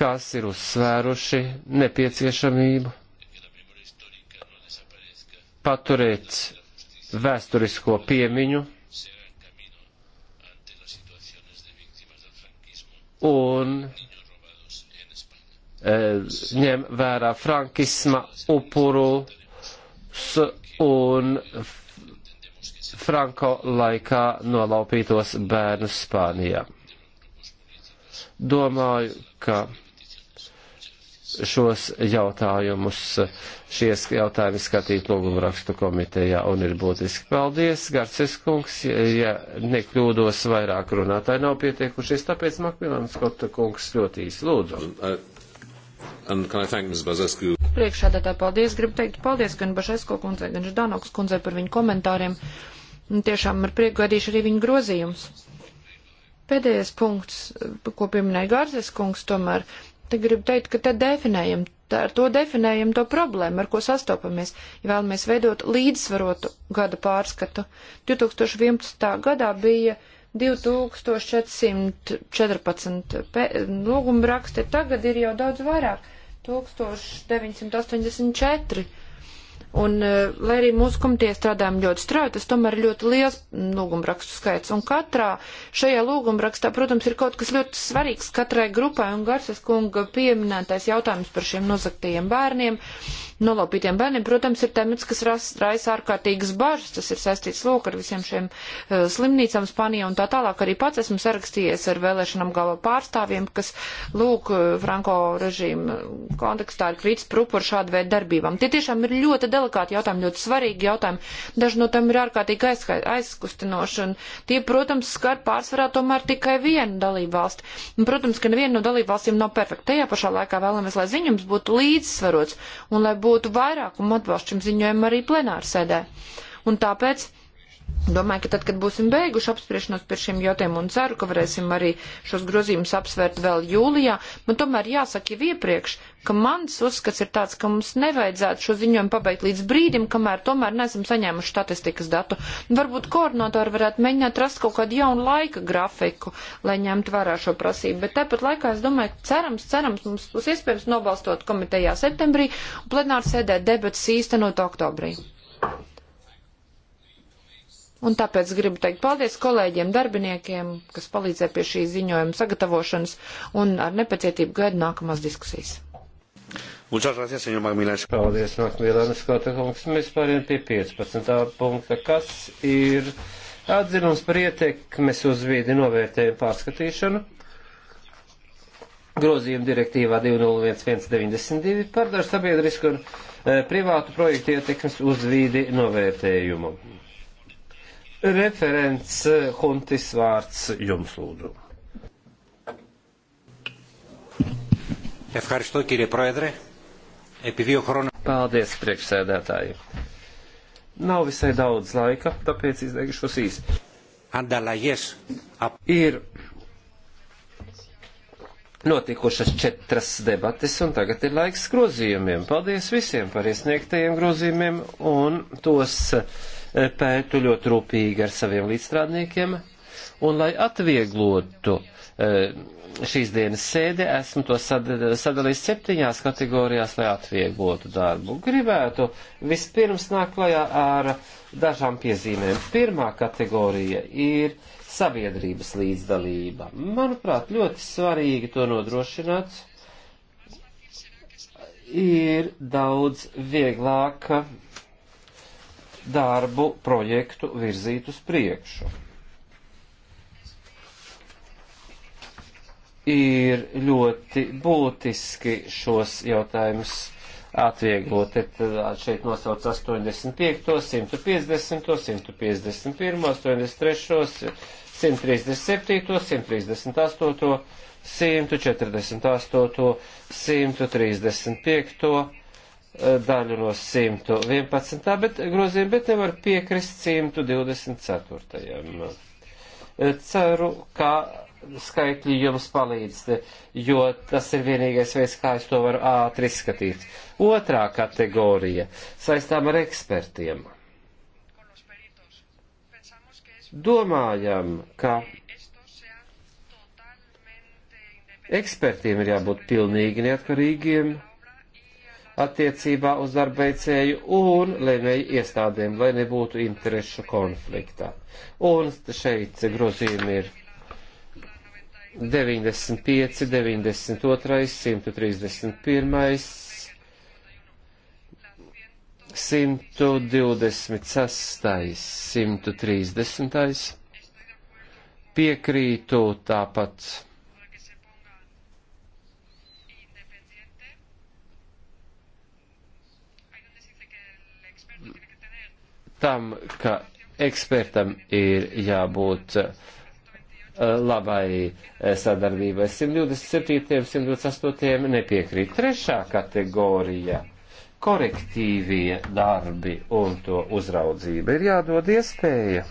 kas ir uzsvēruši nepieciešamību paturēt vēsturisko piemiņu un e, ņem vērā frankisma upuru un Franko laikā nolaupītos bērnus Spānijā. Domāju, ka šos jautājumus, šies jautājumi skatīt lūgumu rakstu komitejā un ir būtiski. Paldies, Garces kungs, ja nekļūdos vairāk runātāji nav pietiekušies, tāpēc Makmilans Kota kungs ļoti īsi lūdzu. Um, uh, Priekšādā tā paldies, gribu teikt paldies gan Bašesko kundzei, gan Ždanoks kundzei par viņu komentāriem. Un tiešām ar prieku gaidīšu arī viņu grozījumus. Pēdējais punkts, ko pieminēja Gārzes kungs, tomēr, te gribu teikt, ka te definējam, tā, ar to definējam to problēmu, ar ko sastopamies, ja vēlamies veidot līdzsvarotu gada pārskatu. 2011. gadā bija 2414 lūguma raksti, tagad ir jau daudz vairāk - 1984. Un, eh, lai arī mūsu komitē strādājam ļoti strauji, tas tomēr ir ļoti liels lūgumrakstu skaits. Un katrā šajā lūgumrakstā, protams, ir kaut kas ļoti svarīgs katrai grupai. Un Garsas kunga pieminētais jautājums par šiem nozaktajiem bērniem, nolaupītiem bērniem, protams, ir temats, kas raisa ārkārtīgas bažas. Tas ir saistīts lūk ar visiem šiem uh, slimnīcām Spanijā un tā tālāk. Arī pats esmu sarakstījies ar vēlēšanām galva pārstāvjiem, kas lūk eh, Franko režīmu kontekstā ir krītis prupu ar šādu veidu darbībām. Tie tiešām ir ļoti delikāti jautājumi, ļoti svarīgi jautājumi. Daži no tam ir ārkārtīgi aiz, aizkustinoši, un tie, protams, skar pārsvarā tomēr tikai vienu dalību valsti. Un, protams, ka neviena no dalību valstīm nav perfekta. Tajā pašā laikā vēlamies, lai ziņums būtu līdzsvarots un lai būtu vairākumu atbalsts šim ziņojumam arī plenārsēdē. Un tāpēc Domāju, ka tad, kad būsim beiguši apspriešanos par šiem jautājumiem un ceru, ka varēsim arī šos grozījumus apsvērt vēl jūlijā, man tomēr jāsaka jau iepriekš, ka mans uzskats ir tāds, ka mums nevajadzētu šo ziņojumu pabeigt līdz brīdim, kamēr tomēr nesam saņēmuši statistikas datu. Varbūt koordinatori varētu mēģināt rast kaut kādu jaunu laika grafiku, lai ņemtu vērā šo prasību, bet tāpat laikā es domāju, cerams, cerams, mums būs iespējams nobalstot komitejā septembrī un plenārsēdē debats īstenot oktobrī. Un tāpēc gribu teikt paldies kolēģiem, darbiniekiem, kas palīdzēja pie šī ziņojuma sagatavošanas un ar nepacietību gaidu nākamās diskusijas. Muchas gracias, señor Magmilans. Paldies, Magmilans Kotekungs. Mēs pāriem pie 15. punkta. Kas ir atzinums par ietekmes uz vīdi novērtējumu pārskatīšanu? Grozījuma direktīvā 201192 par sabiedrisku un e, privātu projektu ietekmes uz vīdi novērtējumu. Referents eh, Huntis vārds jums lūdzu. Ευχαριστώ κύριε Πρόεδρε. Επί δύο χρόνων. Paldies, priekšsēdētāji. Nav visai daudz laika, tāpēc izteikšos īsi. Andalajies. Ap... Ir notikušas četras debates, un tagad ir laiks grozījumiem. Paldies visiem par iesniegtajiem grozījumiem un tos uh, Eh, pētu ļoti rūpīgi ar saviem līdzstrādniekiem, un lai atvieglotu eh, šīs dienas sēdi, esmu to sadalījis septiņās kategorijās, lai atvieglotu darbu. Gribētu vispirms nākt klajā ar dažām piezīmēm. Pirmā kategorija ir sabiedrības līdzdalība. Manuprāt, ļoti svarīgi to nodrošināt. Ir daudz vieglāk darbu projektu virzīt uz priekšu. Ir ļoti būtiski šos jautājumus atvieglot. Šeit nosauc 85, 150, 151, 83, 137, 138, 148, 135. Eh, daļu no 111. Bet, grozījuma, bet nevar piekrist 124. Eh, ceru, ka skaitļi jums palīdz, jo tas ir vienīgais veids, kā es to varu ātri izskatīt. Otrā kategorija saistām ar ekspertiem. Domājam, ka ekspertiem ir jābūt pilnīgi neatkarīgiem attiecībā uz darbveicēju un lēmēju iestādēm, lai nebūtu interešu konfliktā. Un šeit grozījumi ir 95, 92, 131, 126, 130. Piekrītu tāpat tam, ka ekspertam ir jābūt eh, labai eh, sadarbībai. 127. 128. nepiekrīt. Trešā kategorija - korektīvie darbi un to uzraudzība. Ir jādod iespēja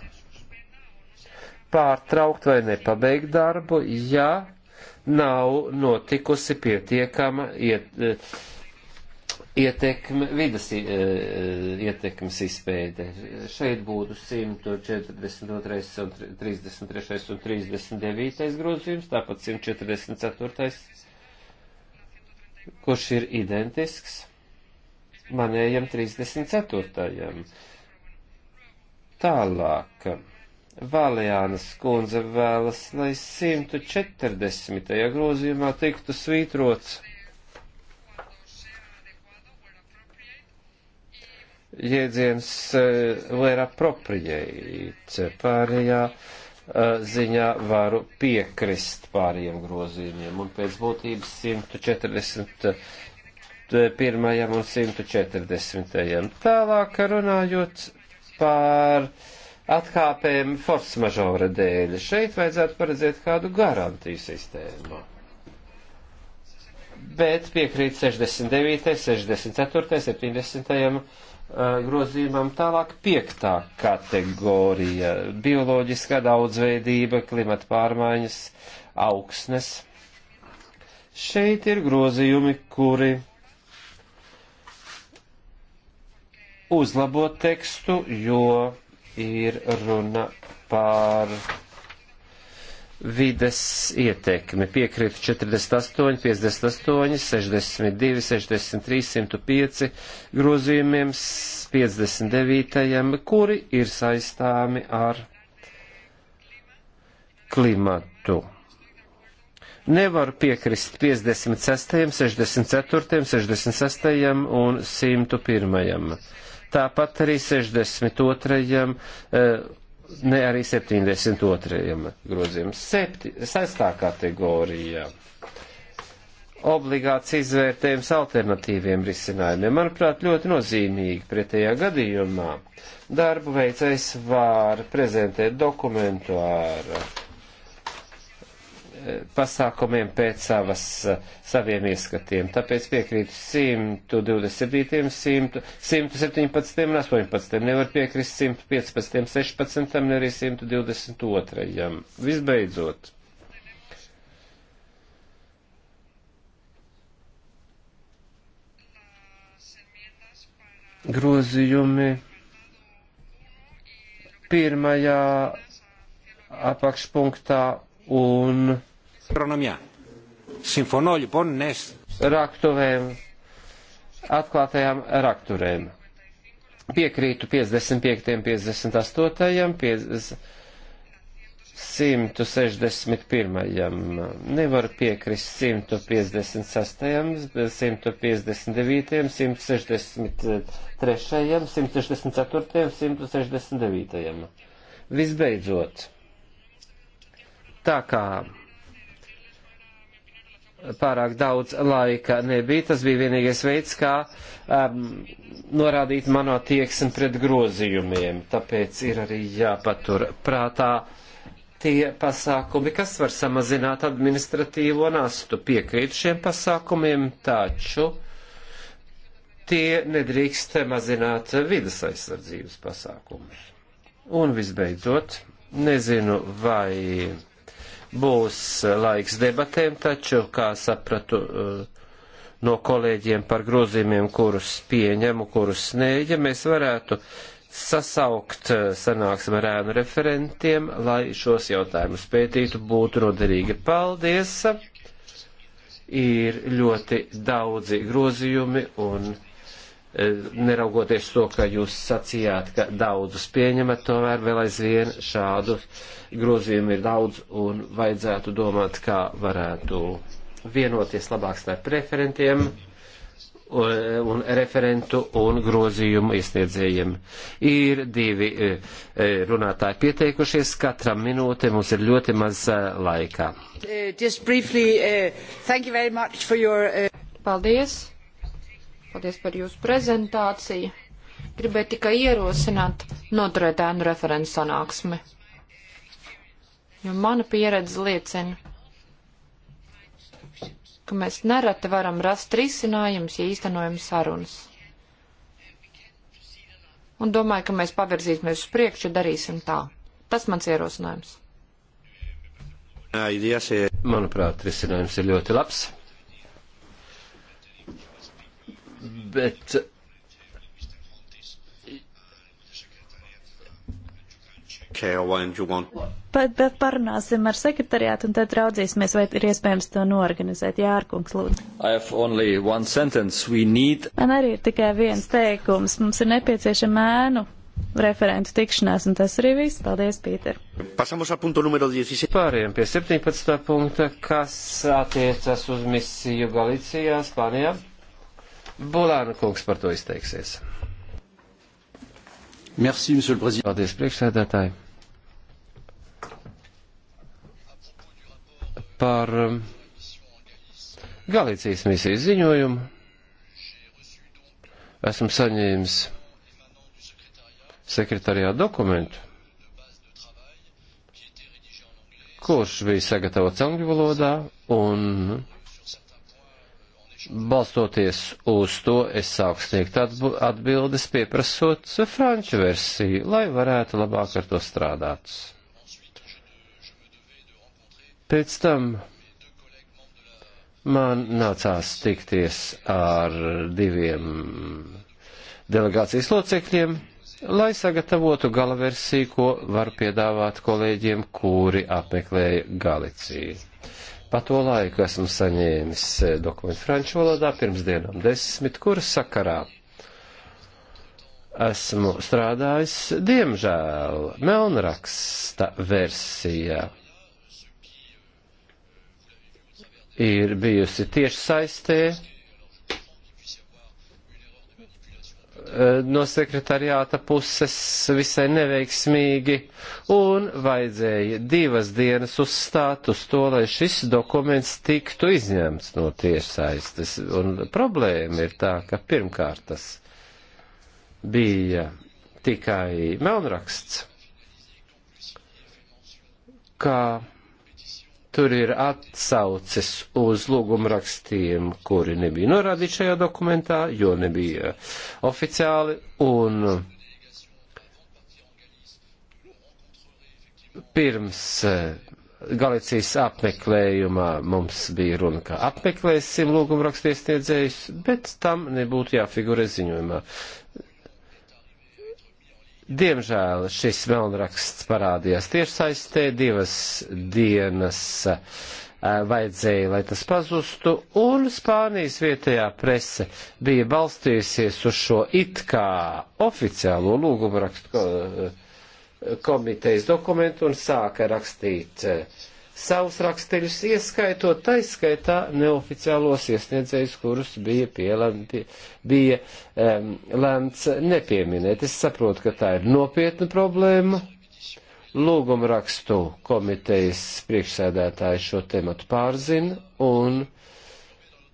pārtraukt vai nepabeigt darbu, ja nav notikusi pietiekama iet, eh, ietekme, vidas e, e, ietekmes izpēde. Šeit būtu 142. un 33. un 39. grozījums, tāpat 144. kurš ir identisks manējam 34. Tālāk. Valēānas kundze vēlas, lai 140. grozījumā tiktu svītrots jēdziens vēl eh, apropriēt. Pārējā eh, ziņā varu piekrist pāriem grozījumiem un pēc būtības 140 eh, pirmajam un 140. Tālāk runājot par atkāpēm force mažora dēļ, šeit vajadzētu paredzēt kādu garantiju sistēmu. Bet piekrīt 69., 64., 70. Eh, grozījumam tālāk piektā kategorija - bioloģiskā daudzveidība, klimata pārmaiņas, augsnes. Šeit ir grozījumi, kuri uzlabo tekstu, jo ir runa par vides ietekmi. Piekrīt 48, 58, 62, 63, 105 grozījumiem, 59, kuri ir saistāmi ar klimatu. Nevaru piekrist 56, 64, 66 un 101. Tāpat arī 62. Uh, ne arī 72. grozījums. Septi, sestā kategorija obligāts izvērtējums alternatīviem risinājumiem, manuprāt, ļoti nozīmīgi pretējā gadījumā. Darbu veicējs var prezentēt dokumentu ar pasākumiem pēc savas, eh, saviem ieskatiem. Tāpēc piekrītu 129, 100, 117 un 18, nevar piekrist 115, 16, ne arī 122. Visbeidzot. Grozījumi pirmajā apakšpunktā un Προνομιά. Συμφωνώ λοιπόν, ναι. Raktuvēm, atklātajām rakturēm. Piekrītu 55, 58, 50, 161. Nevaru piekrist 156, 159, 163, 164, 169. Visbeidzot, tā kā pārāk daudz laika nebija. Tas bija vienīgais veids, kā um, norādīt mano tieksmi pret grozījumiem. Tāpēc ir arī jāpatur prātā tie pasākumi, kas var samazināt administratīvo nastu. Piekrīt šiem pasākumiem, taču tie nedrīkst mazināt vidas aizsardzības pasākumus. Un visbeidzot, nezinu, vai Būs eh, laiks debatēm, taču, kā sapratu eh, no kolēģiem par grozījumiem, kurus pieņemu, kurus nē, ja mēs varētu sasaukt eh, sanāksmi ar ēnu referentiem, lai šos jautājumus pētītu, būtu noderīgi. Paldies! Ir ļoti daudzi grozījumi un E, neraugoties to, ka jūs sacījāt, ka daudzus pieņemat, tomēr vēl aizvien šādu grozījumu ir daudz un vajadzētu domāt, kā varētu vienoties labāk starp referentiem un, e, un referentu un grozījumu iesniedzējiem. Ir divi e, runātāji pieteikušies, katram minūte mums ir ļoti maz laika. Uh, briefly, uh, your... Uh, Paldies! Paldies par jūsu prezentāciju. Gribēju tikai ierosināt noturēt ēnu referents sanāksmi. Jo mana pieredze liecina, ka mēs nereti varam rast risinājumus, ja īstenojam sarunas. Un domāju, ka mēs pavirzīsimies uz priekšu, ja darīsim tā. Tas mans ierosinājums. Manuprāt, risinājums ir ļoti labs bet Bet, bet parunāsim ar sekretariātu un tad raudzīsimies, vai ir iespējams to norganizēt. Jā, Arkungs, lūdzu. Need... Man arī ir tikai viens teikums. Mums ir nepieciešama ēnu referentu tikšanās, un tas arī viss. Paldies, Pīter. Pāriem pie 17. punkta, kas attiecas uz misiju Galicijā, Spānijā. Bolāna kungs par to izteiksies. Merci, monsieur le président. Paldies, priekšsēdētāji. Par um, Galīcijas misijas ziņojumu esmu saņēmis sekretariā dokumentu, kurš bija sagatavots angļu valodā un Balstoties uz to, es sāku sniegt atbildes, pieprasot franču versiju, lai varētu labāk ar to strādāt. Pēc tam man nācās tikties ar diviem delegācijas locekļiem, lai sagatavotu gala versiju, ko var piedāvāt kolēģiem, kuri apmeklēja Galiciju. Pa to laiku esmu saņēmis e, dokumentu franču valodā pirms dienām desmit, kuras sakarā esmu strādājis, diemžēl, melnraksta versijā. Ir bijusi tieši saistē Eh, no sekretariāta puses visai neveiksmīgi, un vajadzēja divas dienas uzstāt uz to, lai šis dokuments tiktu izņemts no tiešsaistes. Un problēma ir tā, ka pirmkārt tas bija tikai melnraksts, kā tur ir atsauces uz lūgumrakstiem, kuri nebija norādīti šajā dokumentā, jo nebija oficiāli, un pirms eh, Galicijas apmeklējumā mums bija runa, ka apmeklēsim lūgumrakstiesniedzējus, bet tam nebūtu jāfigurē ziņojumā. Diemžēl šis melnraksts parādījās tiešsaistē divas dienas eh, vajadzēja, lai tas pazustu, un Spānijas vietējā prese bija balstījusies uz šo it kā oficiālo lūgumu rakstu eh, komitejas dokumentu un sāka rakstīt uh, savus raksteļus, ieskaitot taiskaitā neoficiālos iesniedzējus, kurus bija, pielem, pie, bija um, lēmts nepieminēt. Es saprotu, ka tā ir nopietna problēma. Lūguma rakstu komitejas priekšsēdētāji šo tematu pārzina, un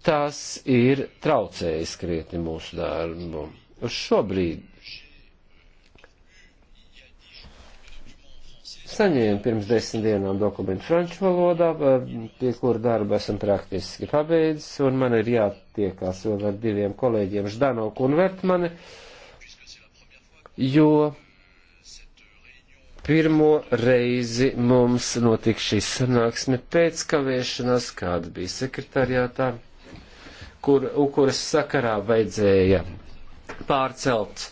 tas ir traucējis krietni mūsu darbu. Uz šobrīd Saņēmu pirms desmit dienām dokumentu franču valodā, eh, pie kura darba esam praktiski pabeidzis, un man ir jātiekās vēl ar diviem kolēģiem Ždanoku un Vertmani, jo pirmo reizi mums notika šī sanāksme pēc kavēšanās, kāda bija sekretariātā, kur, kuras sakarā vajadzēja pārcelt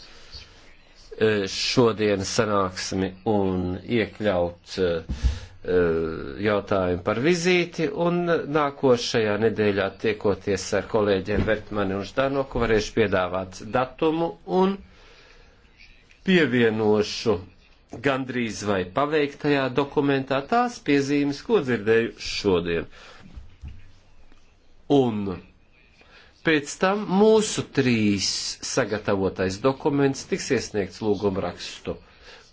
Eh, šodienas sanāksmi un iekļaut eh, eh, jautājumu par vizīti, un nākošajā nedēļā tiekoties ar kolēģiem Vertmani un Ždanoku varēšu piedāvāt datumu un pievienošu gandrīz vai paveiktajā dokumentā tās piezīmes, ko dzirdēju šodien. Un Pēc tam mūsu trīs sagatavotais dokuments tiks iesniegts lūgumrakstu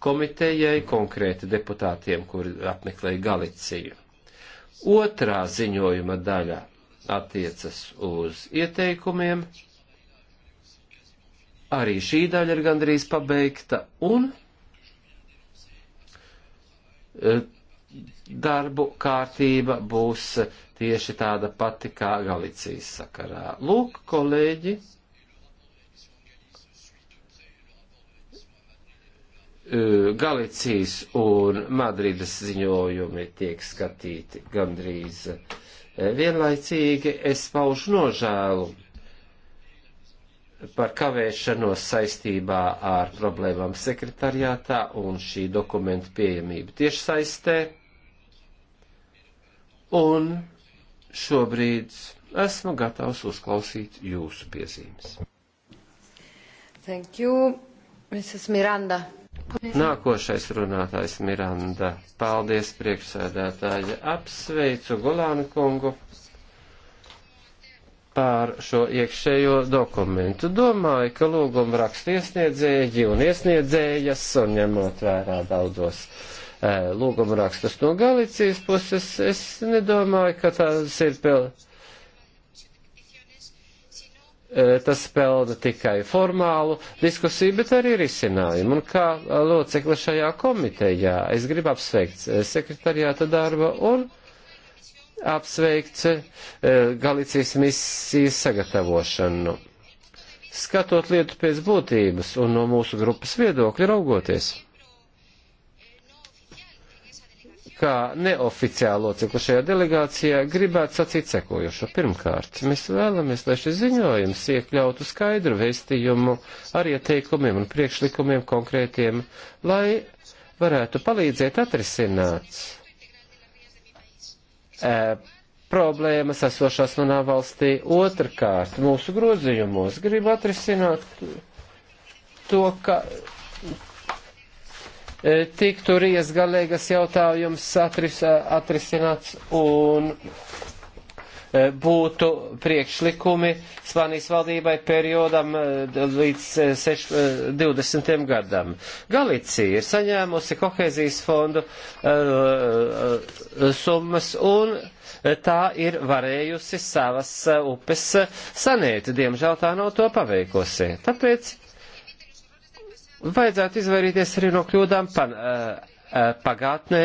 komitejai, konkrēti deputātiem, kuri apmeklēja Galiciju. Otrā ziņojuma daļa attiecas uz ieteikumiem. Arī šī daļa ir gandrīz pabeigta un e, darbu kārtība būs tieši tāda pati kā Galicijas sakarā. Lūk, kolēģi, e, Galicijas un Madrides ziņojumi tiek skatīti gandrīz e, vienlaicīgi. Es paužu nožēlu par kavēšanos saistībā ar problēmām sekretariātā un šī dokumenta pieejamību tiešsaistē un šobrīd esmu gatavs uzklausīt jūsu piezīmes. Thank you, Mrs. Miranda. Nākošais runātājs Miranda. Paldies, priekšsēdētāja. Apsveicu Golānu kungu pār šo iekšējo dokumentu. Domāju, ka lūguma raksta iesniedzēji un iesniedzējas un ņemot vērā daudzos lūguma rakstus no Galicijas puses, es nedomāju, ka tas ir pel... tas pelna tikai formālu diskusiju, bet arī risinājumu. Un kā locekli šajā komitejā, es gribu apsveikt sekretariāta darba un apsveikt Galicijas misijas sagatavošanu. Skatot lietu pēc būtības un no mūsu grupas viedokļa raugoties kā neoficiālo ciklu šajā delegācijā, gribētu sacīt sekojošo. Pirmkārt, mēs vēlamies, lai šis ziņojums iekļautu skaidru vēstījumu ar ieteikumiem un priekšlikumiem konkrētiem, lai varētu palīdzēt atrisināt e, problēmas esošās manā valstī. Otrkārt, mūsu grozījumos grib atrisināt to, ka E, tiktu Rijas galīgas jautājums atris, e, atrisināts un e, būtu priekšlikumi Spānijas valdībai periodam līdz 20. gadam. Galicija ir saņēmusi kohēzijas fondu summas un tā ir varējusi savas upes sanēt. Diemžēl tā nav to paveikusi. Tāpēc Vajadzētu izvairīties arī no kļūdām pan, eh, eh, pagātnē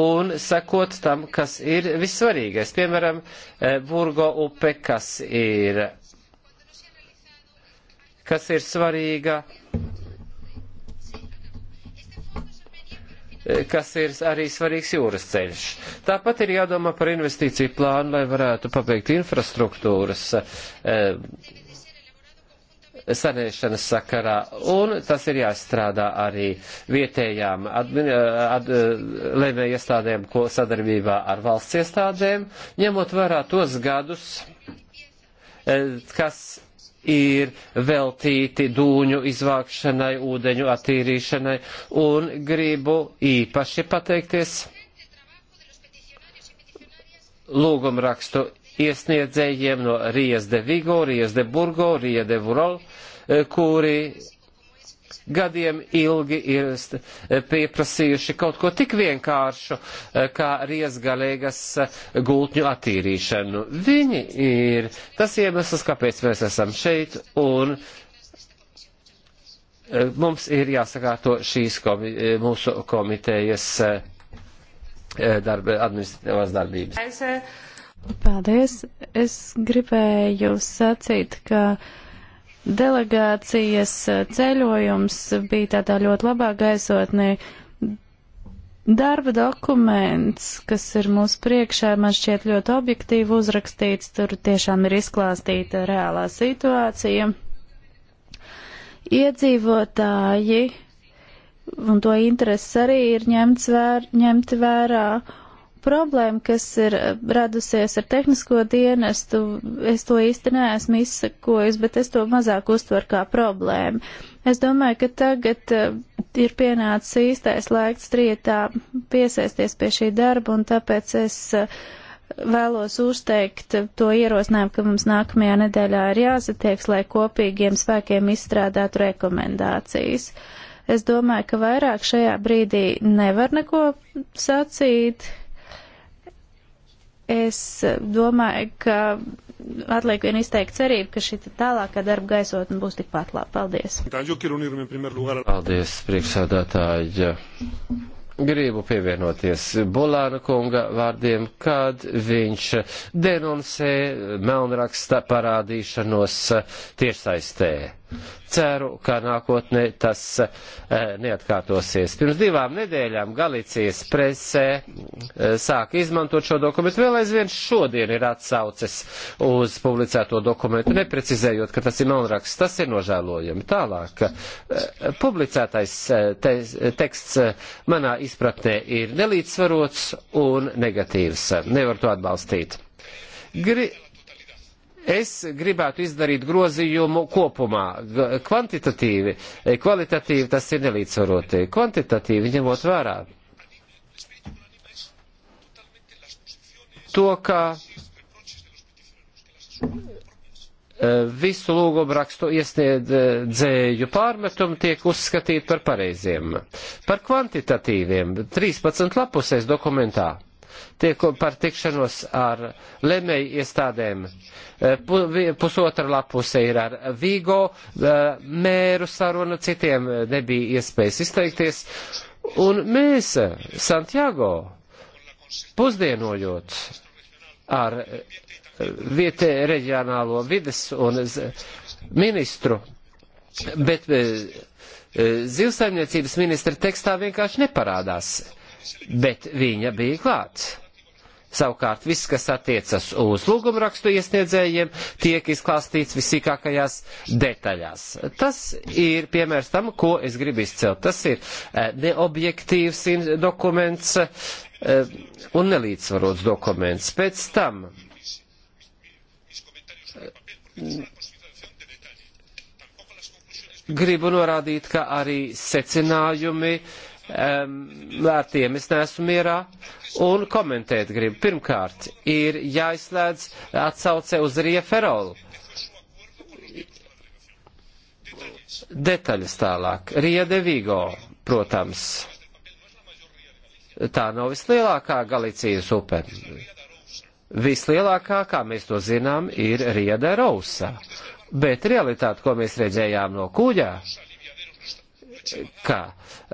un sekot tam, kas ir vissvarīgais. Piemēram, eh, Burgo upe, kas ir, kas ir svarīga kas ir arī svarīgs jūras ceļš. Tāpat ir jādomā par investīciju plānu, lai varētu pabeigt infrastruktūras eh, sanēšanas sakarā, un tas ir jāstrādā arī vietējām lēmēju iestādēm, ko sadarbībā ar valsts iestādēm, ņemot vērā tos gadus, e, kas ir veltīti dūņu izvākšanai, ūdeņu attīrīšanai, un gribu īpaši pateikties lūgumrakstu iesniedzējiem no Rijas de Vigo, Rijas de Burgo, Rija de Vurol, eh, kuri gadiem ilgi ir eh, pieprasījuši kaut ko tik vienkāršu, eh, kā riezgalīgas gultņu attīrīšanu. Viņi ir tas iemesls, kāpēc mēs esam šeit, un mums ir jāsakārto šīs komi mūsu komitejas darba, administratīvās darbības. Paldies! Es gribēju sacīt, ka delegācijas ceļojums bija tādā ļoti labā gaisotnē. Darba dokuments, kas ir mūsu priekšā, man šķiet ļoti objektīvi uzrakstīts, tur tiešām ir izklāstīta reālā situācija. Iedzīvotāji un to intereses arī ir ņemts vēr, ņemti vērā. Uh, problēma, kas ir eh, radusies ar tehnisko dienestu, es to īsti neesmu izsakojis, bet es to mazāk uztveru kā problēmu. Es domāju, ka tagad eh, ir pienācis īstais laiks trietā piesaisties pie šī darba, un tāpēc es eh, vēlos uzteikt to ierosinājumu, ka mums nākamajā nedēļā ir jāsatieks, lai kopīgiem spēkiem izstrādātu rekomendācijas. Es domāju, ka vairāk šajā brīdī nevar neko sacīt, Es domāju, ka atliek vien izteikt cerību, ka šī tālākā darba gaisotne būs tikpat laba. Paldies. Paldies, priekšsādātāji. Gribu pievienoties Bolāna kunga vārdiem, kad viņš denonsē melnraksta parādīšanos tiešsaistē ceru, ka nākotnē tas eh, neatkārtosies. Pirms divām nedēļām Galicijas presē eh, sāka izmantot šo dokumentu. Vēl aizvien šodien ir atsauces uz publicēto dokumentu, neprecizējot, ka tas ir melnraksts. Tas ir nožēlojami. Tālāk, eh, publicētais te, teksts manā izpratnē ir nelīdzsvarots un negatīvs. Nevar to atbalstīt. Gri Es gribētu izdarīt grozījumu kopumā, kvantitatīvi, eh, kvalitatīvi tas ir nelīdzsvaroti, kvantitatīvi ņemot vērā to, ka eh, visu lūgumu rakstu iesniedzēju pārmetumu tiek uzskatīti par pareiziem. Par kvantitatīviem 13 lapusēs dokumentā tiek par tikšanos ar lemēju iestādēm. Eh, pusotra lapuse ir ar Vigo eh, mēru saruna, citiem eh, nebija iespējas izteikties. Un mēs, Santiago, pusdienojot ar vietē reģionālo vides un ministru, bet zivsaimniecības ministra tekstā vienkārši neparādās bet viņa bija klāts. Savukārt viss, kas attiecas uz lūgumrakstu iesniedzējiem, tiek izklāstīts visīkākajās detaļās. Tas ir piemērs tam, ko es gribu izcelt. Tas ir eh, neobjektīvs dokuments eh, un nelīdzsvarots dokuments. Pēc tam eh, gribu norādīt, ka arī secinājumi uh, um, ar tiem es neesmu mierā un komentēt gribu. Pirmkārt, ir jāizslēdz atsauce uz Rieferolu. Detaļas tālāk. Riede Vigo, protams. Tā nav vislielākā Galicijas upe. Vislielākā, kā mēs to zinām, ir Riede Rausa. Bet realitāte, ko mēs redzējām no kuģā, ka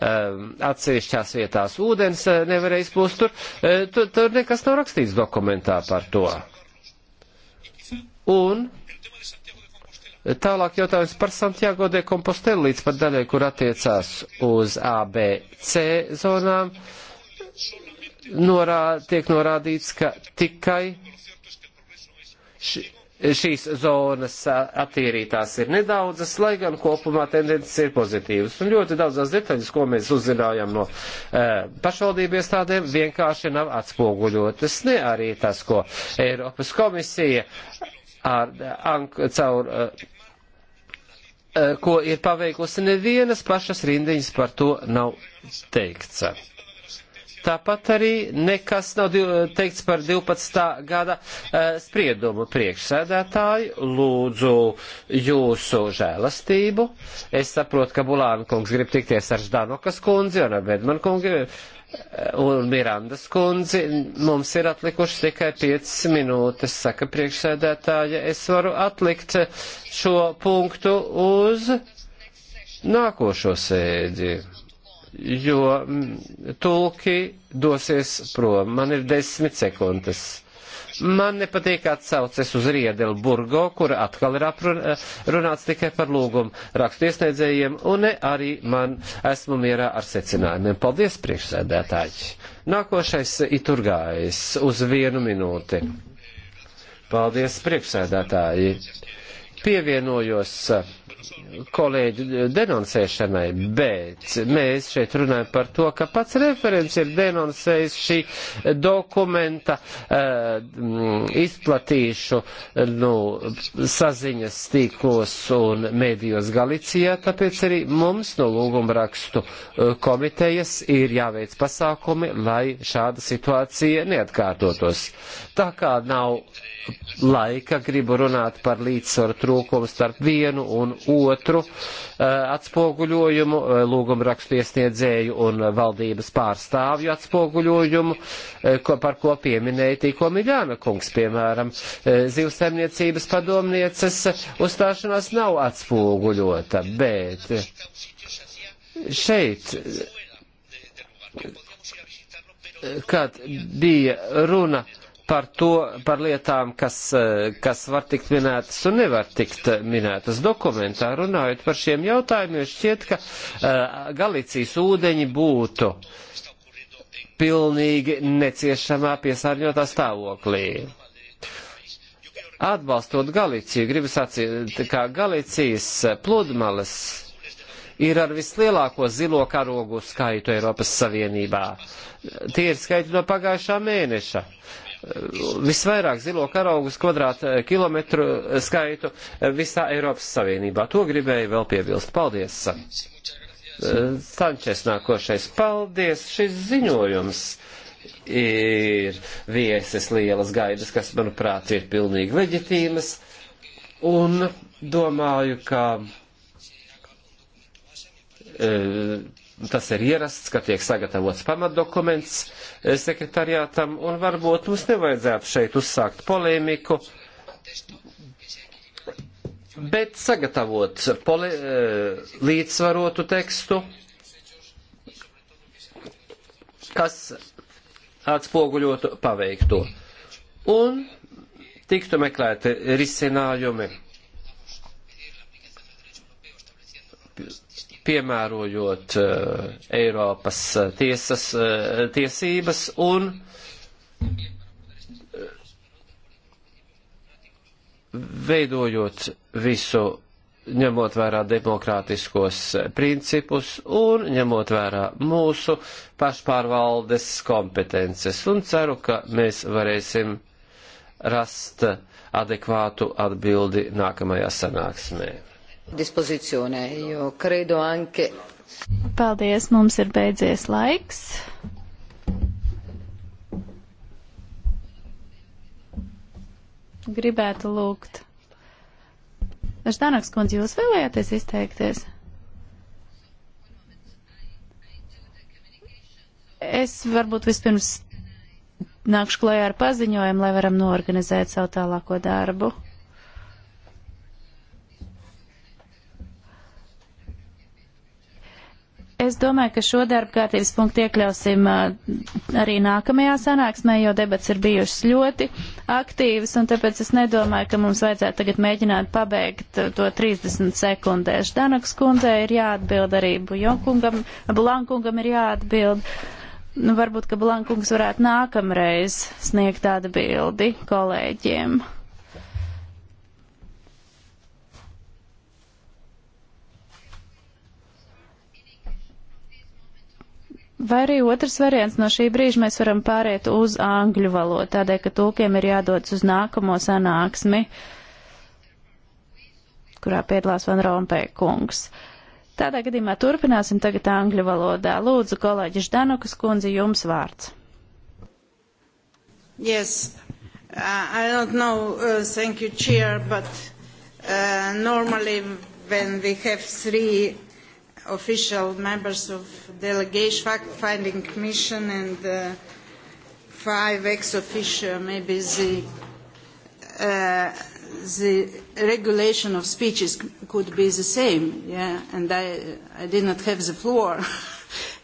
um, atsevišķās vietās ūdens uh, nevarēja izplūst, tur, uh, tur, tur nekas nav rakstīts dokumentā par to. Un tālāk jautājums par Santiago de Compostela līdz pat daļai, kur attiecās uz ABC zonām. Norā, tiek norādīts, ka tikai ši, šīs zonas attīrītās ir nedaudzas, lai gan kopumā tendences ir pozitīvas. Un ļoti daudzās detaļas, ko mēs uzzinājām no e, pašvaldību iestādēm, vienkārši nav atspoguļotas. Ne arī tas, ko Eiropas komisija ar, ank, caur. E, e ko ir paveikusi nevienas pašas rindiņas par to nav teikts. Tāpat arī nekas nav teikts par 12. gada eh, spriedumu priekšsēdētāju. Lūdzu jūsu žēlastību. Es saprotu, ka Bulāna kungs grib tikties ar Ždanokas kundzi un ar Bedman kungi eh, un Mirandas kundzi. Mums ir atlikuši tikai 5 minūtes, saka priekšsēdētāja. Es varu atlikt šo punktu uz nākošo sēdi jo mm, tulki dosies prom. Man ir desmit sekundes. Man nepatīk atsauces uz Riedelburgo, kura atkal ir aprunāts eh, tikai par lūgumu rakstu iesniedzējiem, un ne arī man esmu mierā ar secinājumiem. Paldies, priekšsēdētāji! Nākošais iturgājas uz vienu minūti. Paldies, priekšsēdētāji! Pievienojos eh, kolēģu denoncēšanai, bet mēs šeit runājam par to, ka pats referents ir denoncējis šī dokumenta uh, izplatīšu nu, saziņas tīklos un medijos Galicijā, tāpēc arī mums no lūguma rakstu eh, komitejas ir jāveic pasākumi, lai šāda situācija neatkārtotos. Tā kā nav laika gribu runāt par līdzsvaru trūkumu starp vienu un otru eh, atspoguļojumu, eh, lūguma rakstu iesniedzēju un valdības pārstāvju atspoguļojumu, eh, ko, par ko pieminēja tikko Miļāna kungs, piemēram. Zivsaimniecības padomnieces uzstāšanās nav atspoguļota, bet šeit kad bija runa uh, par, to, par lietām, kas, eh, kas var tikt minētas un nevar tikt minētas dokumentā. Runājot par šiem jautājumiem, šķiet, ka uh, Galicijas ūdeņi būtu pilnīgi neciešamā piesārņotā stāvoklī. Atbalstot Galiciju, gribas atzīt, ka Galicijas pludmales ir ar vislielāko zilo karogu skaitu Eiropas Savienībā. Tie ir skaiti no pagājušā mēneša visvairāk zilo karaugus kvadrātkilometru eh, eh, skaitu eh, visā Eiropas Savienībā. To gribēju vēl piebilst. Paldies! Sančes nākošais. Paldies! Šis ziņojums ir vieses lielas gaidas, kas, manuprāt, ir pilnīgi leģitīmas. Un domāju, ka tas ir ierasts, ka tiek sagatavots pamatdokuments eh, sekretariātam, un varbūt mums nevajadzētu šeit uzsākt polēmiku, bet sagatavot poli, eh, līdzsvarotu tekstu, kas atspoguļotu paveikto. Un tiktu meklēti risinājumi piemērojot eh, Eiropas eh, tiesas, eh, tiesības un veidojot visu, ņemot vērā demokrātiskos principus un ņemot vērā mūsu pašpārvaldes kompetences. Un ceru, ka mēs varēsim rast adekvātu atbildi nākamajā sanāksmē dispozicionē, jo credo anche. Paldies, mums ir beidzies laiks. Gribētu lūgt. Ždanaks kundze, jūs vēlējāties izteikties? Es varbūt vispirms nākšu klajā ar paziņojumu, lai varam norganizēt savu tālāko darbu. Es domāju, ka šo darba kārtības punktu iekļausim uh, arī nākamajā sanāksmē, jo debats ir bijušas ļoti aktīvas, un tāpēc es nedomāju, ka mums vajadzētu tagad mēģināt pabeigt uh, to 30 sekundēšu. Danaks kundzē ir jāatbild arī Bujonkungam, Blankungam ir jāatbild. Nu, varbūt, ka Blankungs varētu nākamreiz sniegt tādu bildi kolēģiem. Vai arī otrs variants no šī brīža mēs varam pāriet uz angļu valodu, tādēļ, ka tūkiem ir jādodas uz nākamo sanāksmi, kurā piedalās Van Rompē kungs. Tādā gadījumā turpināsim tagad angļu valodā. Lūdzu, kolēģi Ždanukas kundze, jums vārds. Yes, uh, I don't know, uh, thank you, chair, but uh, normally when we have three official members of delegation fact-finding commission and uh, five ex-officio, maybe the, uh, the regulation of speeches could be the same, yeah, and I, I did not have the floor.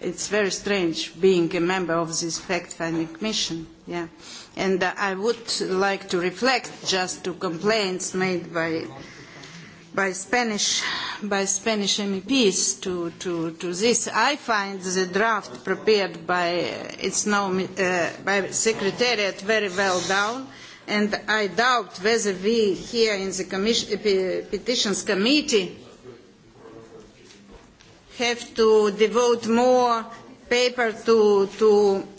it's very strange being a member of this fact-finding commission, yeah. And uh, I would like to reflect just to complaints made by uh, by Spanish, by Spanish MEPs to, to, to this. I find the draft prepared by its now, uh, by Secretariat very well down, and I doubt whether we here in the commission, uh, Petitions Committee have to devote more paper to, to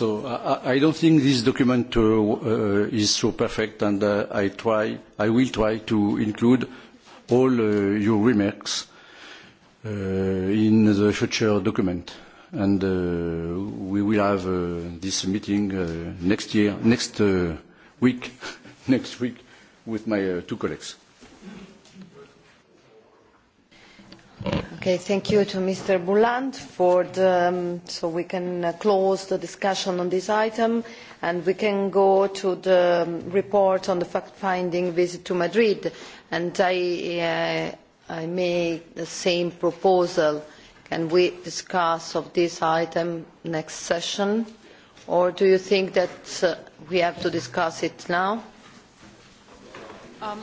So I, I don't think this document uh, uh, is so perfect, and uh, I try, I will try to include all uh, your remarks uh, in the future document, and uh, we will have uh, this meeting uh, next year, next uh, week, next week, with my uh, two colleagues. Okay, thank you to Mr. Bouland for the, um, so we can uh, close the discussion on this item and we can go to the um, report on the fact-finding visit to Madrid and I, uh, I make the same proposal. Can we discuss of this item next session or do you think that uh, we have to discuss it now? Um,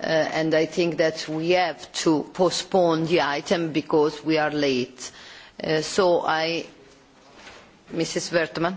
uh, and I think that we have to postpone the item because we are late. Uh, so I, Mrs. Wertmann.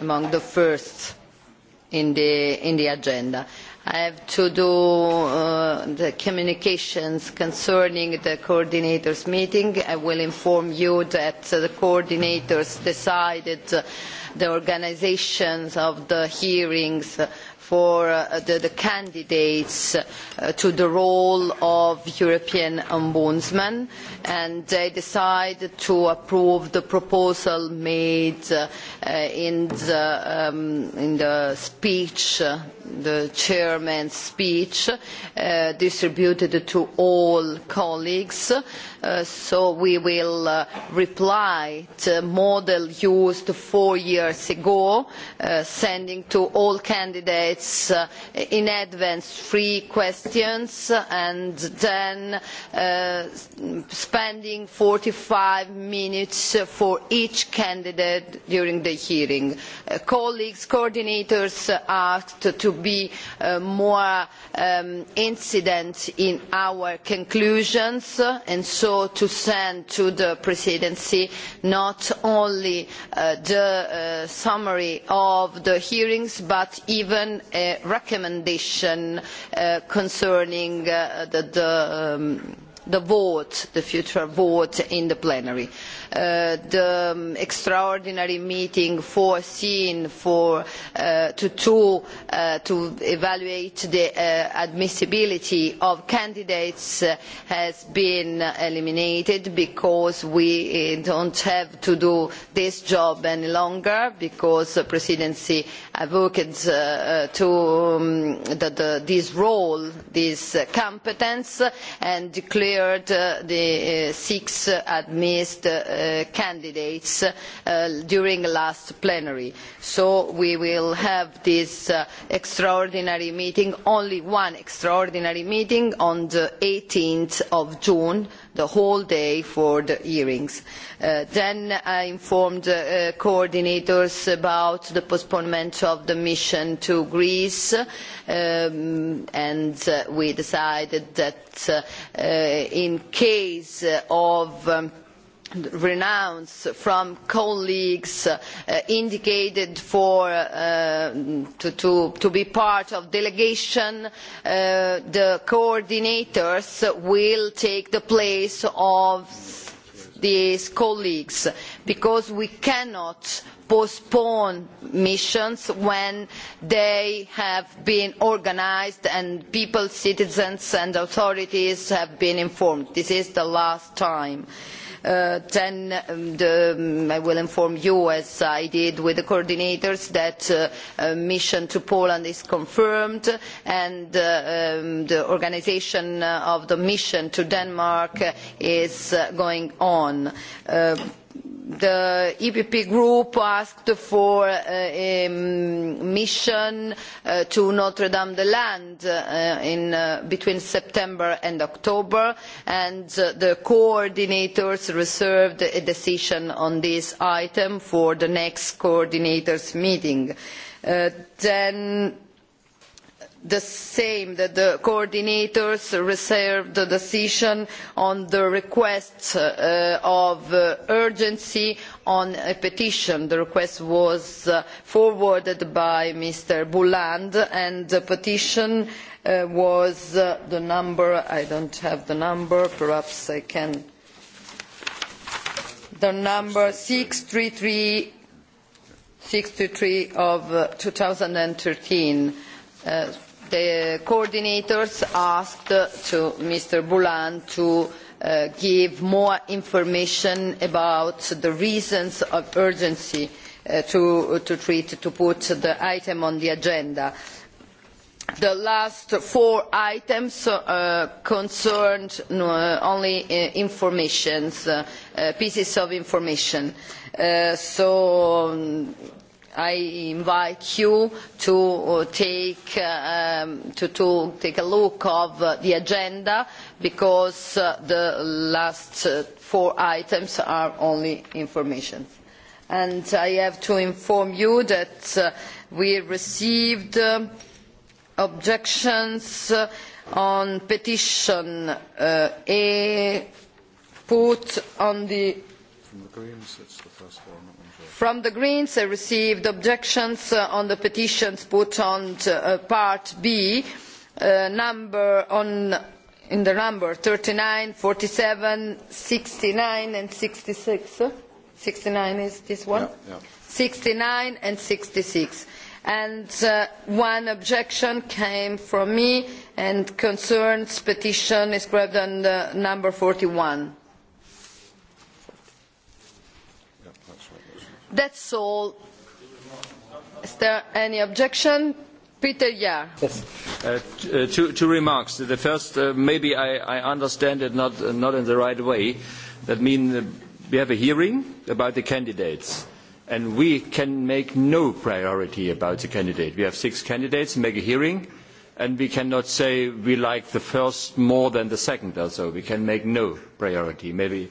among the first in the, in the agenda. I have to do uh, the communications concerning the coordinators meeting. I will inform you that uh, the coordinators decided uh, the organizations of the hearings uh, for uh, the, the candidates uh, to the role of European Ombudsman and they decide to approve the proposal made uh, in, the, um, in the speech, uh, the chairman's speech uh, distributed to all colleagues. Uh, so we will uh, reply to model used four years ago, uh, sending to all candidates minutes uh, in advance three questions and then uh, spending 45 minutes for each candidate during the hearing. Uh, colleagues, coordinators asked to be uh, more um, incident in our conclusions and so to send to the presidency not only uh, the uh, summary of the hearings but even a recommendation uh, concerning uh, the, the um, the vote, the future vote in the plenary. Uh, the um, extraordinary meeting foreseen for, uh, to, to, uh, to evaluate the uh, admissibility of candidates uh, has been eliminated because we uh, don't have to do this job any longer because the presidency advocates uh, uh, to um, the, the, this role, this uh, competence and declared hired uh, the uh, six admitted uh, candidates uh, during last plenary. So we will have this uh, extraordinary meeting, only one extraordinary meeting on the 18th of June the whole day for the hearings. Uh, then I informed uh, uh, coordinators about the postponement of the mission to Greece um, and uh, we decided that uh, uh, in case of um, renounce from colleagues uh, indicated for, uh, to, to, to be part of delegation, uh, the coordinators will take the place of these colleagues because we cannot postpone missions when they have been organised and people, citizens and authorities have been informed. This is the last time. Uh, uh, then um, the, um, I will inform you, as I did with the coordinators, that uh, a mission to Poland is confirmed and uh, um, the organization uh, of the mission to Denmark is uh, going on. Uh, the EPP group asked for uh, a mm, mission uh, to Notre Dame de Land uh, in, uh, between September and October, and uh, the coordinators reserved a decision on this item for the next coordinators meeting. Uh, then the same that the coordinators reserved the decision on the request uh, of uh, urgency on a petition. the request was uh, forwarded by mr boulland and the petition uh, was uh, the number i do not have the number perhaps i can the number six three three sixty three of uh, two thousand and thirteen the coordinators asked to Mr. Boulan to uh, give more information about the reasons of urgency uh, to, to treat, to put the item on the agenda. The last four items uh, concerned uh, only uh, informations, uh, uh, pieces of information. Uh, so um, I invite you to uh, take, uh, um, to, to take a look of uh, the agenda because uh, the last uh, four items are only information. And I have to inform you that uh, we received uh, objections uh, on petition uh, A put on the... From the Greens, it's the first one from the greens i received objections uh, on the petitions put on uh, part b uh, number on in the number thirty nine forty seven sixty nine and sixty six sixty nine is this one sixty nine and sixty six and uh, one objection came from me and concerns petition described on uh, number forty one That's all. Is there any objection? Peter, yeah. Yes. Uh, uh, two, two remarks. The first, uh, maybe I, I understand it not, uh, not in the right way. That means uh, we have a hearing about the candidates, and we can make no priority about the candidate. We have six candidates, make a hearing, and we cannot say we like the first more than the second or so. We can make no priority. Maybe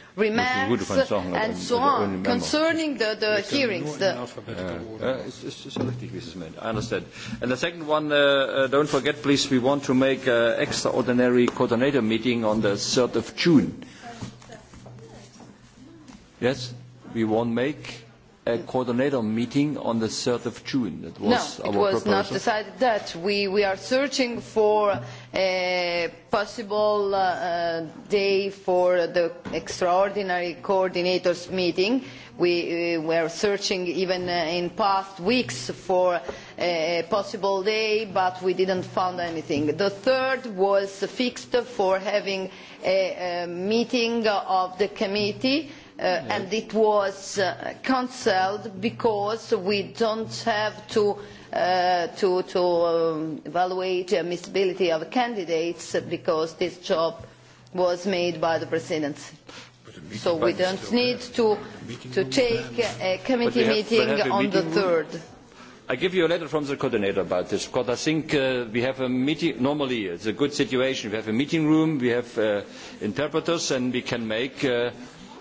remarks and um, so on concerning the, the hearings. The uh, uh, it's, it's richtig, Mrs. Mint. I understand. And the second one, uh, uh, don't forget, please, we want to make an extraordinary coordinator meeting on the 3rd of June. Yes, we won't make a coordinator meeting on the 3rd of June. That was no, our it was proposal. not decided that. We, we are searching for a possible uh, uh day for the extraordinary coordinators meeting. We uh, were searching even uh, in past weeks for a possible day, but we didn't find anything. The third was fixed for having a, a meeting of the committee uh, uh, and it was uh, cancelled because we don't have to uh, to, to um, evaluate the admissibility of candidates because this job was made by the presidency. So we don't need to, to take a committee have, meeting on meeting the 3rd. I give you a letter from the coordinator about this because I think uh, we have a meeting. Normally, it's a good situation. We have a meeting room, we have uh, interpreters, and we can make uh,